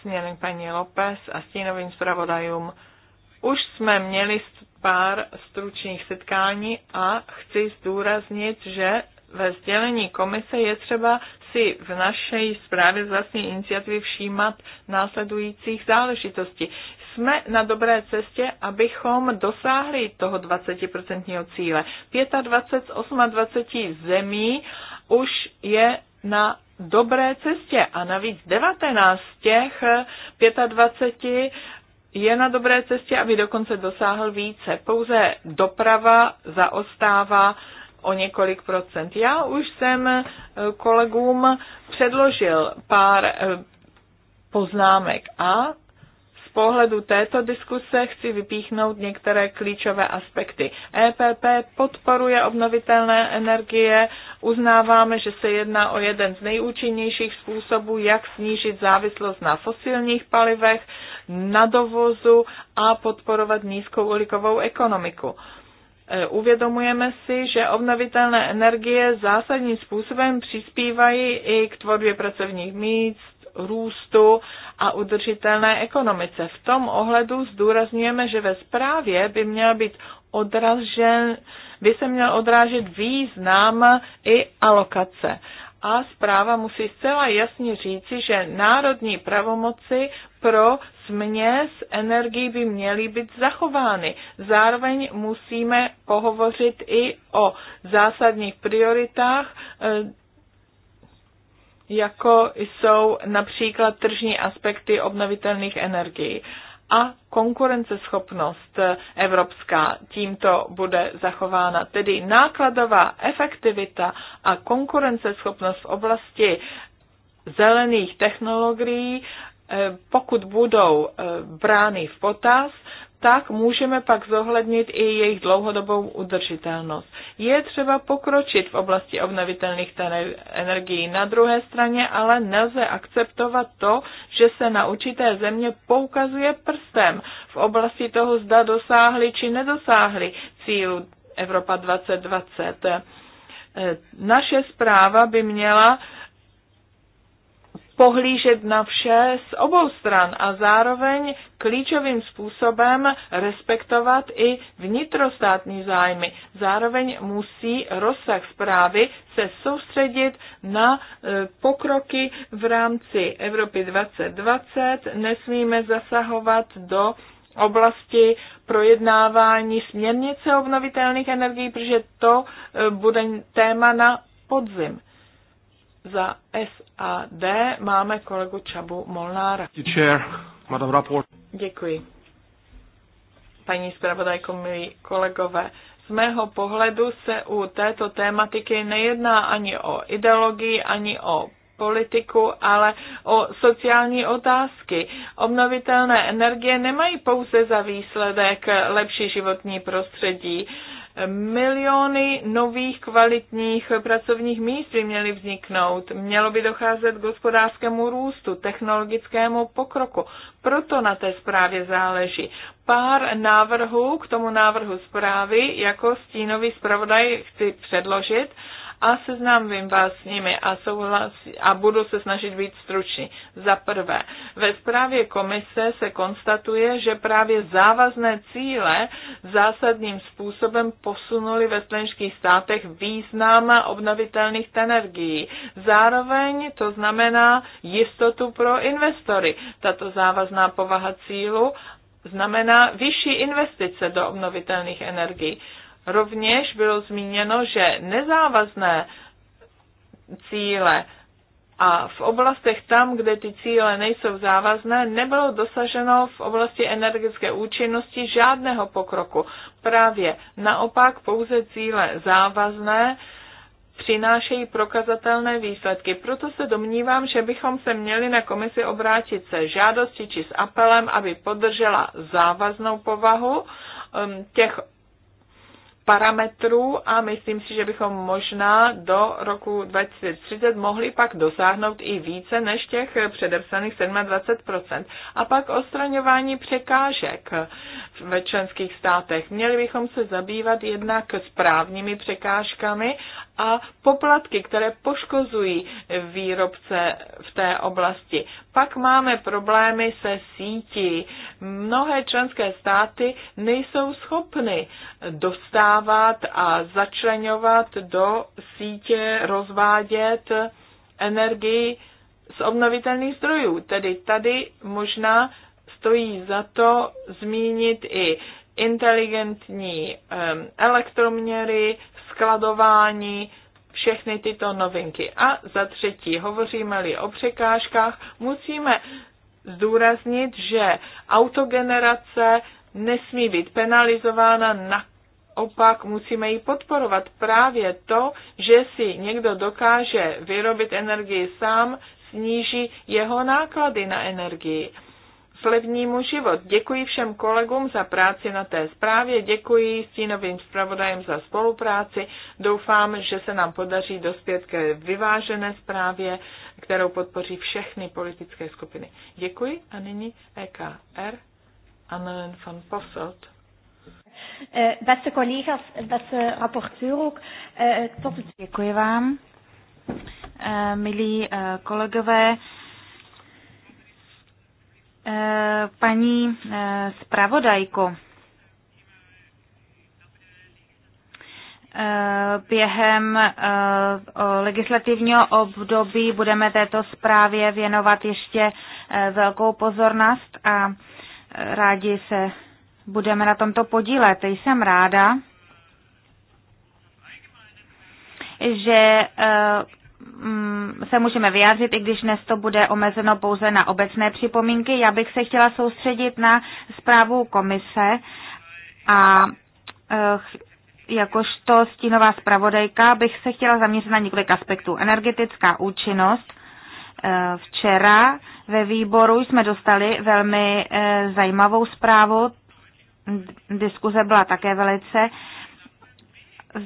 směrem paní López a stínovým zpravodajům. Už jsme měli pár stručných setkání a chci zdůraznit, že ve sdělení komise je třeba si v naší zprávě z vlastní iniciativy všímat následujících záležitostí. Jsme na dobré cestě, abychom dosáhli toho 20% cíle. 25 z 28 zemí už je na dobré cestě a navíc 19 z těch 25 je na dobré cestě, aby dokonce dosáhl více. Pouze doprava zaostává o několik procent. Já už jsem eh, kolegům předložil pár eh, poznámek a pohledu této diskuse chci vypíchnout některé klíčové aspekty. EPP podporuje obnovitelné energie, uznáváme, že se jedná o jeden z nejúčinnějších způsobů, jak snížit závislost na fosilních palivech, na dovozu a podporovat nízkou uhlíkovou ekonomiku. E, uvědomujeme si, že obnovitelné energie zásadním způsobem přispívají i k tvorbě pracovních míst, růstu a udržitelné ekonomice. V tom ohledu zdůrazňujeme, že ve zprávě by měl být odražen, by se měl odrážet význam i alokace. A zpráva musí zcela jasně říci, že národní pravomoci pro směs energii by měly být zachovány. Zároveň musíme pohovořit i o zásadních prioritách eh, jako jsou například tržní aspekty obnovitelných energií. A konkurenceschopnost evropská tímto bude zachována. Tedy nákladová efektivita a konkurenceschopnost v oblasti zelených technologií, eh, pokud budou eh, brány v potaz, tak můžeme pak zohlednit i jejich dlouhodobou udržitelnost. Je třeba pokročit v oblasti obnovitelných energií. Na druhé straně ale nelze akceptovat to, že se na určité země poukazuje prstem v oblasti toho, zda dosáhli či nedosáhli cílu Evropa 2020. Naše zpráva by měla pohlížet na vše z obou stran a zároveň klíčovým způsobem respektovat i vnitrostátní zájmy. Zároveň musí rozsah zprávy se soustředit na e, pokroky v rámci Evropy 2020. Nesmíme zasahovat do oblasti projednávání směrnice obnovitelných energií, protože to e, bude téma na podzim. Za SAD máme kolegu Čabu Molnára. Děkuji. Paní zpravodajko, milí kolegové, z mého pohledu se u této tématiky nejedná ani o ideologii, ani o politiku, ale o sociální otázky. Obnovitelné energie nemají pouze za výsledek lepší životní prostředí Miliony nových kvalitních pracovních míst by měly vzniknout. Mělo by docházet k hospodářskému růstu, technologickému pokroku. Proto na té zprávě záleží. Pár návrhů k tomu návrhu zprávy jako stínový zpravodaj chci předložit a seznámím vás s nimi a, souhlas, a budu se snažit být stručný. Za prvé, ve zprávě komise se konstatuje, že právě závazné cíle zásadním způsobem posunuli ve členských státech význam obnovitelných energií. Zároveň to znamená jistotu pro investory. Tato závazná povaha cílu znamená vyšší investice do obnovitelných energií. Rovněž bylo zmíněno, že nezávazné cíle a v oblastech tam, kde ty cíle nejsou závazné, nebylo dosaženo v oblasti energetické účinnosti žádného pokroku. Právě naopak pouze cíle závazné přinášejí prokazatelné výsledky. Proto se domnívám, že bychom se měli na komisi obrátit se žádosti či s apelem, aby podržela závaznou povahu um, těch parametrů a myslím si, že bychom možná do roku 2030 mohli pak dosáhnout i více než těch předepsaných 27%. A pak ostraňování překážek ve členských státech. Měli bychom se zabývat jednak správními překážkami a poplatky, které poškozují výrobce v té oblasti. Pak máme problémy se sítí. Mnohé členské státy nejsou schopny dostávat a začlenovat do sítě, rozvádět energii z obnovitelných zdrojů. Tedy tady možná stojí za to zmínit i inteligentní elektroměry, skladování, všechny tyto novinky. A za třetí, hovoříme-li o překážkách, musíme zdůraznit, že autogenerace nesmí být penalizována na Opak musíme ji podporovat právě to, že si někdo dokáže vyrobit energii sám, sníží jeho náklady na energii slevnímu život. Děkuji všem kolegům za práci na té zprávě, děkuji stínovým zpravodajem za spolupráci. Doufám, že se nám podaří dospět ke vyvážené zprávě, kterou podpoří všechny politické skupiny. Děkuji a nyní EKR Annelen van Posselt. Beste eh, collega's, beste rapporteur ook, eh, tot Děkuji vám. Eh, milí kolegové, Eh, paní eh, zpravodajko. Eh, během legislativního období budeme této zprávě věnovat ještě velkou pozornost a rádi se budeme na tomto podílet. Jsem ráda, že Mm, se můžeme vyjádřit, i když dnes to bude omezeno pouze na obecné připomínky. Já bych se chtěla soustředit na zprávu komise a eh, jakožto stínová zpravodajka bych se chtěla zaměřit na několik aspektů. Energetická účinnost. Eh, včera ve výboru jsme dostali velmi eh, zajímavou zprávu. Diskuze byla také velice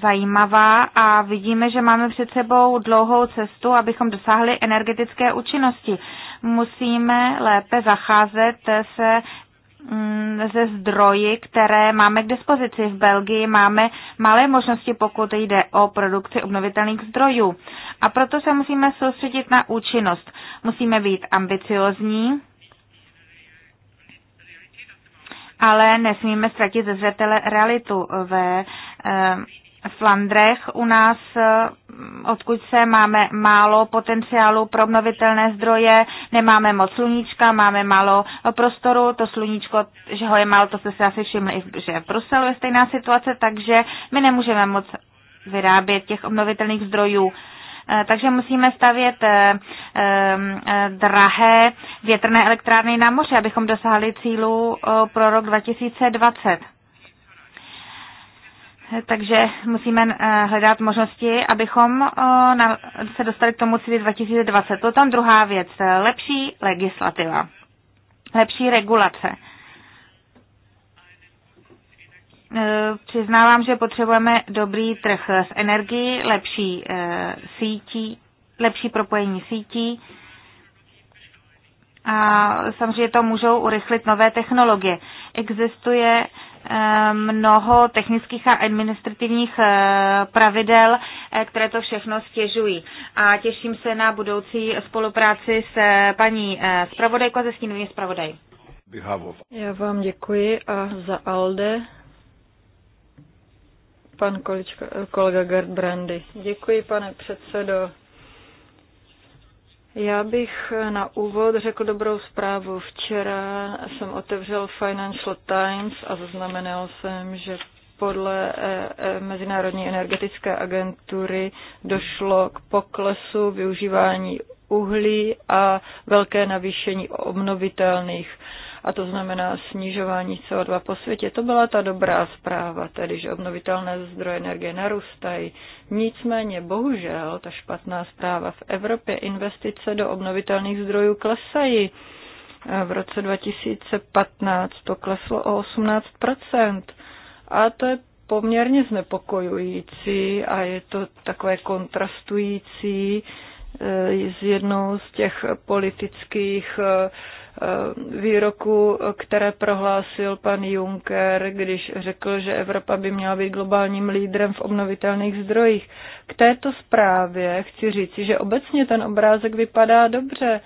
zajímavá a vidíme, že máme před sebou dlouhou cestu, abychom dosáhli energetické účinnosti. Musíme lépe zacházet se mm, ze zdroji, které máme k dispozici. V Belgii máme malé možnosti, pokud jde o produkci obnovitelných zdrojů. A proto se musíme soustředit na účinnost. Musíme být ambiciozní, ale nesmíme ztratit ze zřetele realitu ve eh, Flandrech u nás, eh, odkud se máme málo potenciálu pro obnovitelné zdroje, nemáme moc sluníčka, máme málo eh, prostoru, to sluníčko, že ho je málo, to jste se asi všimli, že v Bruselu je stejná situace, takže my nemůžeme moc vyrábět těch obnovitelných zdrojů. Eh, takže musíme stavět drahé větrné elektrárny na moři, abychom dosáhli cílu pro rok 2020. Takže musíme eh, hledat možnosti, abychom eh, se dostali k tomu cíli 2020. Potom druhá věc, lepší legislativa, lepší regulace. Eh, přiznávám, že potřebujeme dobrý trh s energií, lepší sítí, lepší propojení sítí. A samozřejmě to můžou urychlit nové technologie. Existuje mnoho technických a administrativních eh, pravidel, eh, které to všechno stěžují. A těším se na budoucí spolupráci s eh, paní zpravodajkou a se stínovým zpravodaj. Já vám děkuji a za ALDE pan količka, kolega Gerd Brandy. Děkuji, pane předsedo. Já bych na úvod řekl dobrou zprávu. Včera jsem otevřel Financial Times a zaznamenal jsem, že podle eh, eh, Mezinárodní energetické agentury došlo k poklesu využívání uhlí a velké navýšení obnovitelných a to znamená snižování CO2 po světě. To byla ta dobrá zpráva, tedy že obnovitelné zdroje energie narůstají. Nicméně, bohužel, ta špatná zpráva v Evropě investice do obnovitelných zdrojů klesají. V roce 2015 to kleslo o 18 a to je poměrně znepokojující a je to takové kontrastující s e, jednou z těch politických e, Eh, výroku, které prohlásil pan Juncker, když řekl, že Evropa by měla být globálním lídrem v obnovitelných zdrojích. K této zprávě chci říci, že obecně ten obrázek vypadá dobře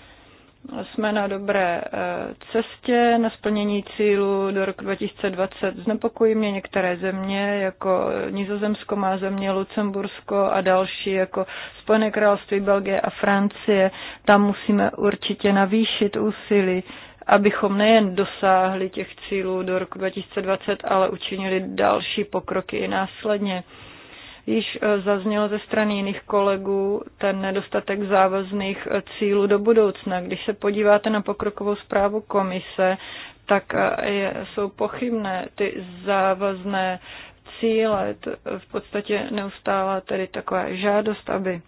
jsme na dobré eh, cestě na splnění cílu do roku 2020. Znepokojí mě některé země, jako Nizozemsko má země, Lucembursko a další, jako Spojené království, Belgie a Francie. Tam musíme určitě navýšit úsilí, abychom nejen dosáhli těch cílů do roku 2020, ale učinili další pokroky i následně. Již eh, zaznělo ze strany jiných kolegů ten nedostatek závazných eh, cílů do budoucna. Když se podíváte na pokrokovou zprávu komise, tak eh, je, jsou pochybné ty závazné cíle. V podstatě neustála tedy taková žádost, aby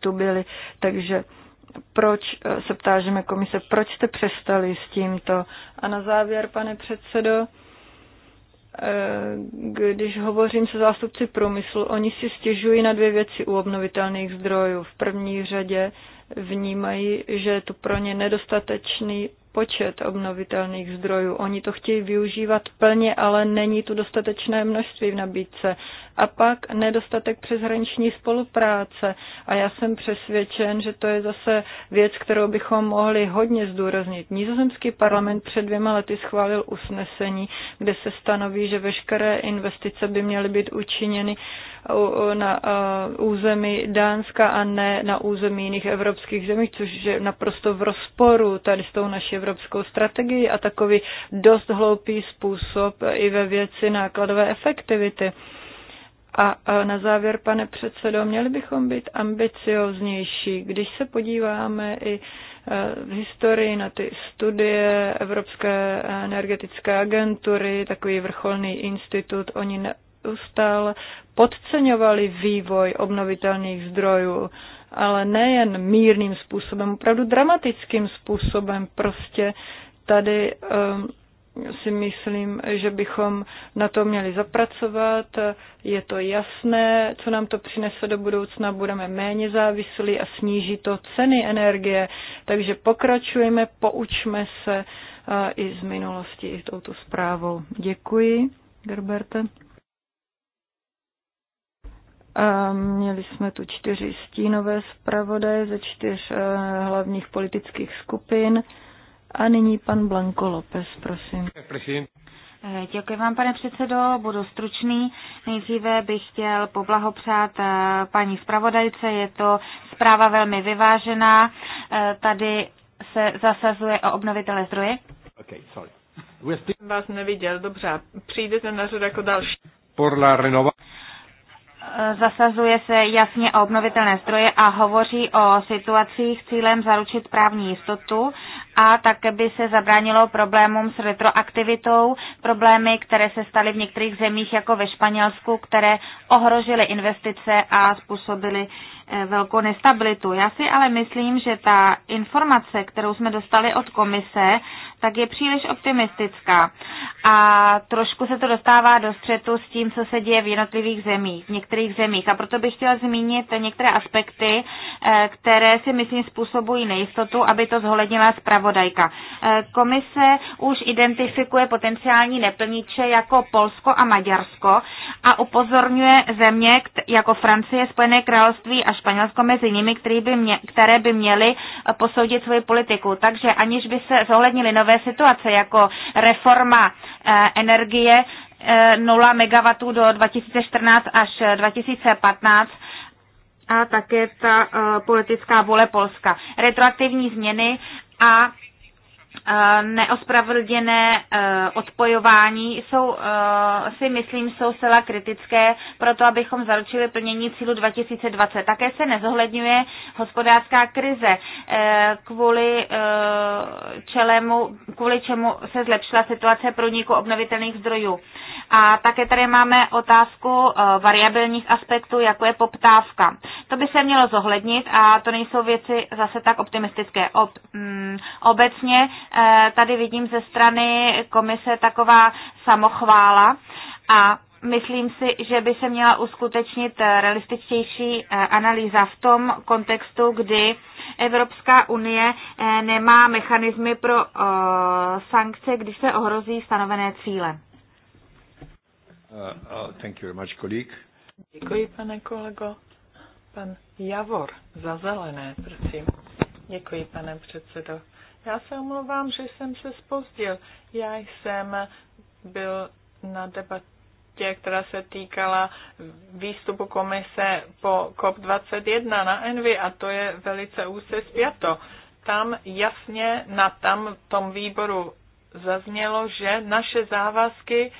tu byly. Takže proč se ptážeme komise, proč jste přestali s tímto? A na závěr, pane předsedo, Eh, když hovořím se zástupci průmyslu, oni si stěžují na dvě věci u obnovitelných zdrojů. V první řadě vnímají, že je tu pro ně nedostatečný počet obnovitelných zdrojů. Oni to chtějí využívat plně, ale není tu dostatečné množství v nabídce. A pak nedostatek přeshraniční spolupráce. A já jsem přesvědčen, že to je zase věc, kterou bychom mohli hodně zdůraznit. Nizozemský parlament před dvěma lety schválil usnesení, kde se stanoví, že veškeré investice by měly být učiněny na území Dánska a ne na území jiných evropských zemí, což je naprosto v rozporu tady s tou naší evropskou strategií a takový dost hloupý způsob i ve věci nákladové efektivity. A na závěr, pane předsedo, měli bychom být ambicioznější. Když se podíváme i e, v historii na ty studie Evropské energetické agentury, takový vrcholný institut, oni neustále podceňovali vývoj obnovitelných zdrojů, ale nejen mírným způsobem, opravdu dramatickým způsobem. Prostě tady um, si myslím, že bychom na to měli zapracovat. Je to jasné, co nám to přinese do budoucna, budeme méně závislí a sníží to ceny energie. Takže pokračujeme, poučme se eh, i z minulosti, i touto zprávou. Děkuji, Gerberte. A měli jsme tu čtyři stínové zpravodaje ze čtyř eh, hlavních politických skupin. A nyní pan Blanko López, prosím. Eh, děkuji vám, pane předsedo, budu stručný. Nejdříve bych chtěl poblahopřát eh, paní zpravodajce, je to zpráva velmi vyvážená. Tady se zasazuje o obnovitelé zdroje. Okay, sorry. Still... Vás neviděl, dobře. Přijdete na řadu jako další. Por la renova... Zasazuje se jasně o obnovitelné zdroje a hovoří o situacích cílem zaručit právní jistotu a také by se zabránilo problémům s retroaktivitou, problémy, které se staly v některých zemích jako ve Španělsku, které ohrožily investice a způsobily Eh, velkou nestabilitu. Já si ale myslím, že ta informace, kterou jsme dostali od komise, tak je příliš optimistická a trošku se to dostává do střetu s tím, co se děje v jednotlivých zemích, v některých zemích. A proto bych chtěla zmínit některé aspekty, eh, které si myslím způsobují nejistotu, aby to zohlednila zpravodajka. Eh, komise už identifikuje potenciální neplníče jako Polsko a Maďarsko a upozorňuje země jako Francie, Spojené království a Španělsko mezi nimi, který by mě, které by měly eh, posoudit svoji politiku. Takže aniž by se zohlednily nové situace, jako reforma eh, energie 0 eh, MW do 2014 až 2015, a také ta politická vůle Polska. Retroaktivní změny a Eh, neospravedlněné eh, odpojování jsou, eh, si myslím, jsou zcela kritické pro to, abychom zaručili plnění cílu 2020. Také se nezohledňuje hospodářská krize, kvůli, čelemu, kvůli čemu se zlepšila situace průniku obnovitelných zdrojů. A také tady máme otázku variabilních aspektů, jako je poptávka. To by se mělo zohlednit a to nejsou věci zase tak optimistické. Ob, mm, obecně Eh, tady vidím ze strany komise taková samochvála a myslím si, že by se měla uskutečnit eh, realističtější eh, analýza v tom kontextu, kdy Evropská unie nemá mechanismy pro sankce, když se ohrozí stanovené cíle. thank you Děkuji, pane kolego. Pan Javor za zelené, prosím. Děkuji, pane předsedo. Já se omlouvám, že jsem se spozdil. Já jsem byl na debatě, která se týkala výstupu komise po COP21 na Envy a to je velice úzce zpěto. Tam jasně na tam tom výboru zaznělo, že naše závazky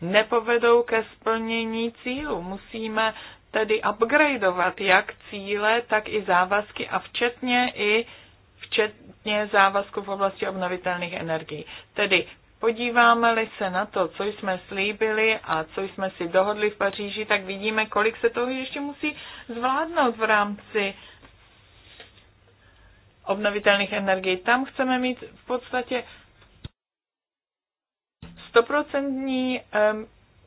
nepovedou ke splnění cílu. Musíme tedy upgradeovat jak cíle, tak i závazky a včetně i včetně závazku v oblasti obnovitelných energií. Tedy podíváme-li se na to, co jsme slíbili a co jsme si dohodli v Paříži, tak vidíme, kolik se toho ještě musí zvládnout v rámci obnovitelných energií. Tam chceme mít v podstatě stoprocentní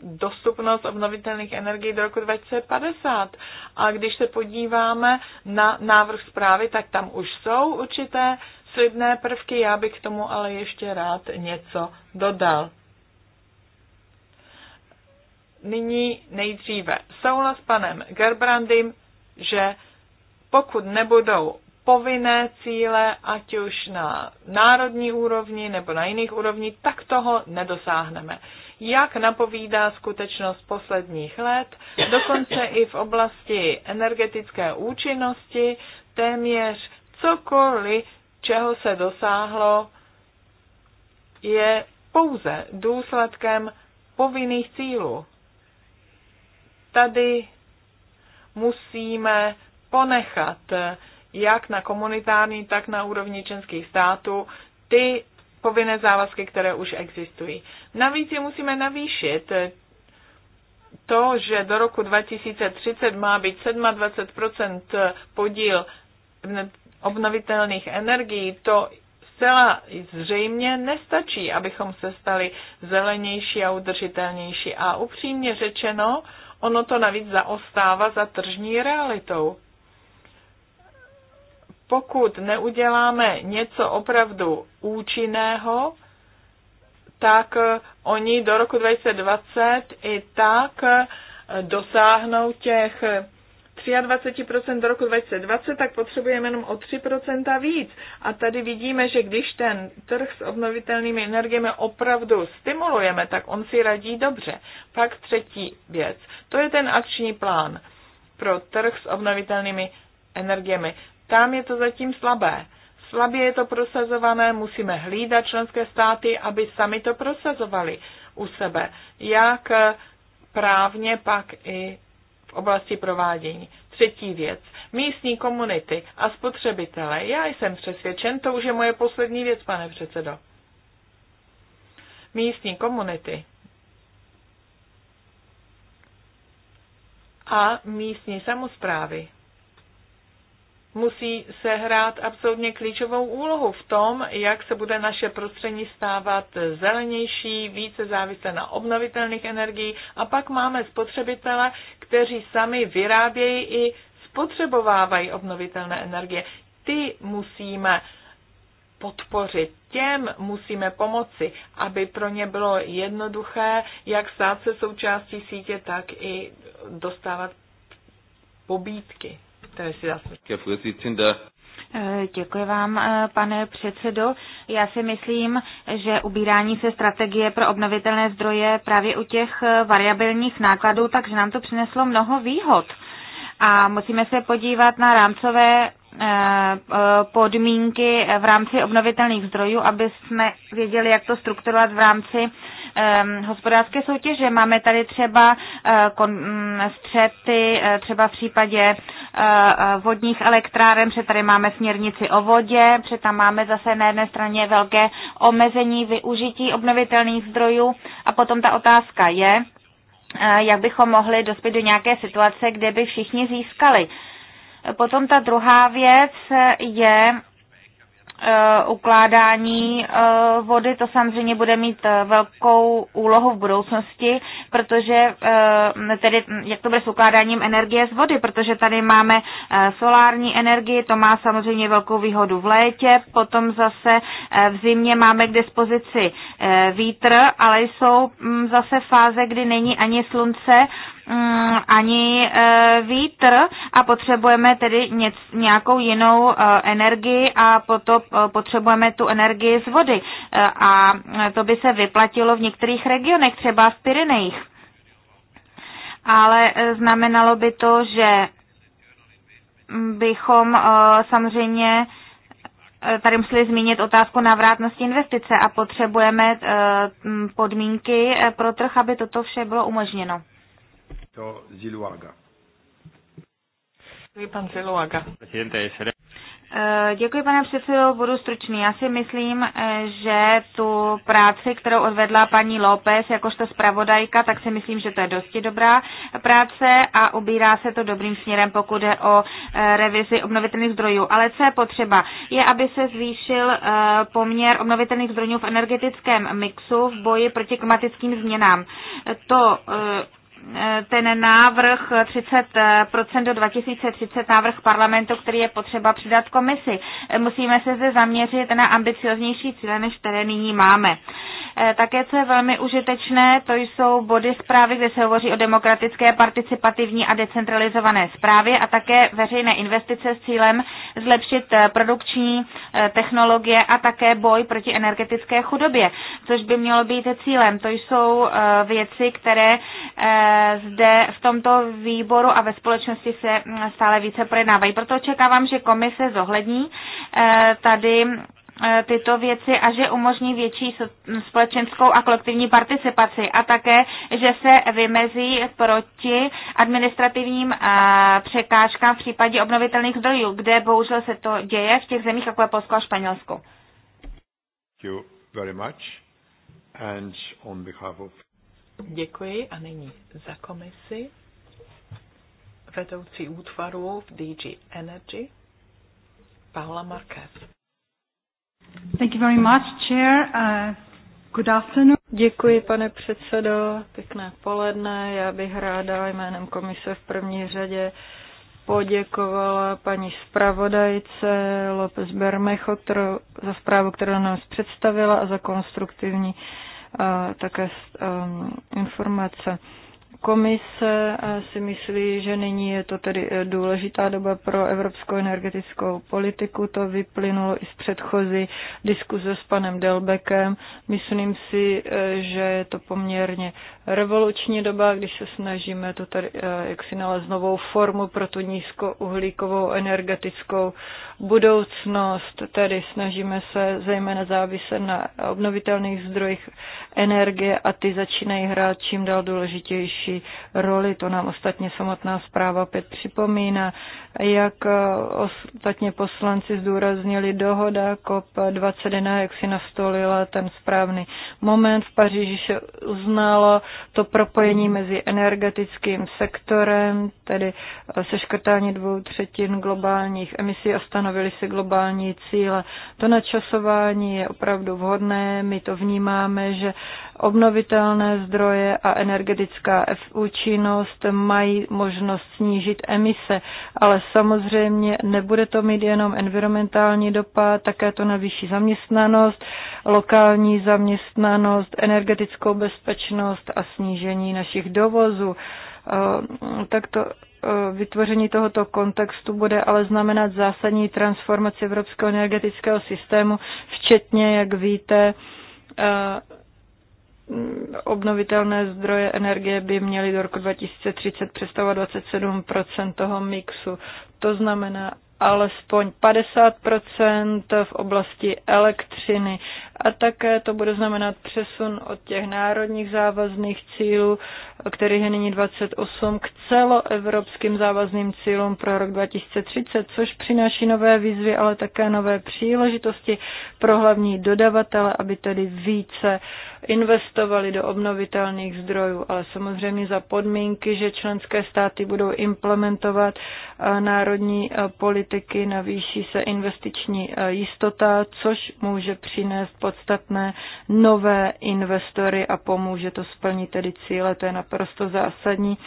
dostupnost obnovitelných energií do roku 2050. A když se podíváme na návrh zprávy, tak tam už jsou určité slibné prvky. Já bych k tomu ale ještě rád něco dodal. Nyní nejdříve souhlas s panem Gerbrandym, že pokud nebudou povinné cíle, ať už na národní úrovni nebo na jiných úrovni, tak toho nedosáhneme. Jak napovídá skutečnost posledních let, dokonce i v oblasti energetické účinnosti, téměř cokoliv, čeho se dosáhlo, je pouze důsledkem povinných cílů. Tady musíme ponechat jak na komunitární, tak na úrovni členských států ty povinné závazky, které už existují. Navíc je musíme navýšit. To, že do roku 2030 má být 27 podíl obnovitelných energií, to zcela zřejmě nestačí, abychom se stali zelenější a udržitelnější. A upřímně řečeno, ono to navíc zaostává za tržní realitou pokud neuděláme něco opravdu účinného, tak oni do roku 2020 i tak dosáhnou těch 23% do roku 2020, tak potřebujeme jenom o 3% víc. A tady vidíme, že když ten trh s obnovitelnými energiemi opravdu stimulujeme, tak on si radí dobře. Pak třetí věc. To je ten akční plán pro trh s obnovitelnými energiemi. Tam je to zatím slabé. Slabě je to prosazované, musíme hlídat členské státy, aby sami to prosazovali u sebe. Jak eh, právně pak i v oblasti provádění. Třetí věc. Místní komunity a spotřebitele. Já jsem přesvědčen, to už je moje poslední věc, pane předsedo. Místní komunity a místní samozprávy musí sehrát absolutně klíčovou úlohu v tom, jak se bude naše prostředí stávat zelenější, více závislé na obnovitelných energií a pak máme spotřebitele, kteří sami vyrábějí i spotřebovávají obnovitelné energie. Ty musíme podpořit, těm musíme pomoci, aby pro ně bylo jednoduché, jak stát se součástí sítě, tak i dostávat pobídky. To je si eh, Děkuji vám, eh, pane předsedo. Já si myslím, že ubírání se strategie pro obnovitelné zdroje právě u těch eh, variabilních nákladů, takže nám to přineslo mnoho výhod. A musíme se podívat na rámcové Eh, eh, podmínky v rámci obnovitelných zdrojů, aby jsme věděli, jak to strukturovat v rámci hospodářské soutěže. Máme tady třeba eh, mm, střety, třeba v případě vodních elektráren, protože tady máme směrnici o vodě, protože tam máme zase na jedné straně velké omezení využití obnovitelných zdrojů a potom ta otázka je, jak bychom mohli dospět do nějaké situace, kde by všichni získali Potom ta druhá věc je eh, ukládání eh, vody, to samozřejmě bude mít eh, velkou úlohu v budoucnosti, protože tedy jak to bude s ukládáním energie z vody, protože tady máme solární energii, to má samozřejmě velkou výhodu v létě, potom zase v zimě máme k dispozici vítr, ale jsou mm, zase fáze, kdy není ani slunce Mm, ani eh, vítr a potřebujeme tedy něc, nějakou jinou eh, energii a potom eh, potřebujeme tu energii z vody. A to by se vyplatilo v některých regionech, třeba v Pyrenejích. Ale znamenalo by to, že bychom samozřejmě tady museli zmínit otázku navrátnosti investice a potřebujeme podmínky pro trh, aby toto vše bylo umožněno to Ziluaga. Děkuji, pan Ziluaga. Eh, děkuji, pane předsedo, budu stručný. Já si myslím, eh, že tu práci, kterou odvedla paní López jakožto zpravodajka, tak si myslím, že to je dosti dobrá práce a ubírá se to dobrým směrem, pokud je o eh, revizi obnovitelných zdrojů. Ale co je potřeba, je, aby se zvýšil poměr obnovitelných zdrojů v energetickém mixu v boji proti klimatickým změnám. To ten návrh 30% do 2030, návrh parlamentu, který je potřeba přidat komisi. Musíme se zde zaměřit na ambicioznější cíle, než které nyní máme. Eh, také, co je velmi užitečné, to jsou body zprávy, kde se hovoří o demokratické, participativní a decentralizované zprávě a také veřejné investice s cílem zlepšit eh, produkční eh, technologie a také boj proti energetické chudobě, což by mělo být cílem. To jsou věci, které zde v tomto výboru a ve společnosti se mm, stále více projednávají. Proto očekávám, že komise zohlední tady E, tyto věci a že umožní větší společenskou a kolektivní participaci a také, že se vymezí proti administrativním e, překážkám v případě obnovitelných zdrojů, kde bohužel se to děje v těch zemích, jako je Polsko a Španělsko. Děkuji a nyní za komisi vedoucí útvaru v DG Energy Paula Marquez. Thank you very much, Chair. Uh, good afternoon. Děkuji, pane předsedo. Pěkné poledne. Já bych ráda jménem komise v první řadě poděkovala paní zpravodajce López Bermecho kterou, za zprávu, kterou nás představila a za konstruktivní uh, také um, informace. Uh, komise si myslí, že nyní je to tedy eh, důležitá doba pro evropskou energetickou politiku. To vyplynulo i z předchozí diskuze s panem Delbekem. Myslím si, eh, že je to poměrně revoluční doba, když se snažíme to tady eh, jak si nalézt novou formu pro tu nízkouhlíkovou energetickou budoucnost. Tedy snažíme se zejména záviset na obnovitelných zdrojích energie a ty začínají hrát čím dál důležitější roli. To nám ostatně samotná zpráva opět připomíná. Jak eh, ostatně poslanci zdůraznili dohoda COP21, jak si nastolila ten správný moment. V Paříži se uznalo to propojení mezi energetickým sektorem, tedy eh, seškrtání dvou třetin globálních emisí a stanovili si globální cíle. To načasování je opravdu vhodné, my to vnímáme, že obnovitelné zdroje a energetická účinnost, mají možnost snížit emise, ale samozřejmě nebude to mít jenom environmentální dopad, také to na vyšší zaměstnanost, lokální zaměstnanost, energetickou bezpečnost a snížení našich dovozů. Eh, tak to eh, vytvoření tohoto kontextu bude ale znamenat zásadní transformaci evropského energetického systému, včetně, jak víte, eh, Mm, obnovitelné zdroje energie by měly do roku 2030 představovat 27 toho mixu. To znamená alespoň 50 v oblasti elektřiny a také to bude znamenat přesun od těch národních závazných cílů, kterých je nyní 28, k celoevropským závazným cílům pro rok 2030, což přináší nové výzvy, ale také nové příležitosti pro hlavní dodavatele, aby tedy více investovali do obnovitelných zdrojů, ale samozřejmě za podmínky, že členské státy budou implementovat eh, národní eh, politiky, navýší se investiční eh, jistota, což může přinést podstatné nové investory a pomůže to splnit tedy cíle. To je naprosto zásadní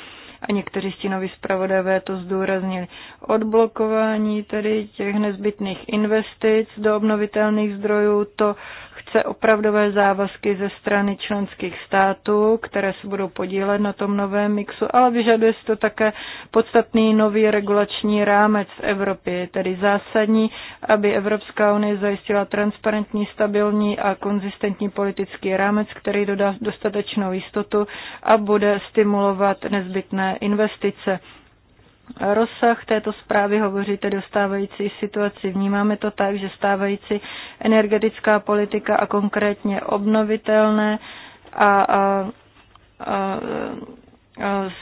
a někteří stínoví zpravodavé to zdůraznili. Odblokování tedy těch nezbytných investic do obnovitelných zdrojů, to chce opravdové závazky ze strany členských států, které se budou podílet na tom novém mixu, ale vyžaduje si to také podstatný nový regulační rámec v Evropě. tedy zásadní, aby Evropská unie zajistila transparentní, stabilní a konzistentní politický rámec, který dodá dostatečnou jistotu a bude stimulovat nezbytné investice. Rozsah této zprávy hovoří tedy o stávající situaci. Vnímáme to tak, že stávající energetická politika a konkrétně obnovitelné a, a, a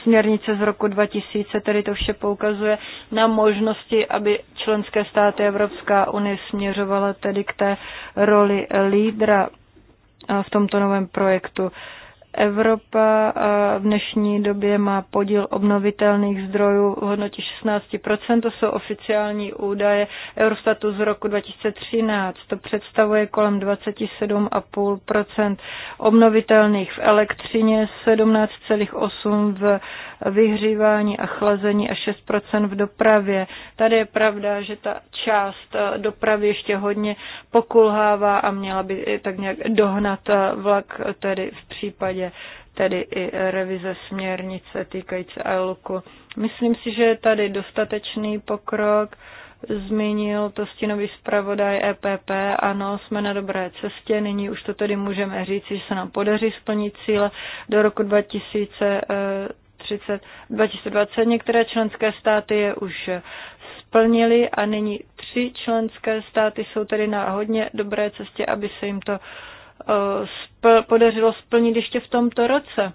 směrnice z roku 2000, tedy to vše poukazuje na možnosti, aby členské státy Evropská unie směřovala tedy k té roli lídra v tomto novém projektu. Evropa eh, v dnešní době má podíl obnovitelných zdrojů v hodnotě 16%, to jsou oficiální údaje Eurostatu z roku 2013. To představuje kolem 27,5% obnovitelných v elektřině, 17,8% v vyhřívání a chlazení a 6% v dopravě. Tady je pravda, že ta část eh, dopravy ještě hodně pokulhává a měla by tak nějak dohnat eh, vlak tedy v případě tedy i revize směrnice týkající ILOKu. Myslím si, že je tady dostatečný pokrok. Zmínil to stínový zpravodaj EPP. Ano, jsme na dobré cestě. Nyní už to tedy můžeme říct, že se nám podaří splnit cíle do roku 2030. 2020 eh, některé členské státy je už splnili a nyní tři členské státy jsou tedy na hodně dobré cestě, aby se jim to Eh, podařilo splnit ještě v tomto roce.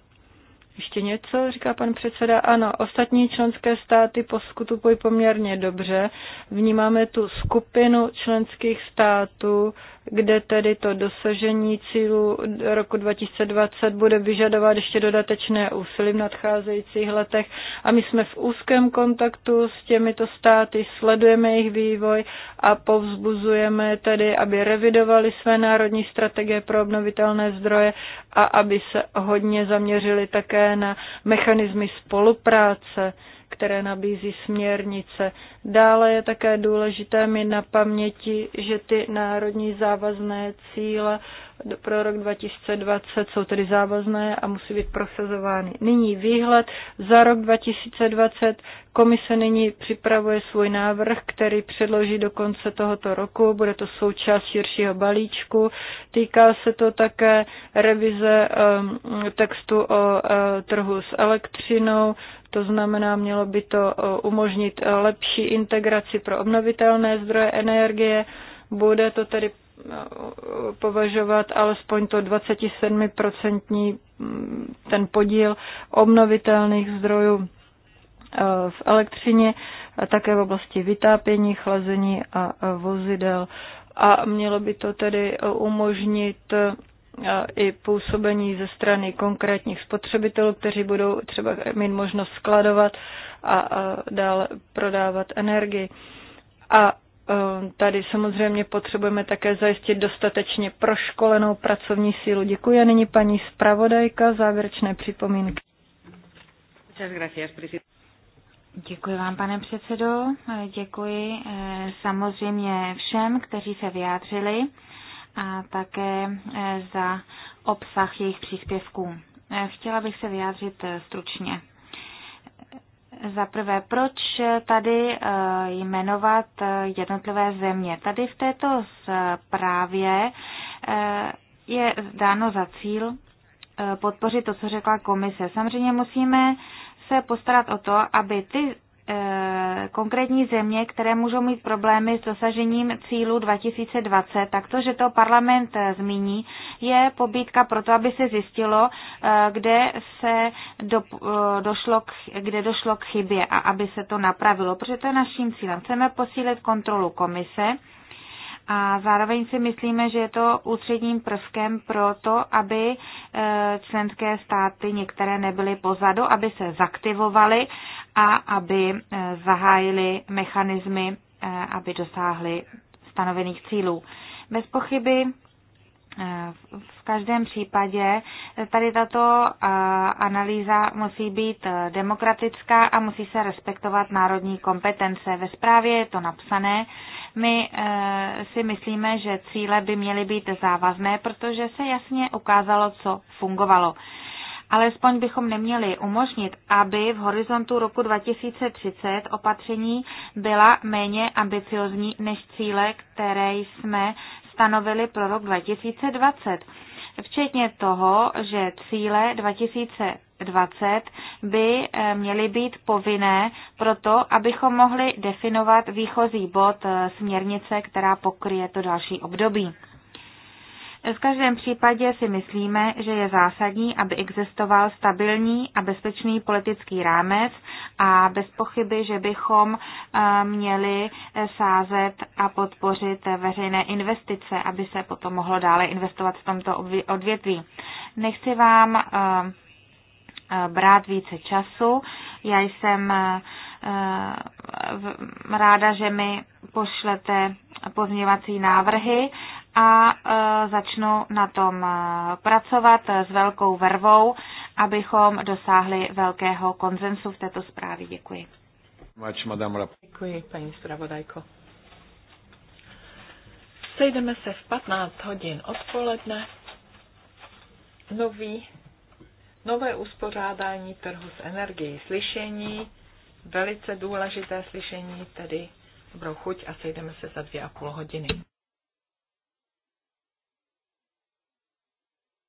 Ještě něco, říká pan předseda. Ano, ostatní členské státy poskutují poměrně dobře. Vnímáme tu skupinu členských států, kde tedy to dosažení cílu roku 2020 bude vyžadovat ještě dodatečné úsilí v nadcházejících letech. A my jsme v úzkém kontaktu s těmito státy, sledujeme jejich vývoj a povzbuzujeme tedy, aby revidovali své národní strategie pro obnovitelné zdroje a aby se hodně zaměřili také na mechanismy spolupráce, které nabízí směrnice. Dále je také důležité mít na paměti, že ty národní závazné cíle pro rok 2020 jsou tedy závazné a musí být prosazovány. Nyní výhled za rok 2020. Komise nyní připravuje svůj návrh, který předloží do konce tohoto roku. Bude to součást širšího balíčku. Týká se to také revize textu o e, trhu s elektřinou, to znamená, mělo by to e, umožnit e, lepší integraci pro obnovitelné zdroje energie. Bude to tedy považovat alespoň to 27% ten podíl obnovitelných zdrojů eh, v elektřině, a také v oblasti vytápění, chlazení a eh, vozidel. A mělo by to tedy umožnit eh, i působení ze strany konkrétních spotřebitelů, kteří budou třeba mít možnost skladovat a dále prodávat energii. A Ehm, tady samozřejmě potřebujeme také zajistit dostatečně proškolenou pracovní sílu. Děkuji a nyní paní zpravodajka závěrečné připomínky. Děkuji vám, pane předsedo. Eh, děkuji eh, samozřejmě všem, kteří se vyjádřili a také eh, za obsah jejich příspěvků. Chtěla bych se vyjádřit stručně. Za prvé, proč tady eh, jmenovat eh, jednotlivé země? Tady v této zprávě eh, je dáno za cíl podpořit to, co řekla komise. Samozřejmě musíme se postarat o to, aby ty Eh, konkrétní země, které můžou mít problémy s dosažením cílu 2020, tak to, že to parlament eh, zmíní, je pobídka pro to, aby se zjistilo, eh, kde se do, došlo k, kde došlo k chybě a aby se to napravilo, protože to je naším cílem. Chceme posílit kontrolu komise, a zároveň si myslíme, že je to ústředním prvkem pro to, aby e, členské státy některé nebyly pozadu, aby se zaktivovaly a aby e, zahájily mechanismy, e, aby dosáhly stanovených cílů. Bez pochyby Eh, v každém případě eh, tady tato eh, analýza musí být demokratická a musí se respektovat národní kompetence. Ve zprávě je to napsané. My si myslíme, že cíle by měly být závazné, protože se jasně ukázalo, co fungovalo. Alespoň bychom neměli umožnit, aby v horizontu roku 2030 opatření byla méně ambiciozní než cíle, které jsme stanovili pro rok 2020, včetně toho, že cíle 2020 by eh, měly být povinné to, abychom mohli definovat výchozí bod eh, směrnice, která pokryje to další období. V každém případě si myslíme, že je zásadní, aby existoval stabilní a bezpečný politický rámec a bez pochyby, že bychom eh, měli sázet a podpořit veřejné investice, aby se potom mohlo dále investovat v tomto odvětví. Nechci vám eh, eh, brát více času. Já jsem ráda, že mi pošlete pozměvací návrhy a e, začnu na tom e, pracovat s velkou vervou, abychom dosáhli velkého konzensu v této zprávě. Děkuji. Děkuji, paní zpravodajko. Sejdeme se v 15 hodin odpoledne. Nový, nové uspořádání trhu s energií. Slyšení, velice důležité slyšení, tedy dobrou chuť a sejdeme se za dvě a půl hodiny.